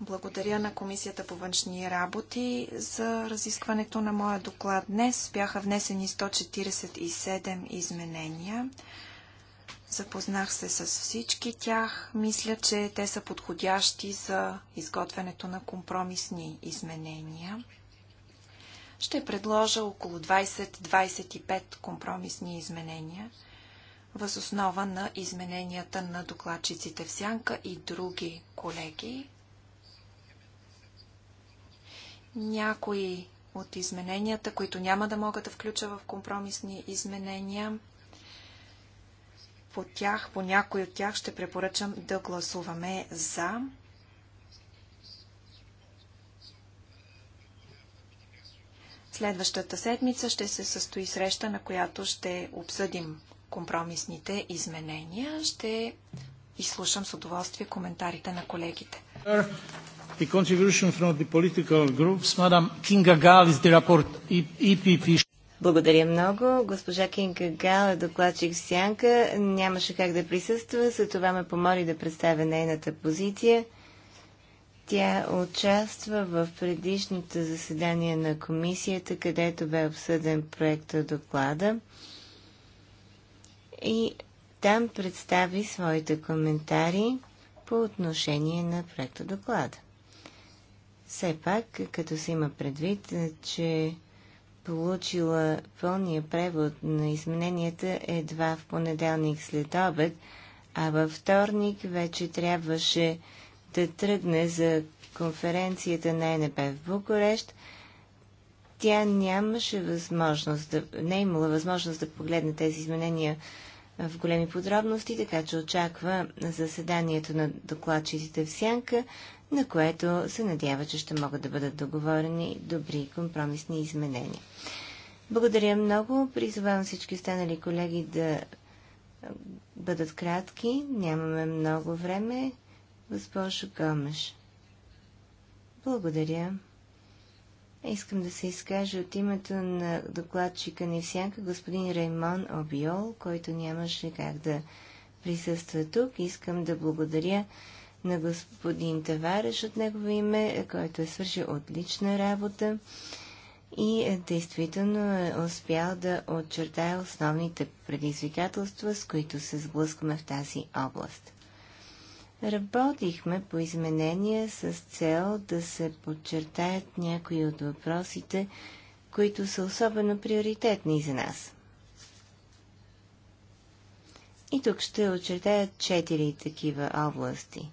Speaker 2: Благодаря на Комисията по външни работи за разискването на моя доклад днес. Бяха внесени 147 изменения. Запознах се с всички тях. Мисля, че те са подходящи за изготвянето на компромисни изменения. Ще предложа около 20-25 компромисни изменения възоснова на измененията на докладчиците в Сянка и други колеги. Някои от измененията, които няма да мога да включа в компромисни изменения, по тях, по някои от тях ще препоръчам да гласуваме за. Следващата седмица ще се състои среща, на която ще обсъдим компромисните изменения. Ще изслушам с удоволствие коментарите на колегите
Speaker 1: the contribution
Speaker 3: from the political groups. Madam Kinga Gal is the report EPP.
Speaker 1: Благодаря много. Госпожа Кинга Гал е докладчик Сянка. Нямаше как да присъства, за това ме помоли да представя нейната позиция. Тя участва в предишното заседание на комисията, където бе обсъден проекта доклада и там представи своите коментари по отношение на проекта доклада. Все пак, като се има предвид, е, че получила пълния превод на измененията едва в понеделник след обед, а във вторник вече трябваше да тръгне за конференцията на НП в Букурещ, тя нямаше възможност да, не е имала възможност да погледне тези изменения в големи подробности, така че очаква заседанието на докладчиците в Сянка, на което се надява, че ще могат да бъдат договорени добри компромисни изменения. Благодаря много. Призовавам всички останали колеги да бъдат кратки. Нямаме много време. Госпожо Гомеш. Благодаря. Искам да се изкажа от името на докладчика ни господин Реймон Обиол, който нямаше как да присъства тук. Искам да благодаря на господин Тавареш от негово име, който е свършил отлична работа и е, действително е успял да отчертая основните предизвикателства, с които се сблъскваме в тази област. Работихме по изменения с цел да се подчертаят някои от въпросите, които са особено приоритетни за нас. И тук ще очертая четири такива области.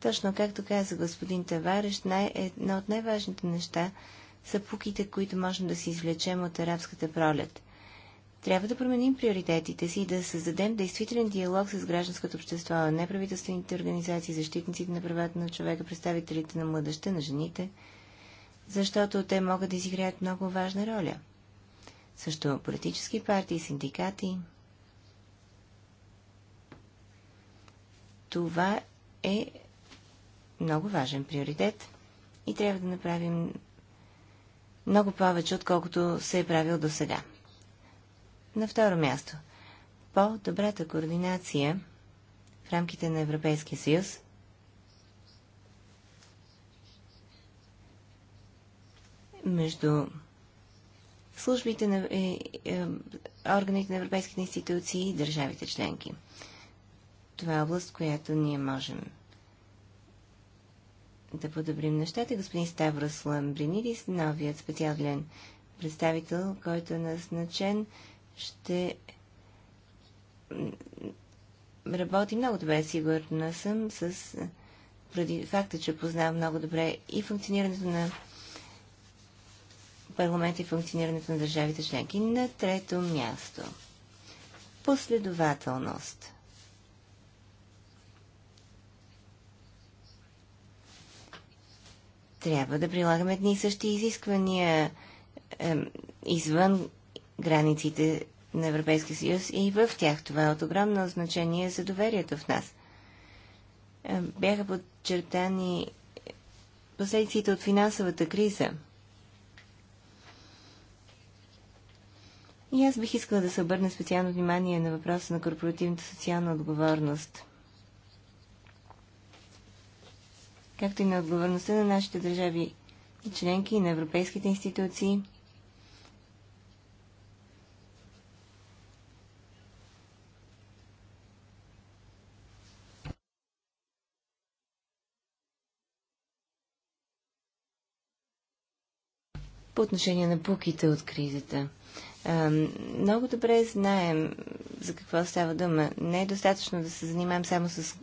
Speaker 1: Точно както каза господин Тавареш, най- една от най-важните неща са пуките, които можем да си извлечем от арабската пролет – трябва да променим приоритетите си и да създадем действителен диалог с гражданското общество, неправителствените организации, защитниците на правата на човека, представителите на младеща, на жените, защото те могат да изиграят много важна роля. Също политически партии, синдикати. Това е много важен приоритет и трябва да направим много повече, отколкото се е правил до сега. На второ място, по-добрата координация в рамките на Европейския съюз между службите на е, е, органите на европейските институции и държавите членки. Това е област, която ние можем да подобрим нещата. Господин Ставрос Ламбринидис, новият специален представител, който е назначен ще работи много добре, сигурна съм, с, преди факта, че познавам много добре и функционирането на парламента и функционирането на държавите членки. На трето място. Последователност. Трябва да прилагаме едни и същи изисквания извън границите на Европейския съюз и в тях. Това е от огромно значение за доверието в нас. Е, бяха подчертани последиците от финансовата криза. И аз бих искала да се обърна специално внимание на въпроса на корпоративната социална отговорност. Както и на отговорността на нашите държави и членки и на европейските институции – по отношение на буките от кризата. Много добре знаем за какво става дума. Не е достатъчно да се занимаем само с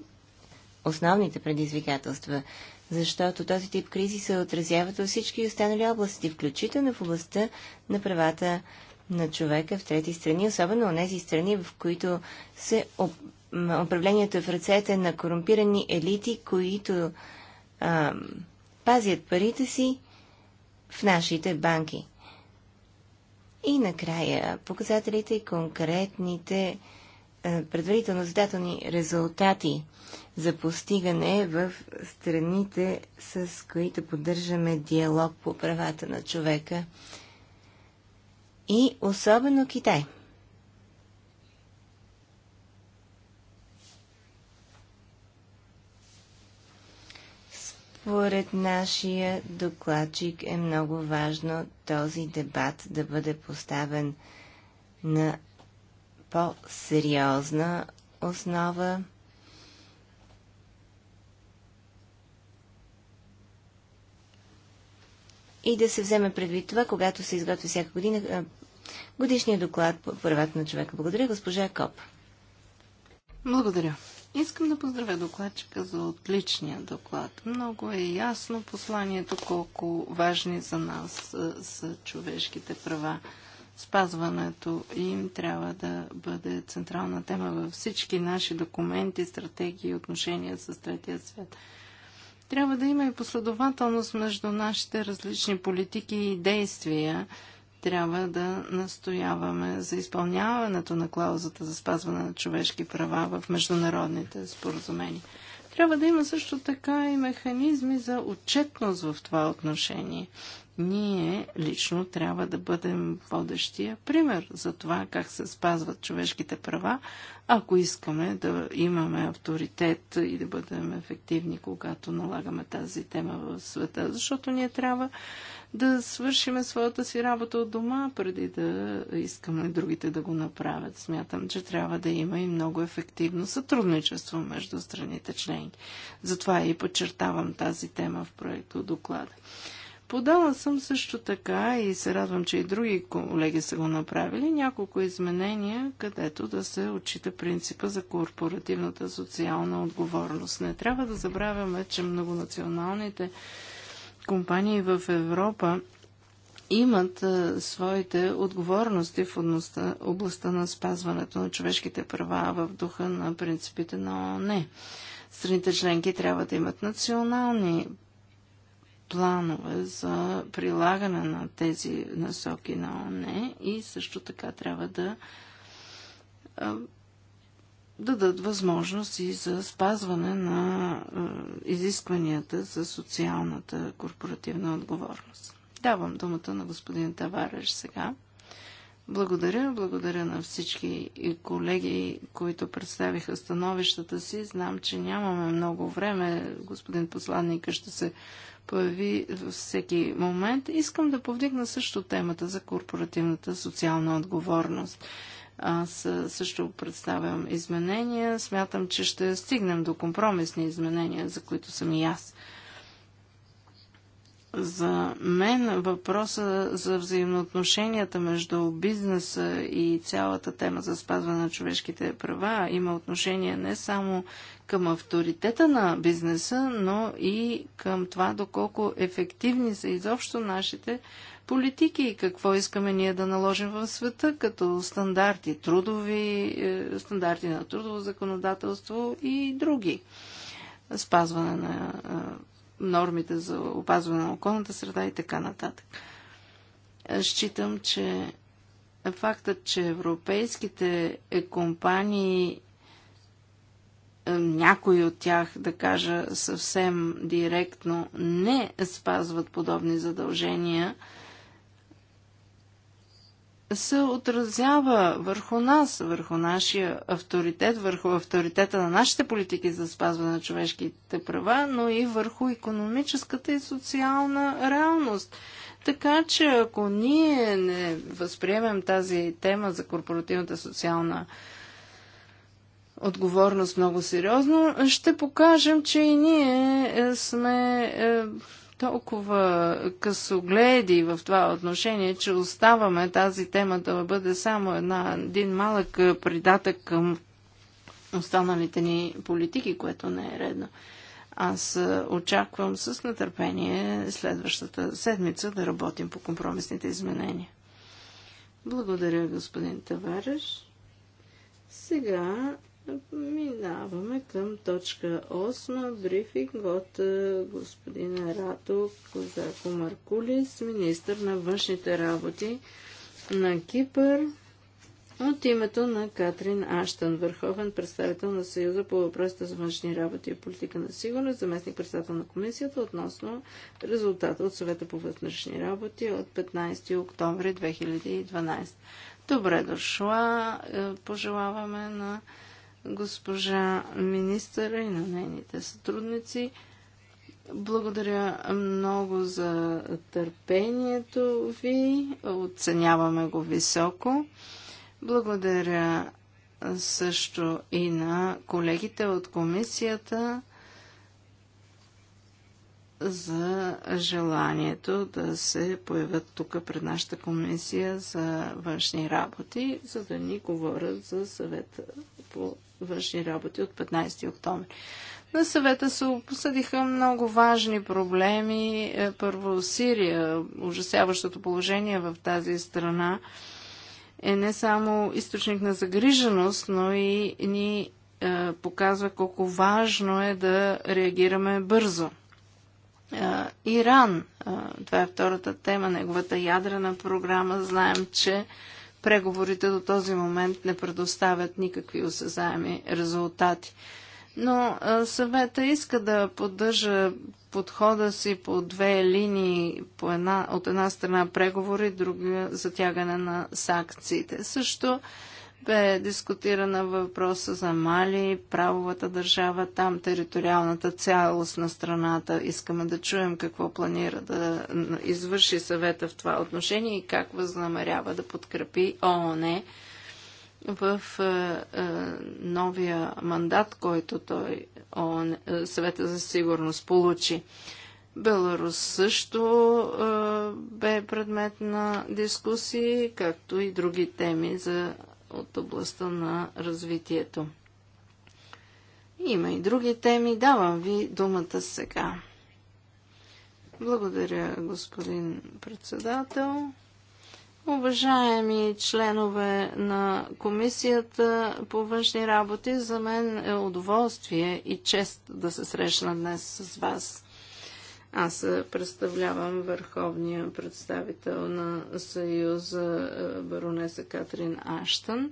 Speaker 1: основните предизвикателства, защото този тип кризи се отразяват във всички останали области, включително в областта на правата на човека в трети страни, особено в тези страни, в които се управлението е в ръцете на корумпирани елити, които а, пазят парите си в нашите банки. И накрая показателите и конкретните е, предварително задателни резултати за постигане в страните, с които поддържаме диалог по правата на човека и особено Китай – Според нашия докладчик е много важно този дебат да бъде поставен на по-сериозна основа. И да се вземе предвид това, когато се изготви всяка година годишния доклад по правата на човека. Благодаря, госпожа Коп. Благодаря.
Speaker 3: Искам да поздравя докладчика за отличния доклад. Много е ясно посланието колко важни за нас е, са, човешките права. Спазването им трябва да бъде централна тема във всички наши документи, стратегии и отношения с третия свят. Трябва да има и последователност между нашите различни политики и действия, трябва да настояваме за изпълняването на клаузата за спазване на човешки права в международните споразумения. Трябва да има също така и механизми за отчетност в това отношение. Ние лично трябва да бъдем водещия пример за това как се спазват човешките права, ако искаме да имаме авторитет и да бъдем ефективни, когато налагаме тази тема в света. Защото ние трябва да свършиме своята си работа от дома, преди да искаме другите да го направят. Смятам, че трябва да има и много ефективно сътрудничество между страните членки. Затова и подчертавам тази тема в проекта доклада. Подала съм също така и се радвам, че и други колеги са го направили, няколко изменения, където да се отчита принципа за корпоративната социална отговорност. Не трябва да забравяме, че многонационалните компании в Европа имат а, своите отговорности в областта, областта на спазването на човешките права в духа на принципите на ООН. Страните членки трябва да имат национални планове за прилагане на тези насоки на ООН и също така трябва да а, дадат възможност и за спазване на е, изискванията за социалната корпоративна отговорност. Давам думата на господин Тавареш сега. Благодаря, благодаря на всички колеги, които представиха становищата си. Знам, че нямаме много време. Господин посланника ще се появи във всеки момент. Искам да повдигна също темата за корпоративната социална отговорност. Аз също представям изменения. Смятам, че ще стигнем до компромисни изменения, за които съм и аз. За мен въпроса за взаимоотношенията между бизнеса и цялата тема за спазване на човешките права има отношение не само към авторитета на бизнеса, но и към това доколко ефективни са изобщо нашите политики и какво искаме ние да наложим в света като стандарти, трудови, е, стандарти на трудово законодателство и други. Спазване на е, нормите за опазване на околната среда и така нататък. Е, считам, че фактът, че европейските компании някои от тях, да кажа съвсем директно, не спазват подобни задължения, се отразява върху нас, върху нашия авторитет, върху авторитета на нашите политики за спазване на човешките права, но и върху економическата и социална реалност. Така че ако ние не възприемем тази тема за корпоративната социална отговорност много сериозно, ще покажем, че и ние е, сме е, толкова късогледи в това отношение, че оставаме тази тема да бъде само една, един малък придатък към останалите ни политики, което не е редно. Аз е, очаквам с нетърпение следващата седмица да работим по компромисните изменения. Благодаря, господин Тавареш. Сега Минаваме към точка 8, брифинг от е, господин Рато Козако Маркулис, министр на външните работи на Кипър, от името на Катрин Аштън, върховен представител на Съюза по въпросите за външни работи и политика на сигурност, заместник председател на комисията относно резултата от съвета по вътрешни работи от 15 октомври 2012. Добре дошла, е, пожелаваме на госпожа министъра и на нейните сътрудници. Благодаря много за търпението ви. Оценяваме го високо. Благодаря също и на колегите от комисията за желанието да се появят тук пред нашата комисия за външни работи, за да ни говорят за съвета по външни работи от 15 октомври. На съвета се обсъдиха много важни проблеми. Е, първо Сирия, ужасяващото положение в тази страна е не само източник на загриженост, но и ни е, показва колко важно е да реагираме бързо. Е, Иран, е, това е втората тема, неговата ядрена програма, знаем, че преговорите до този момент не предоставят никакви осезаеми резултати. Но съвета иска да поддържа подхода си по две линии, по една, от една страна преговори, друга затягане на санкциите. Също бе дискутирана въпроса за Мали, правовата държава, там териториалната цялост на страната. Искаме да чуем какво планира да извърши съвета в това отношение и как възнамерява да подкрепи ООН в е, е, новия мандат, който той ООН, е, съвета за сигурност получи. Беларус също е, бе предмет на дискусии, както и други теми за от областта на развитието. Има и други теми. Давам ви думата сега. Благодаря, господин председател. Уважаеми членове на Комисията по външни работи, за мен е удоволствие и чест да се срещна днес с вас. Аз е, представлявам върховния представител на Съюза е, баронеса Катрин Аштън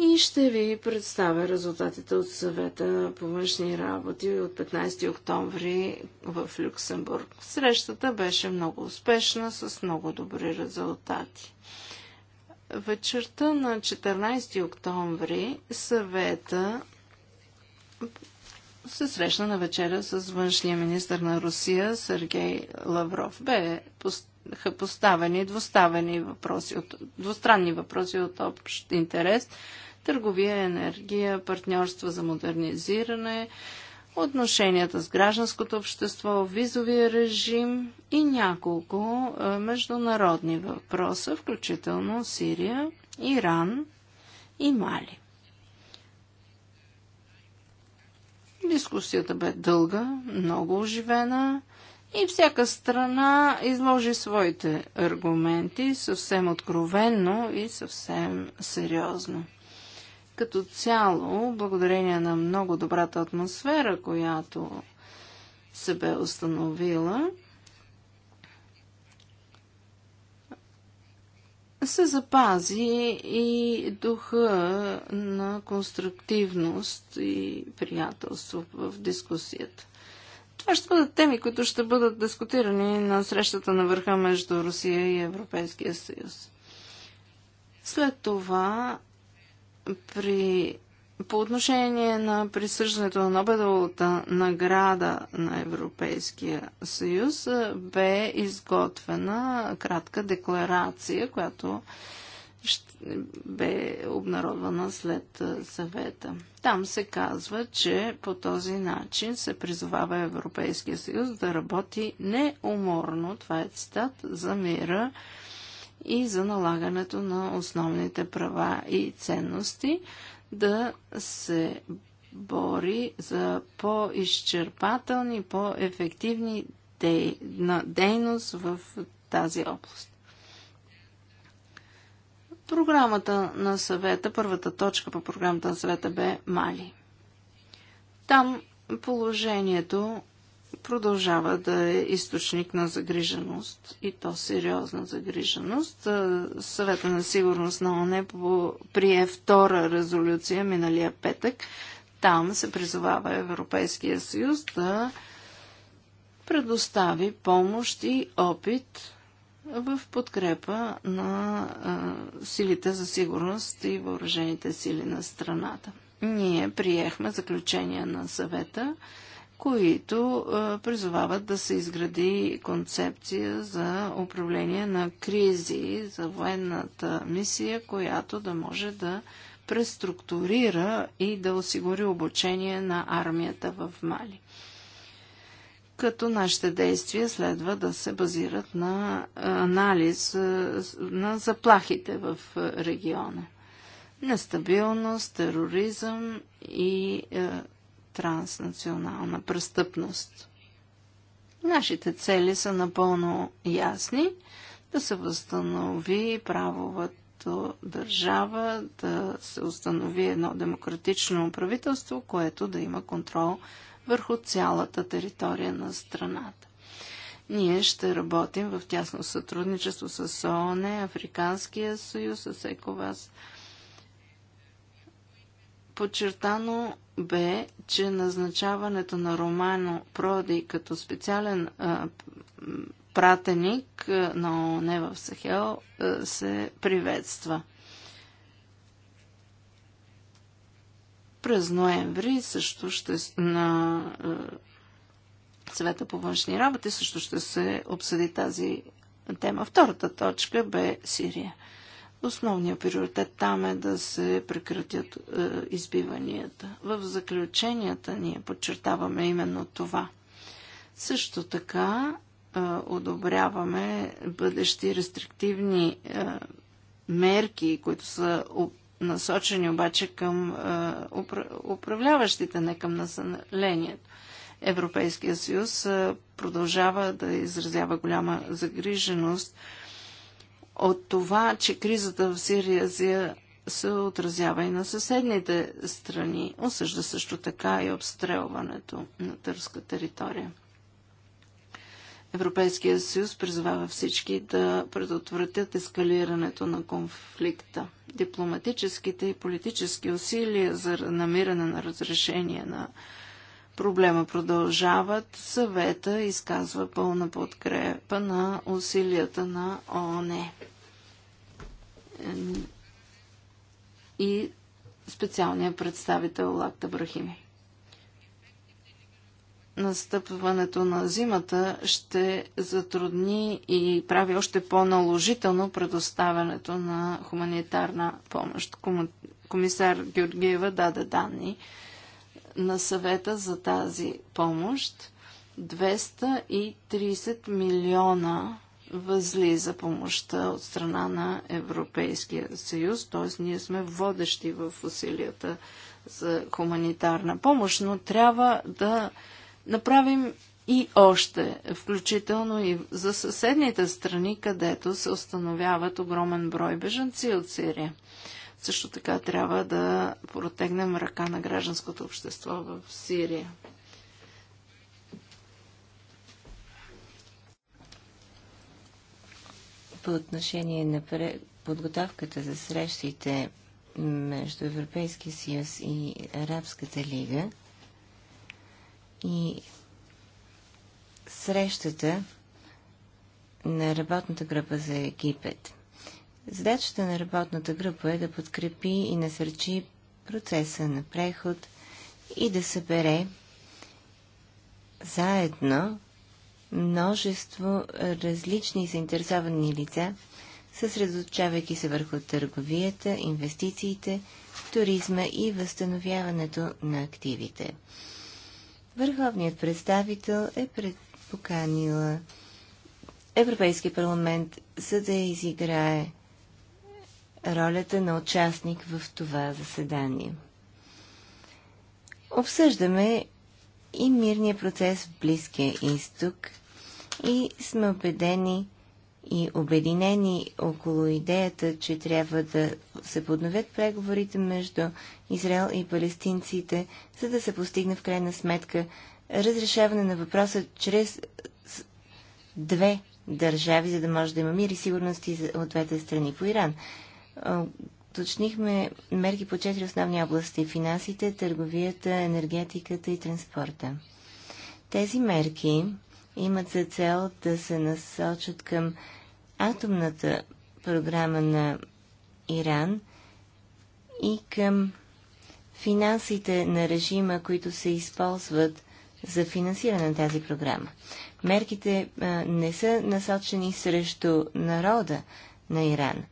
Speaker 3: и ще ви представя резултатите от съвета по външни работи от 15 октомври в Люксембург. Срещата беше много успешна, с много добри резултати. Вечерта на 14 октомври съвета се срещна на вечеря с външния министр на Русия Сергей Лавров. Бе поставени двуставени въпроси, от, двустранни въпроси от общ интерес търговия, енергия, партньорство за модернизиране, отношенията с гражданското общество, визовия режим и няколко е, международни въпроса, включително Сирия, Иран и Мали. Дискусията бе дълга, много оживена и всяка страна изложи своите аргументи съвсем откровенно и съвсем сериозно. Като цяло, благодарение на много добрата атмосфера, която се бе установила, се запази и духа на конструктивност и приятелство в дискусията. Това ще бъдат теми, които ще бъдат дискутирани на срещата на върха между Русия и Европейския съюз. След това при по отношение на присъждането на Нобеловата награда на Европейския съюз бе изготвена кратка декларация, която бе обнародвана след съвета. Там се казва, че по този начин се призовава Европейския съюз да работи неуморно, това е цитат, за мира и за налагането на основните права и ценности, да се бори за по-изчерпателни, по-ефективни дей... дейност в тази област. Програмата на съвета, първата точка по програмата на съвета бе Мали. Там положението продължава да е източник на загриженост и то сериозна загриженост. Съвета на сигурност на ОНЕ прие втора резолюция миналия петък. Там се призовава Европейския съюз да предостави помощ и опит в подкрепа на силите за сигурност и въоръжените сили на страната. Ние приехме заключение на съвета които призовават да се изгради концепция за управление на кризи, за военната мисия, която да може да преструктурира и да осигури обучение на армията в Мали. Като нашите действия следва да се базират на анализ на заплахите в региона. Нестабилност, тероризъм и транснационална престъпност. Нашите цели са напълно ясни да се възстанови правовата държава, да се установи едно демократично правителство, което да има контрол върху цялата територия на страната. Ние ще работим в тясно сътрудничество с ООН, Африканския съюз, с ЕКОВАС. Подчертано бе, че назначаването на Романо Проди като специален а, пратеник на не в Сахел а, се приветства. През ноември също ще на а, съвета по външни работи също ще се обсъди тази тема. Втората точка бе Сирия. Основният приоритет там е да се прекратят е, избиванията. В заключенията ние подчертаваме именно това. Също така е, одобряваме бъдещи рестриктивни е, мерки, които са насочени обаче към е, управляващите, не към населението. Европейския съюз е, продължава да изразява голяма загриженост от това, че кризата в Сирия се отразява и на съседните страни. Осъжда също така и обстрелването на търска територия. Европейския съюз призвава всички да предотвратят ескалирането на конфликта. Дипломатическите и политически усилия за намиране на разрешение на проблема продължават. Съвета изказва пълна подкрепа на усилията на ООН и специалния представител Лакта Брахими. Настъпването на зимата ще затрудни и прави още по-наложително предоставянето на хуманитарна помощ. Комисар Георгиева даде данни на съвета за тази помощ. 230 милиона възлиза помощта от страна на Европейския съюз, т.е. ние сме водещи в усилията за хуманитарна помощ, но трябва да направим и още, включително и за съседните страни, където се установяват огромен брой бежанци от Сирия. Също така трябва да протегнем ръка на
Speaker 1: гражданското общество в Сирия. по отношение на подготовката за срещите между Европейския съюз и Арабската лига и срещата на работната група за Египет. Задачата на работната група е да подкрепи и насърчи процеса на преход и да събере заедно множество различни заинтересовани лица, съсредоточавайки се върху търговията, инвестициите, туризма и възстановяването на активите. Върховният представител е предпоканила Европейски парламент, за да изиграе ролята на участник в това заседание. Обсъждаме и мирния процес в Близкия изток и сме убедени и обединени около идеята, че трябва да се подновят преговорите между Израел и палестинците, за да се постигне в крайна сметка разрешаване на въпроса чрез две държави, за да може да има мир и сигурност от двете страни по Иран уточнихме мерки по четири основни области – финансите, търговията, енергетиката и транспорта. Тези мерки имат за цел да се насочат към атомната програма на Иран и към финансите на режима, които се използват за финансиране на тази програма. Мерките а, не са насочени срещу народа на Иран –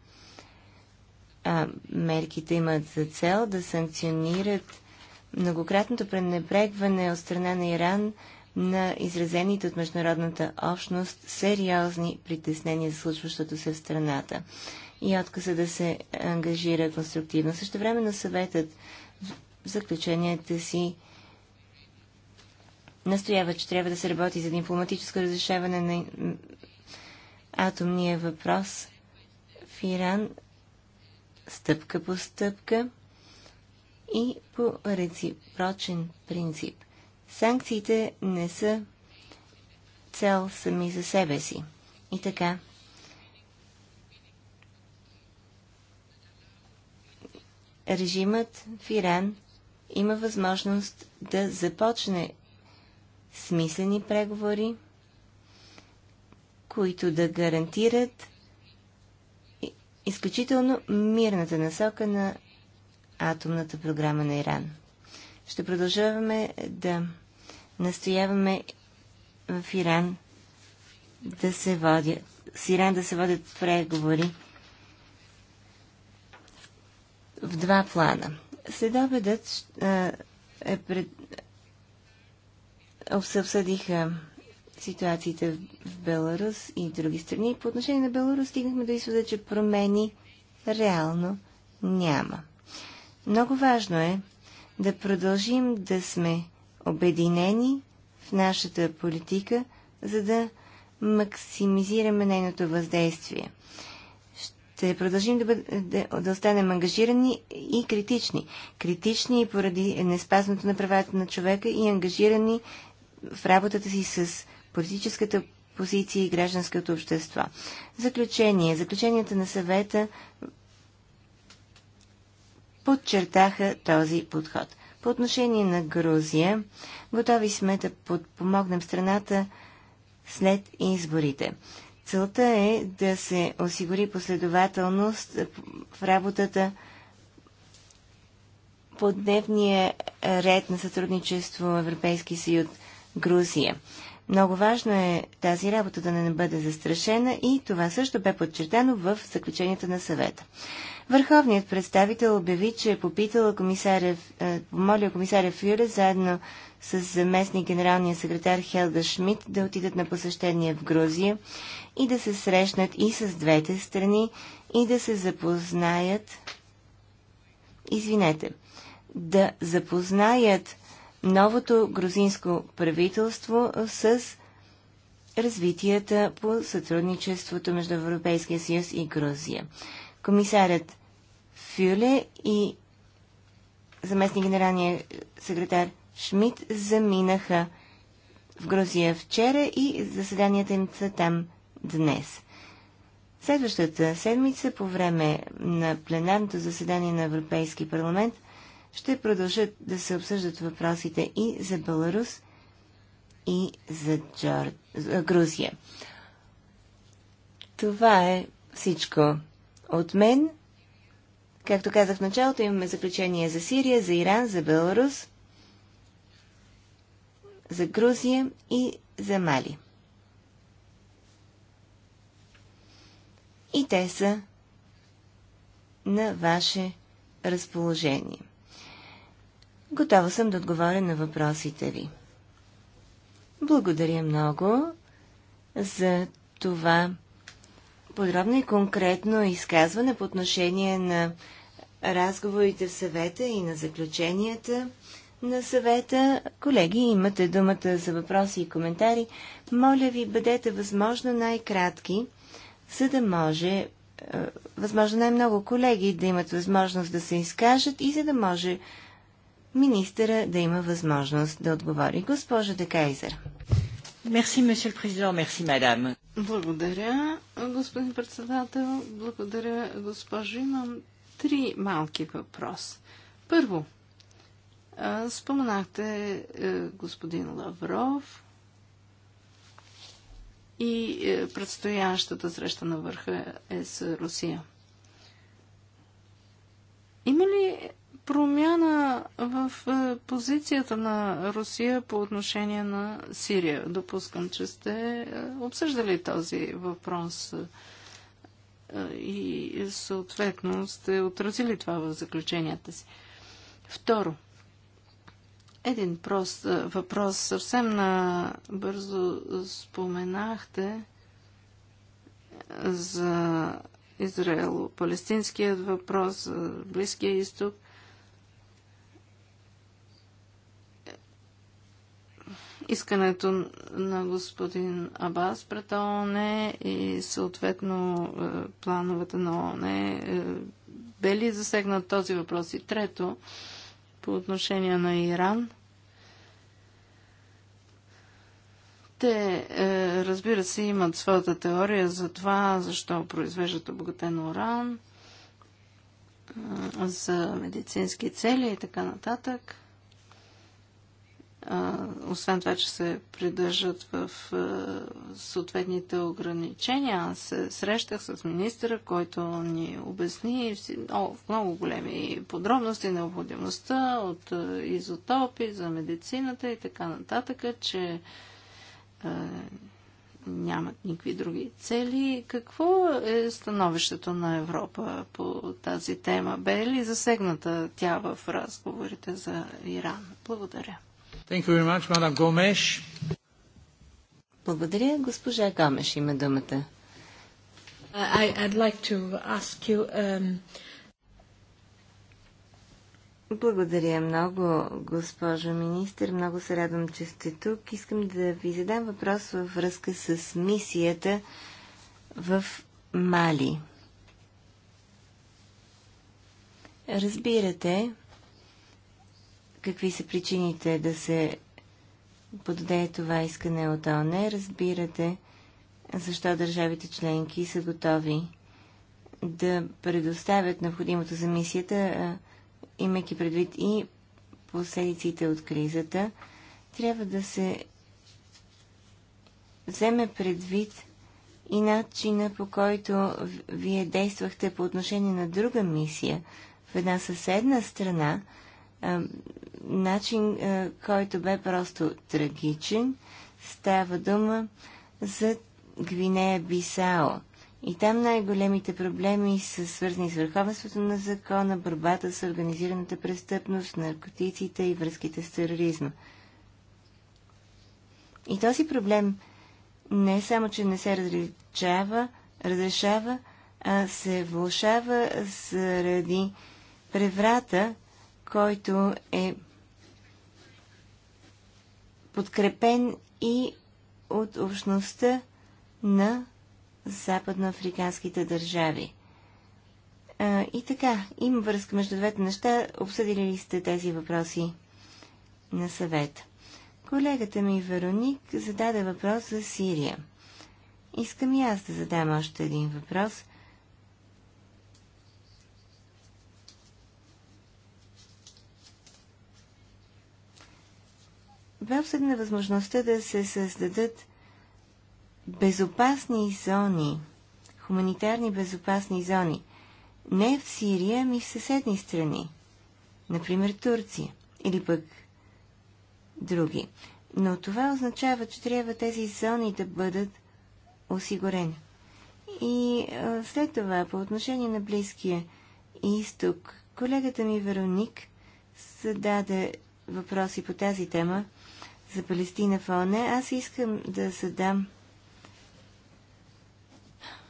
Speaker 1: а, мерките имат за цел да санкционират многократното пренебрегване от страна на Иран на изразените от международната общност сериозни притеснения за случващото се в страната и отказа да се ангажира конструктивно. Също време на съветът в заключенията си настоява, че трябва да се работи за дипломатическо разрешаване на атомния въпрос в Иран стъпка по стъпка и по реципрочен принцип. Санкциите не са цел сами за себе си. И така. Режимът в Иран има възможност да започне смислени преговори, които да гарантират изключително мирната насока на атомната програма на Иран. Ще продължаваме да настояваме в Иран да се водят, с Иран да се водят преговори в два плана. обедът е пред... обсъдиха ситуациите в Беларус и други страни. По отношение на Беларус стигнахме до изхода, че промени реално няма. Много важно е да продължим да сме обединени в нашата политика, за да максимизираме нейното въздействие. Ще продължим да, бъд, да, да останем ангажирани и критични. Критични поради неспазването на правата на човека и ангажирани в работата си с политическата позиция и гражданското общество. Заключение. Заключенията на съвета подчертаха този подход. По отношение на Грузия, готови сме да подпомогнем страната след изборите. Целта е да се осигури последователност в работата по дневния ред на сътрудничество Европейски съюз Грузия. Много важно е тази работа да не бъде застрашена и това също бе подчертано в заключенията на съвета. Върховният представител обяви, че е попитала комисаря, е, помолил комисаря Фюре заедно с заместник генералния секретар Хелда Шмидт да отидат на посещение в Грузия и да се срещнат и с двете страни и да се запознаят. Извинете, да запознаят новото грузинско правителство с развитията по сътрудничеството между Европейския съюз и Грузия. Комисарят Фюле и заместник генералния секретар Шмидт заминаха в Грузия вчера и заседанията им са там днес. Следващата седмица по време на пленарното заседание на Европейски парламент – ще продължат да се обсъждат въпросите и за Беларус, и за, Джор... за Грузия. Това е всичко от мен. Както казах в началото, имаме заключение за Сирия, за Иран, за Беларус, за Грузия и за Мали. И те са на ваше разположение. Готова съм да отговоря на въпросите ви. Благодаря много за това подробно и конкретно изказване по отношение на разговорите в съвета и на заключенията на съвета. Колеги, имате думата за въпроси и коментари. Моля ви, бъдете възможно най-кратки, за да може е, възможно най-много колеги да имат възможност да се изкажат и за да може министъра да има възможност да отговори. Госпожа Декайзер. Мерси, месье президент, мерси, мадам.
Speaker 3: Благодаря, господин председател. Благодаря, госпожо. Имам три малки въпроса. Първо, споменахте е, господин Лавров и е, предстоящата среща на върха е с Русия. Има ли промяна в е, позицията на Русия по отношение на Сирия. Допускам, че сте е, обсъждали този въпрос е, и съответно сте отразили това в заключенията си. Второ, един прост въпрос. Съвсем набързо споменахте за Израел-палестинският въпрос, Близкия изток – искането на господин Абас пред ООН и съответно е, плановете на ООН. Е, бе ли засегнат този въпрос? И трето, по отношение на Иран, те, е, разбира се, имат своята теория за това, защо произвеждат обогатен уран, за медицински цели и така нататък освен това, че се придържат в съответните ограничения. Аз се срещах с министра, който ни обясни в много големи подробности необходимостта от изотопи за медицината и така нататък, че нямат никакви други цели. Какво е становището на Европа по тази тема? Бе ли засегната тя в разговорите за Иран? Благодаря.
Speaker 1: Thank you very much, Madam Благодаря. Госпожа Гамеш има думата. I, I'd like to ask you, um... Благодаря много, госпожо министр. Много се радвам, че сте тук. Искам да ви задам въпрос във връзка с мисията в Мали. Разбирате, какви са причините да се подаде това искане от ОНЕ. Разбирате защо държавите членки са готови да предоставят необходимото за мисията, имайки предвид и последиците от кризата. Трябва да се вземе предвид и начина по който вие действахте по отношение на друга мисия в една съседна страна, а, начин, а, който бе просто трагичен. Става дума за Гвинея Бисао. И там най-големите проблеми са свързани с върховенството на закона, борбата с организираната престъпност, наркотиците и връзките с тероризма. И този проблем не е само, че не се различава, разрешава, а се влушава заради преврата, който е подкрепен и от общността на западноафриканските държави. А, и така, има връзка между двете неща. Обсъдили ли сте тези въпроси на съвет? Колегата ми Вероник зададе въпрос за Сирия. Искам и аз да задам още един въпрос – бе обсъдна възможността да се създадат безопасни зони, хуманитарни безопасни зони, не в Сирия, ми в съседни страни, например Турция или пък други. Но това означава, че трябва тези зони да бъдат осигурени. И след това, по отношение на Близкия изток, колегата ми Вероник зададе въпроси по тази тема за Палестина в ОНЕ, аз искам да задам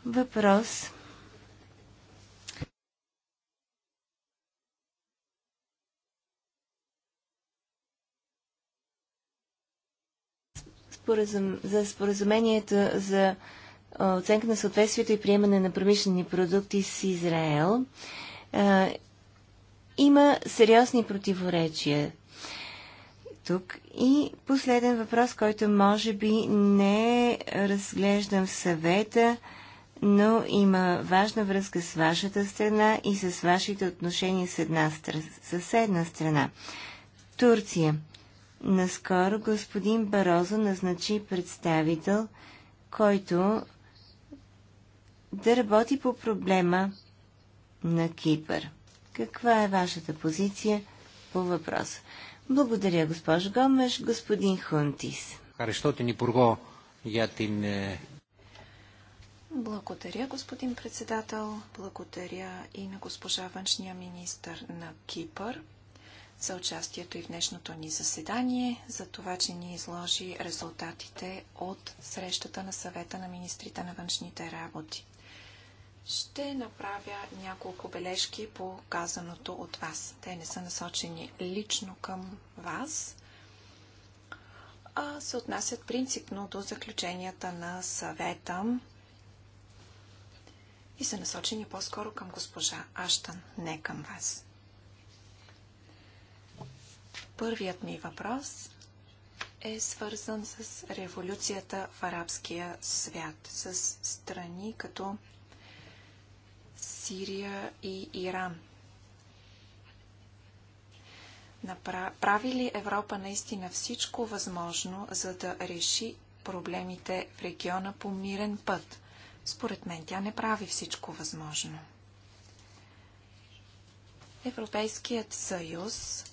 Speaker 1: въпрос. за споразумението за оценка на съответствието и приемане на промишлени продукти с Израел. има сериозни противоречия тук. И последен въпрос, който може би не е разглеждам в съвета, но има важна връзка с вашата страна и с вашите отношения с една съседна страна. Турция. Наскоро господин Барозо назначи представител, който да работи по проблема на Кипър. Каква е вашата позиция по въпроса? Благодаря, госпожо Гомеш. Господин Хунтис.
Speaker 2: Благодаря, господин председател. Благодаря и на госпожа външния министр на Кипър за участието и в днешното ни заседание, за това, че ни изложи резултатите от срещата на съвета на министрите на външните работи. Ще направя няколко бележки по казаното от вас. Те не са насочени лично към вас, а се отнасят принципно до заключенията на съвета и са насочени по-скоро към госпожа Аштан, не към вас. Първият ми въпрос е свързан с революцията в арабския свят, с страни като Сирия и Иран. Прави ли Европа наистина всичко възможно, за да реши проблемите в региона по мирен път? Според мен тя не прави всичко възможно. Европейският съюз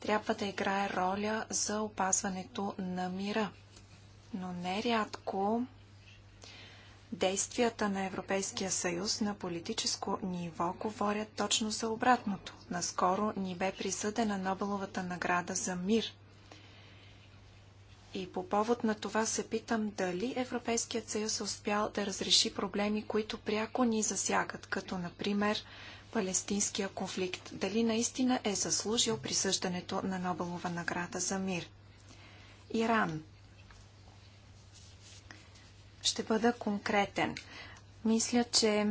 Speaker 2: трябва да играе роля за опазването на мира, но нерядко Действията на Европейския съюз на политическо ниво говорят точно за обратното. Наскоро ни бе присъдена Нобеловата награда за мир. И по повод на това се питам дали Европейският съюз е успял да разреши проблеми, които пряко ни засягат, като например палестинския конфликт. Дали наистина е заслужил присъждането на Нобелова награда за мир. Иран – ще бъда конкретен. Мисля, че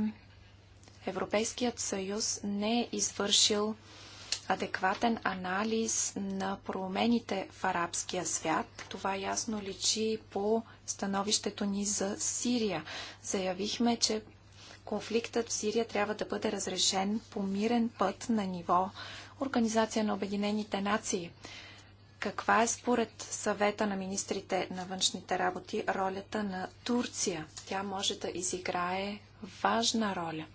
Speaker 2: Европейският съюз не е извършил адекватен анализ на промените в арабския свят. Това ясно личи по становището ни за Сирия. Заявихме, че конфликтът в Сирия трябва да бъде разрешен по мирен път на ниво Организация на Обединените нации. Каква е според съвета на министрите на външните работи ролята на Турция? Тя може да изиграе важна роля.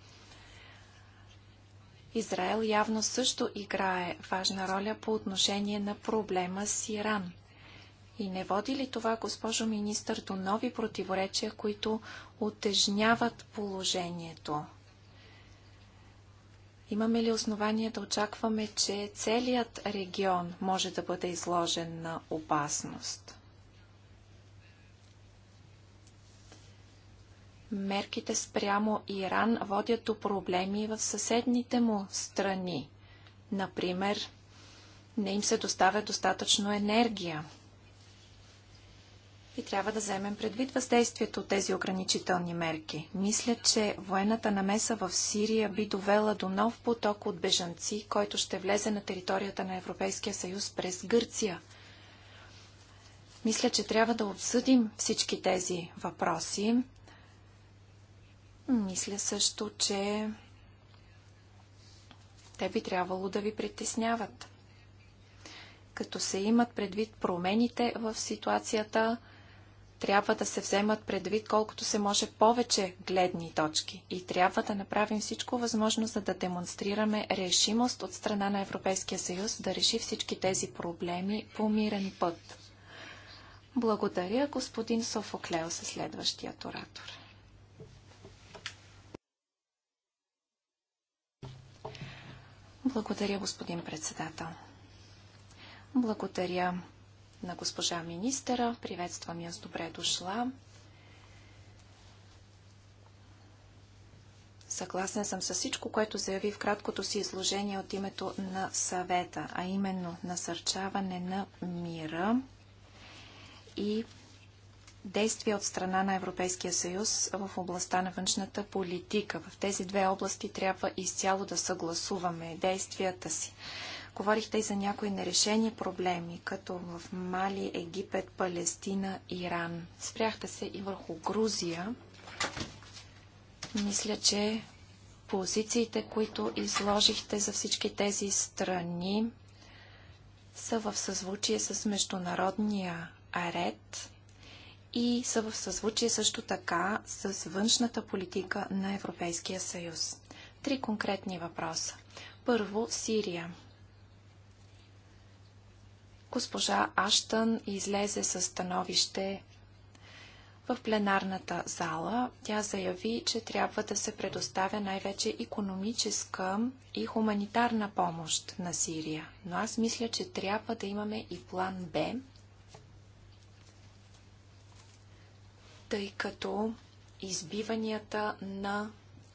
Speaker 2: Израел явно също играе важна роля по отношение на проблема с Иран. И не води ли това, госпожо министър, до нови противоречия, които отежняват положението? Имаме ли основания да очакваме, че целият регион може да бъде изложен на опасност? Мерките спрямо Иран водят до проблеми в съседните му страни. Например, не им се доставя достатъчно енергия и трябва да вземем предвид въздействието от тези ограничителни мерки. Мисля, че военната намеса в Сирия би довела до нов поток от бежанци, който ще влезе на територията на Европейския съюз през Гърция. Мисля, че трябва да обсъдим всички тези въпроси. Мисля също, че те би трябвало да ви притесняват. Като се имат предвид промените в ситуацията, трябва да се вземат предвид колкото се може повече гледни точки и трябва да направим всичко възможно, за да демонстрираме решимост от страна на Европейския съюз да реши всички тези проблеми по мирен път. Благодаря, господин Софоклео, със следващият оратор. Благодаря, господин председател. Благодаря на госпожа министъра. Приветствам я с добре дошла. Съгласен съм с всичко, което заяви в краткото си изложение от името на съвета, а именно насърчаване на мира и действия от страна на Европейския съюз в областта на външната политика. В тези две области трябва изцяло да съгласуваме действията си. Говорихте и за някои нерешени проблеми, като в Мали, Египет, Палестина, Иран. Спряхте се и върху Грузия. Мисля, че позициите, които изложихте за всички тези страни, са в съзвучие с международния ред и са в съзвучие също така с външната политика на Европейския съюз. Три конкретни въпроса. Първо, Сирия. Госпожа Аштън излезе със становище в пленарната зала. Тя заяви, че трябва да се предоставя най-вече економическа и хуманитарна помощ на Сирия. Но аз мисля, че трябва да имаме и план Б, тъй като избиванията на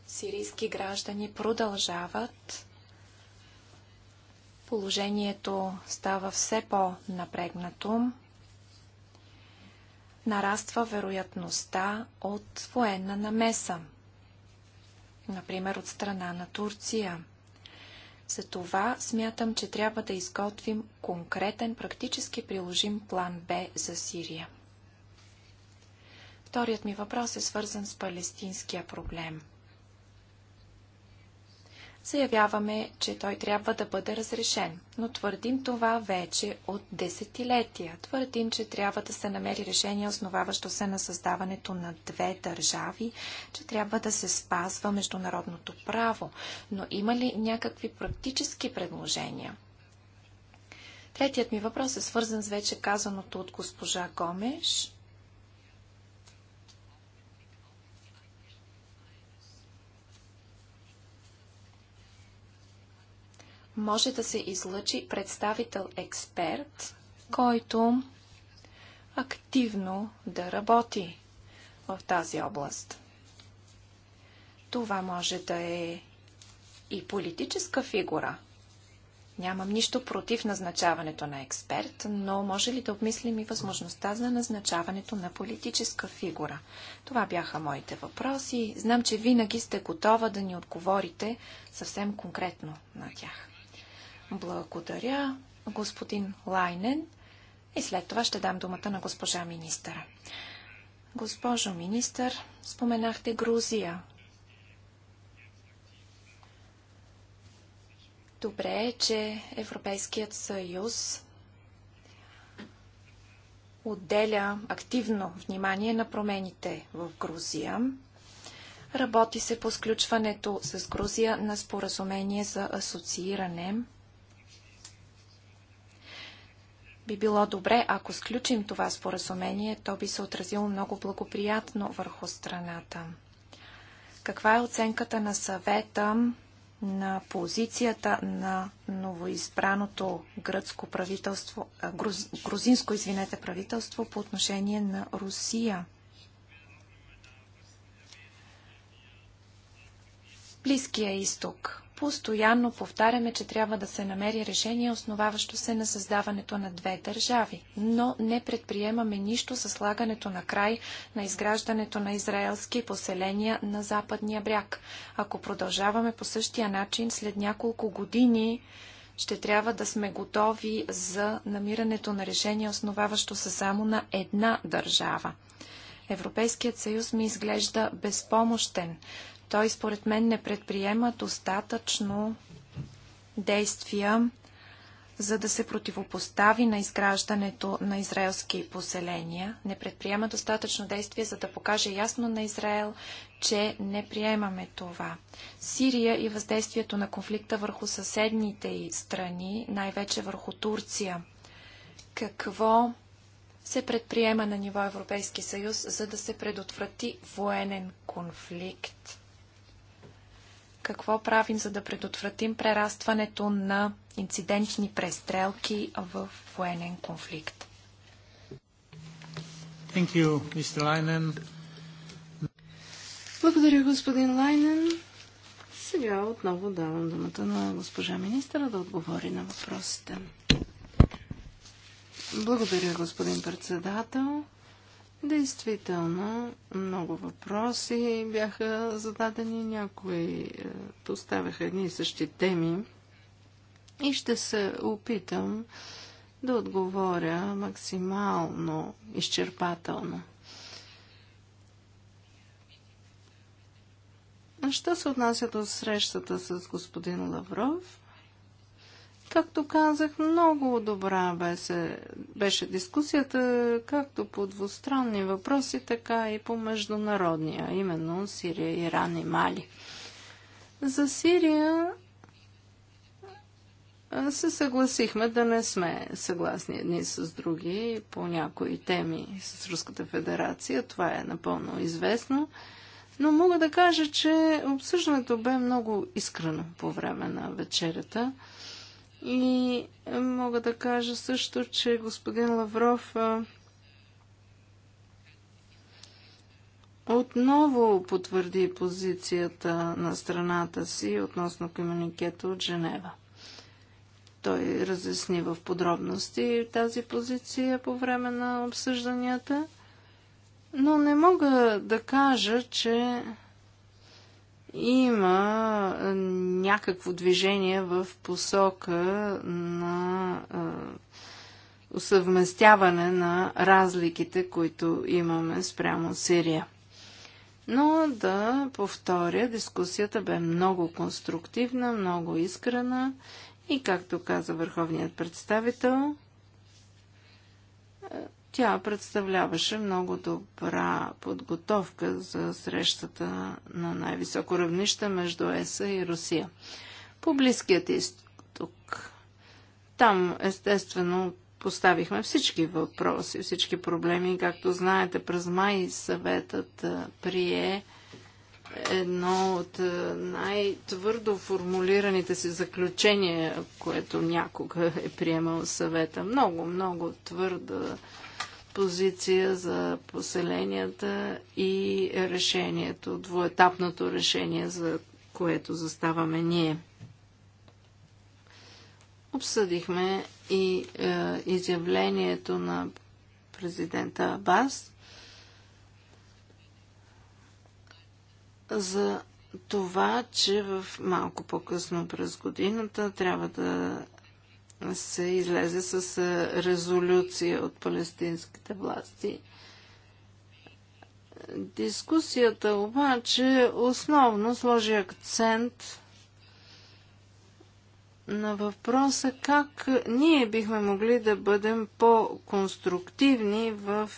Speaker 2: сирийски граждани продължават Положението става все по-напрегнато. Нараства вероятността от военна намеса, например от страна на Турция. Затова смятам, че трябва да изготвим конкретен, практически приложим план Б за Сирия. Вторият ми въпрос е свързан с палестинския проблем – заявяваме, че той трябва да бъде разрешен. Но твърдим това вече от десетилетия. Твърдим, че трябва да се намери решение, основаващо се на създаването на две държави, че трябва да се спазва международното право. Но има ли някакви практически предложения? Третият ми въпрос е свързан с вече казаното от госпожа Гомеш – може да се излъчи представител-експерт, който активно да работи в тази област. Това може да е и политическа фигура. Нямам нищо против назначаването на експерт, но може ли да обмислим и възможността за назначаването на политическа фигура? Това бяха моите въпроси. Знам, че винаги сте готова да ни отговорите съвсем конкретно на тях. Благодаря, господин Лайнен. И след това ще дам думата на госпожа министъра. Госпожо министър, споменахте Грузия. Добре е, че Европейският съюз отделя активно внимание на промените в Грузия. Работи се по сключването с Грузия на споразумение за асоцииране – Би било добре, ако сключим това споразумение, то би се отразило много благоприятно върху страната. Каква е оценката на съвета на позицията на новоизбраното гръцко правителство, груз, грузинско извинете, правителство по отношение на Русия? Близкия изток. Постоянно повтаряме, че трябва да се намери решение, основаващо се на създаването на две държави, но не предприемаме нищо с слагането на край на изграждането на израелски поселения на западния бряг. Ако продължаваме по същия начин, след няколко години ще трябва да сме готови за намирането на решение, основаващо се само на една държава. Европейският съюз ми изглежда безпомощен. Той според мен не предприема достатъчно действия, за да се противопостави на изграждането на израелски поселения. Не предприема достатъчно действие, за да покаже ясно на Израел, че не приемаме това. Сирия и въздействието на конфликта върху съседните й страни, най-вече върху Турция. Какво се предприема на ниво Европейски съюз, за да се предотврати военен конфликт? какво правим, за да предотвратим прерастването на инцидентни престрелки в военен конфликт.
Speaker 1: You,
Speaker 3: Благодаря, господин Лайнен. Сега отново давам думата на госпожа министра да отговори на въпросите. Благодаря, господин председател. Действително, много въпроси бяха зададени, някои е, поставяха едни и същи теми и ще се опитам да отговоря максимално изчерпателно. Що се отнася до срещата с господин Лавров? Както казах, много добра беше, беше дискусията, както по двустранни въпроси, така и по международния, именно Сирия, Иран и Мали. За Сирия се съгласихме да не сме съгласни едни с други по някои теми с Руската федерация. Това е напълно известно. Но мога да кажа, че обсъждането бе много искрено по време на вечерята. И е, мога да кажа също, че господин Лавров е, отново потвърди позицията на страната си относно комуникета от Женева. Той разясни в подробности тази позиция по време на обсъжданията, но не мога да кажа, че има някакво движение в посока на усъвместяване на разликите, които имаме спрямо Сирия. Но да повторя, дискусията бе много конструктивна, много искрена и, както каза върховният представител, тя представляваше много добра подготовка за срещата на най-високо равнище между ЕСА и Русия. По Близкият изток. Там, естествено, поставихме всички въпроси, всички проблеми. Както знаете, през май съветът прие едно от най-твърдо формулираните си заключения, което някога е приемал съвета. Много, много твърда позиция за поселенията и решението, двоетапното решение, за което заставаме ние. Обсъдихме и е, изявлението на президента Абас за това, че в малко по-късно през годината трябва да се излезе с резолюция от палестинските власти. Дискусията обаче основно сложи акцент на въпроса как ние бихме могли да бъдем по-конструктивни в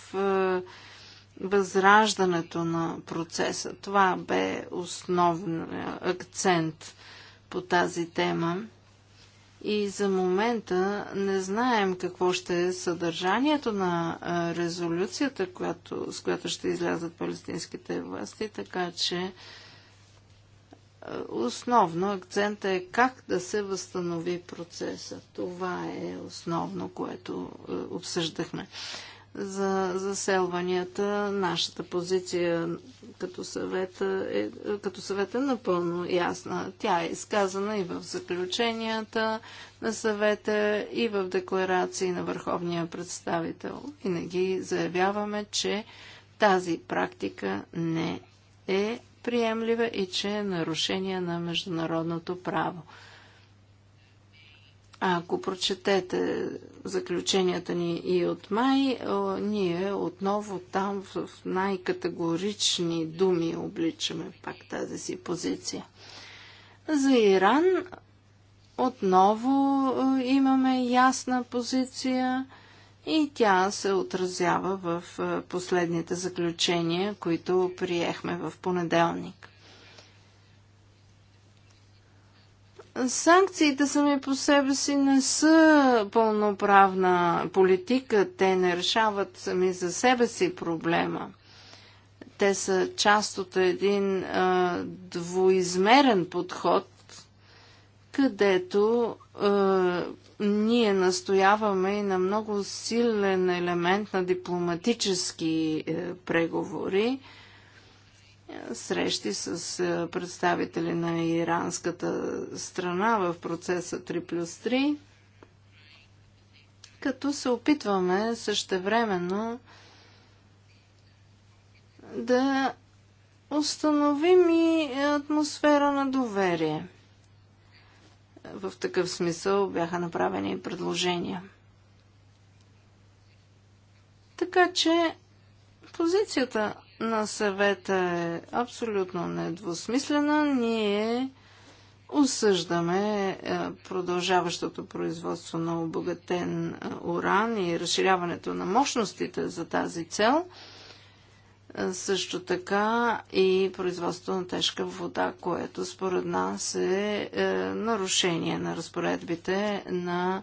Speaker 3: възраждането на процеса. Това бе основен акцент по тази тема и за момента не знаем какво ще е съдържанието на резолюцията, която, с която ще излязат палестинските власти, така че основно акцентът е как да се възстанови процеса. Това е основно, което обсъждахме за заселванията. Нашата позиция като съвет е, като съвет е напълно ясна. Тя е изказана и в заключенията на съвета, и в декларации на върховния представител. Винаги заявяваме, че тази практика не е приемлива и че е нарушение на международното право. Ако прочетете заключенията ни и от май, ние отново там в най-категорични думи обличаме пак тази си позиция. За Иран отново имаме ясна позиция и тя се отразява в последните заключения, които приехме в понеделник. Санкциите сами по себе си не са пълноправна политика. Те не решават сами за себе си проблема. Те са част от един а, двоизмерен подход, където а, ние настояваме и на много силен елемент на дипломатически а, е, преговори срещи с е, представители на иранската страна в процеса 3 плюс 3, като се опитваме същевременно да установим и атмосфера на доверие. В такъв смисъл бяха направени и предложения. Така че позицията на съвета е абсолютно недвусмислена. Ние осъждаме е, продължаващото производство на обогатен е, уран и разширяването на мощностите за тази цел. Е, също така и производство на тежка вода, което според нас е нарушение на разпоредбите на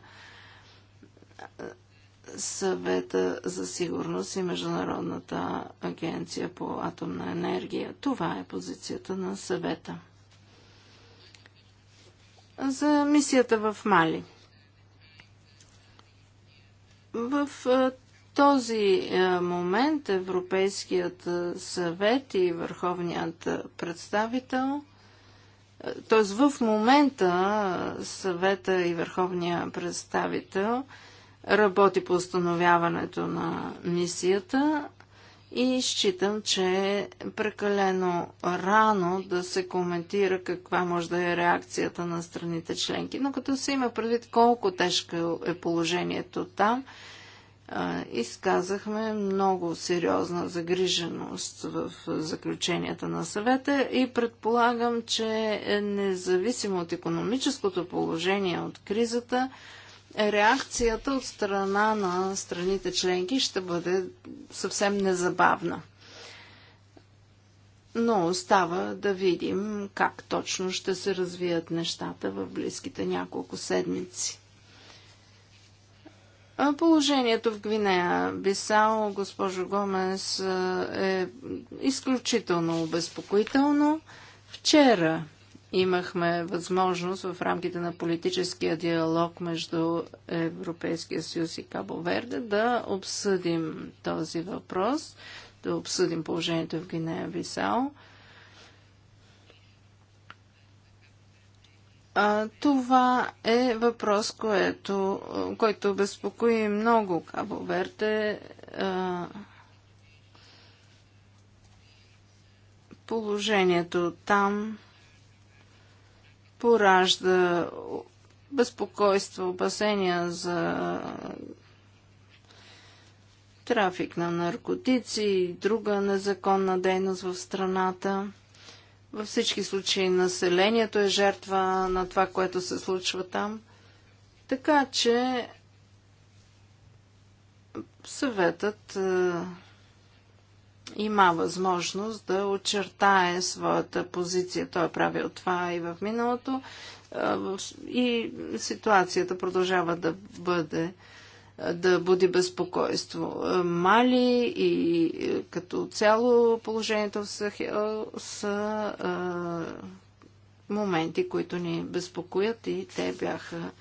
Speaker 3: съвета за сигурност и Международната агенция по атомна енергия. Това е позицията на съвета. За мисията в Мали. В този момент Европейският съвет и Върховният представител т.е. в момента съвета и върховният представител работи по установяването на мисията и считам, че е прекалено рано да се коментира каква може да е реакцията на страните членки. Но като се има предвид колко тежко е положението там, изказахме много сериозна загриженост в заключенията на съвета и предполагам, че е независимо от економическото положение, от кризата, реакцията от страна на страните членки ще бъде съвсем незабавна. Но остава да видим как точно ще се развият нещата в близките няколко седмици. Положението в Гвинея Бисао, госпожо Гомес, е изключително обезпокоително. Вчера имахме възможност в рамките на политическия диалог между Европейския съюз и Кабо Верде да обсъдим този въпрос, да обсъдим положението в гинея А, това е въпрос, което, който безпокои много Кабо Верде. положението там поражда безпокойство, опасения за трафик на наркотици и друга незаконна дейност в страната. Във всички случаи населението е жертва на това, което се случва там. Така че съветът е, има възможност да очертае своята позиция. Той е правил това и в миналото. И ситуацията продължава да бъде да буди безпокойство. Мали и като цяло положението в Сахел са моменти, които ни безпокоят и те бяха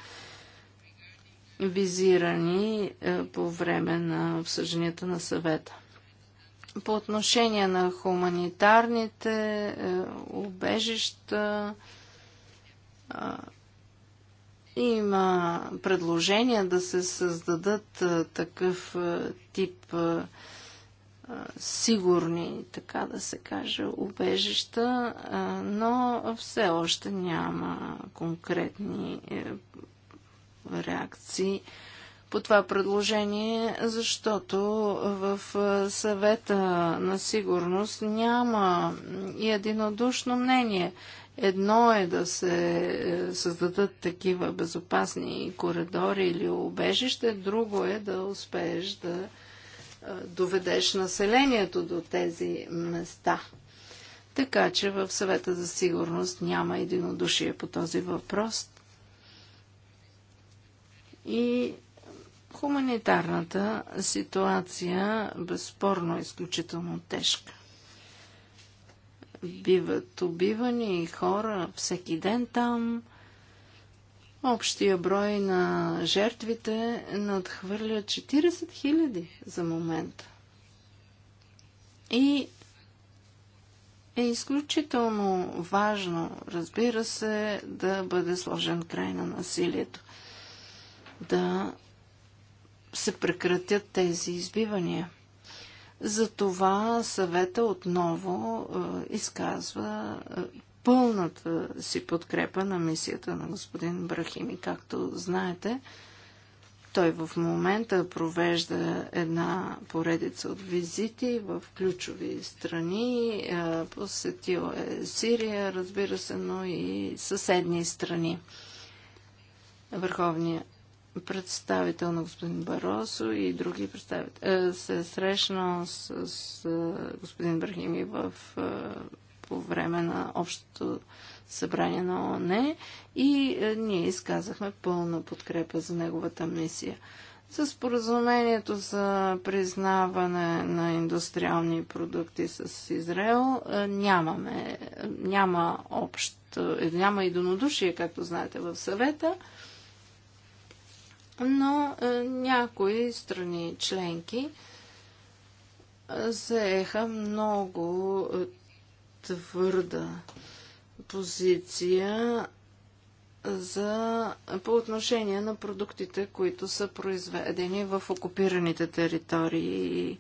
Speaker 3: визирани по време на обсъжданията на съвета по отношение на хуманитарните е, убежища е, има предложения да се създадат е, такъв е, тип е, е, сигурни, така да се каже, убежища, но все още няма конкретни реакции по това предложение, защото в съвета на сигурност няма и единодушно мнение. Едно е да се е, създадат такива безопасни коридори или убежище, друго е да успееш да е, доведеш населението до тези места. Така че в съвета за сигурност няма единодушие по този въпрос. И Хуманитарната ситуация безспорно е изключително тежка. Биват убивани хора всеки ден там. Общия брой на жертвите надхвърля 40 хиляди за момента. И е изключително важно, разбира се, да бъде сложен край на насилието. Да се прекратят тези избивания. Затова съвета отново е, изказва е, пълната си подкрепа на мисията на господин Брахими. Както знаете, той в момента провежда една поредица от визити в ключови страни. Е, посетил е Сирия, разбира се, но и съседни страни. Върховният представител на господин Баросо и други представители. Се е срещнал с, с е, господин Брахими в, е, по време на общото събрание на ООН и е, ние изказахме пълна подкрепа за неговата мисия. С споразумението за признаване на индустриални продукти с Израел нямаме, няма общ, няма единодушие, както знаете, в съвета но е, някои страни членки е, заеха много е, твърда позиция за, по отношение на продуктите, които са произведени в окупираните територии и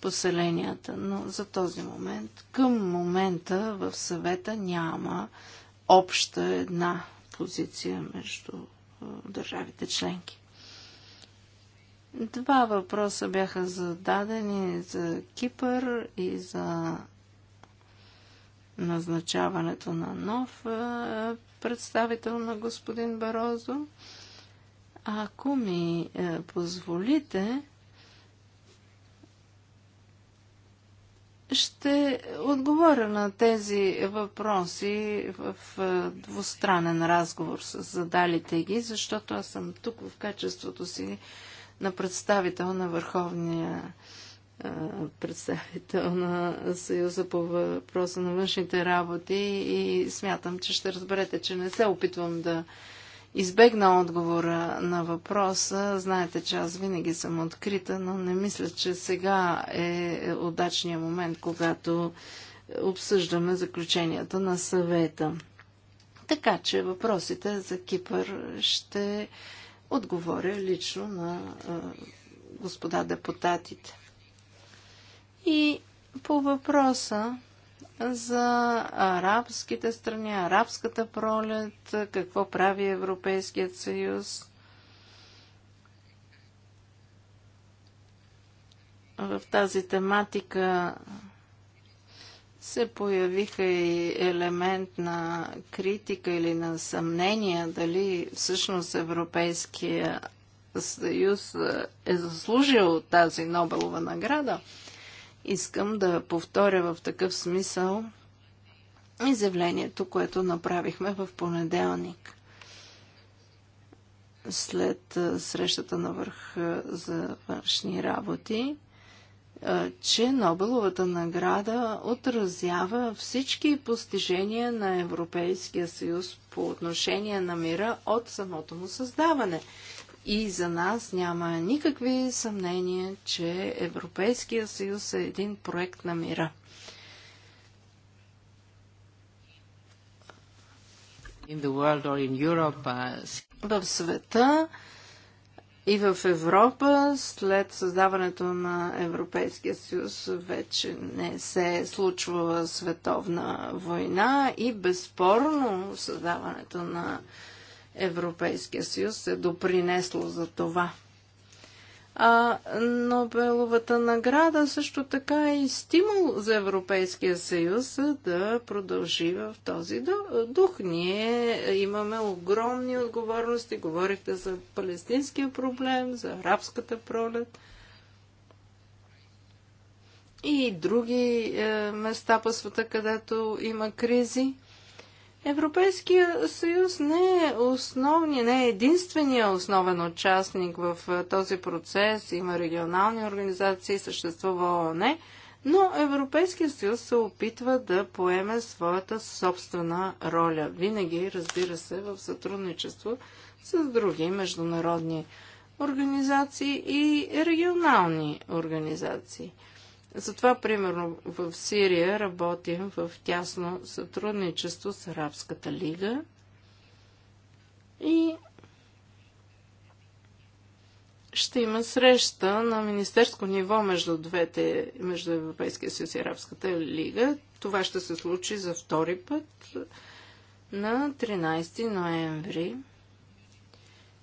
Speaker 3: поселенията. Но за този момент, към момента в съвета няма обща една позиция между държавите членки. Два въпроса бяха зададени за Кипър и за назначаването на нов представител на господин Барозо. Ако ми е, позволите, ще отговоря на тези въпроси в е, двустранен разговор с задалите ги, защото аз съм тук в качеството си на представител на Върховния представител на Съюза по въпроса на външните работи и смятам, че ще разберете, че не се опитвам да избегна отговора на въпроса. Знаете, че аз винаги съм открита, но не мисля, че сега е удачният момент, когато обсъждаме заключенията на съвета. Така че въпросите за Кипър ще отговоря лично на господа депутатите. И по въпроса за арабските страни, арабската пролет, какво прави Европейският съюз. В тази тематика се появиха и елемент на критика или на съмнение дали всъщност Европейския съюз е заслужил тази Нобелова награда, искам да повторя в такъв смисъл изявлението, което направихме в понеделник. След срещата на върха за външни работи, че Нобеловата награда отразява всички постижения на Европейския съюз по отношение на мира от самото му създаване. И за нас няма никакви съмнения, че Европейския съюз е един проект на мира. Uh, В света и в Европа след създаването на Европейския съюз вече не се е случвала световна война и безспорно създаването на Европейския съюз е допринесло за това. А Нобеловата награда също така е и стимул за Европейския съюз да продължи в този дух. Ние имаме огромни отговорности. Говорихте за палестинския проблем, за арабската пролет и други е, места по света, където има кризи. Европейския съюз не е основния, не е единствения основен участник в този процес. Има регионални организации, съществува ООН, но Европейския съюз се опитва да поеме своята собствена роля. Винаги, разбира се, в сътрудничество с други международни организации и регионални организации – затова, примерно, в Сирия работим в тясно сътрудничество с Арабската лига и ще има среща на министерско ниво между двете, между Европейския съюз и Арабската лига. Това ще се случи за втори път на 13 ноември.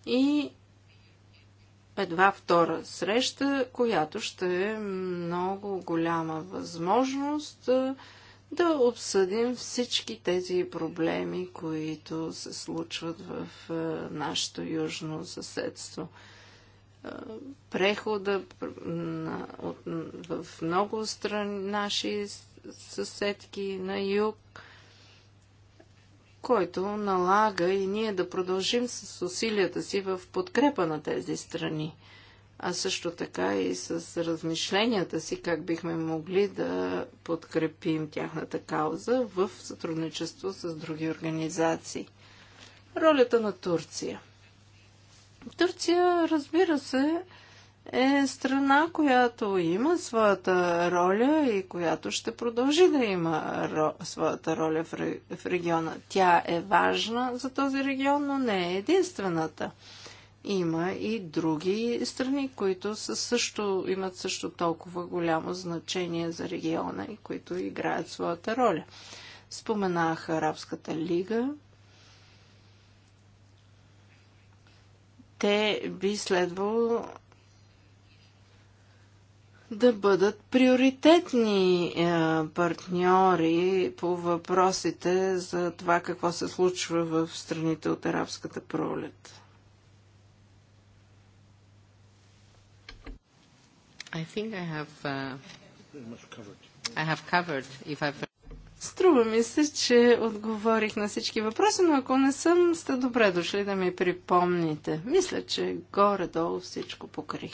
Speaker 3: И едва втора среща, която ще е много голяма възможност да обсъдим всички тези проблеми, които се случват в нашето южно съседство. Прехода в много страни, наши съседки на юг – който налага и ние да продължим с усилията си в подкрепа на тези страни, а също така и с размишленията си как бихме могли да подкрепим тяхната кауза в сътрудничество с други организации. Ролята на Турция. Турция, разбира се, е страна, която има своята роля и която ще продължи да има ро... своята роля в, ре... в региона. Тя е важна за този регион, но не е единствената. Има и други страни, които са също, имат също толкова голямо значение за региона и които играят своята роля. Споменах Арабската лига, те би следвало да бъдат приоритетни е, партньори по въпросите за това какво се случва в страните от арабската пролет. I think I have, uh, I have covered if I've... Струва ми се, че отговорих на всички въпроси, но ако не съм, сте добре дошли да ми припомните. Мисля, че горе-долу всичко покрих.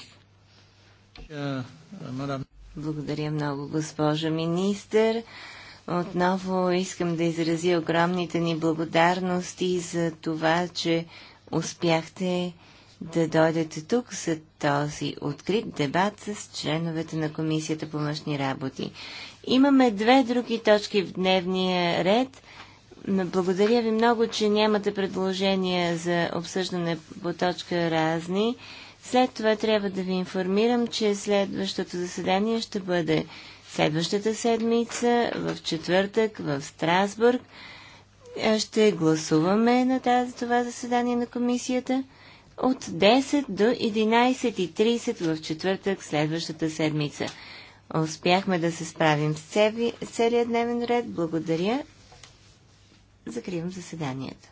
Speaker 1: Благодаря много, госпожа министър. Отново искам да изразя огромните ни благодарности за това, че успяхте да дойдете тук за този открит дебат с членовете на Комисията по външни работи. Имаме две други точки в дневния ред. Благодаря ви много, че нямате предложения за обсъждане по точка разни. След това трябва да ви информирам, че следващото заседание ще бъде следващата седмица, в четвъртък, в Страсбург. Е, ще гласуваме на тази, това заседание на комисията от 10 до 11.30 в четвъртък следващата седмица. Успяхме да се справим с, цели, целият дневен ред. Благодаря. Закривам заседанието.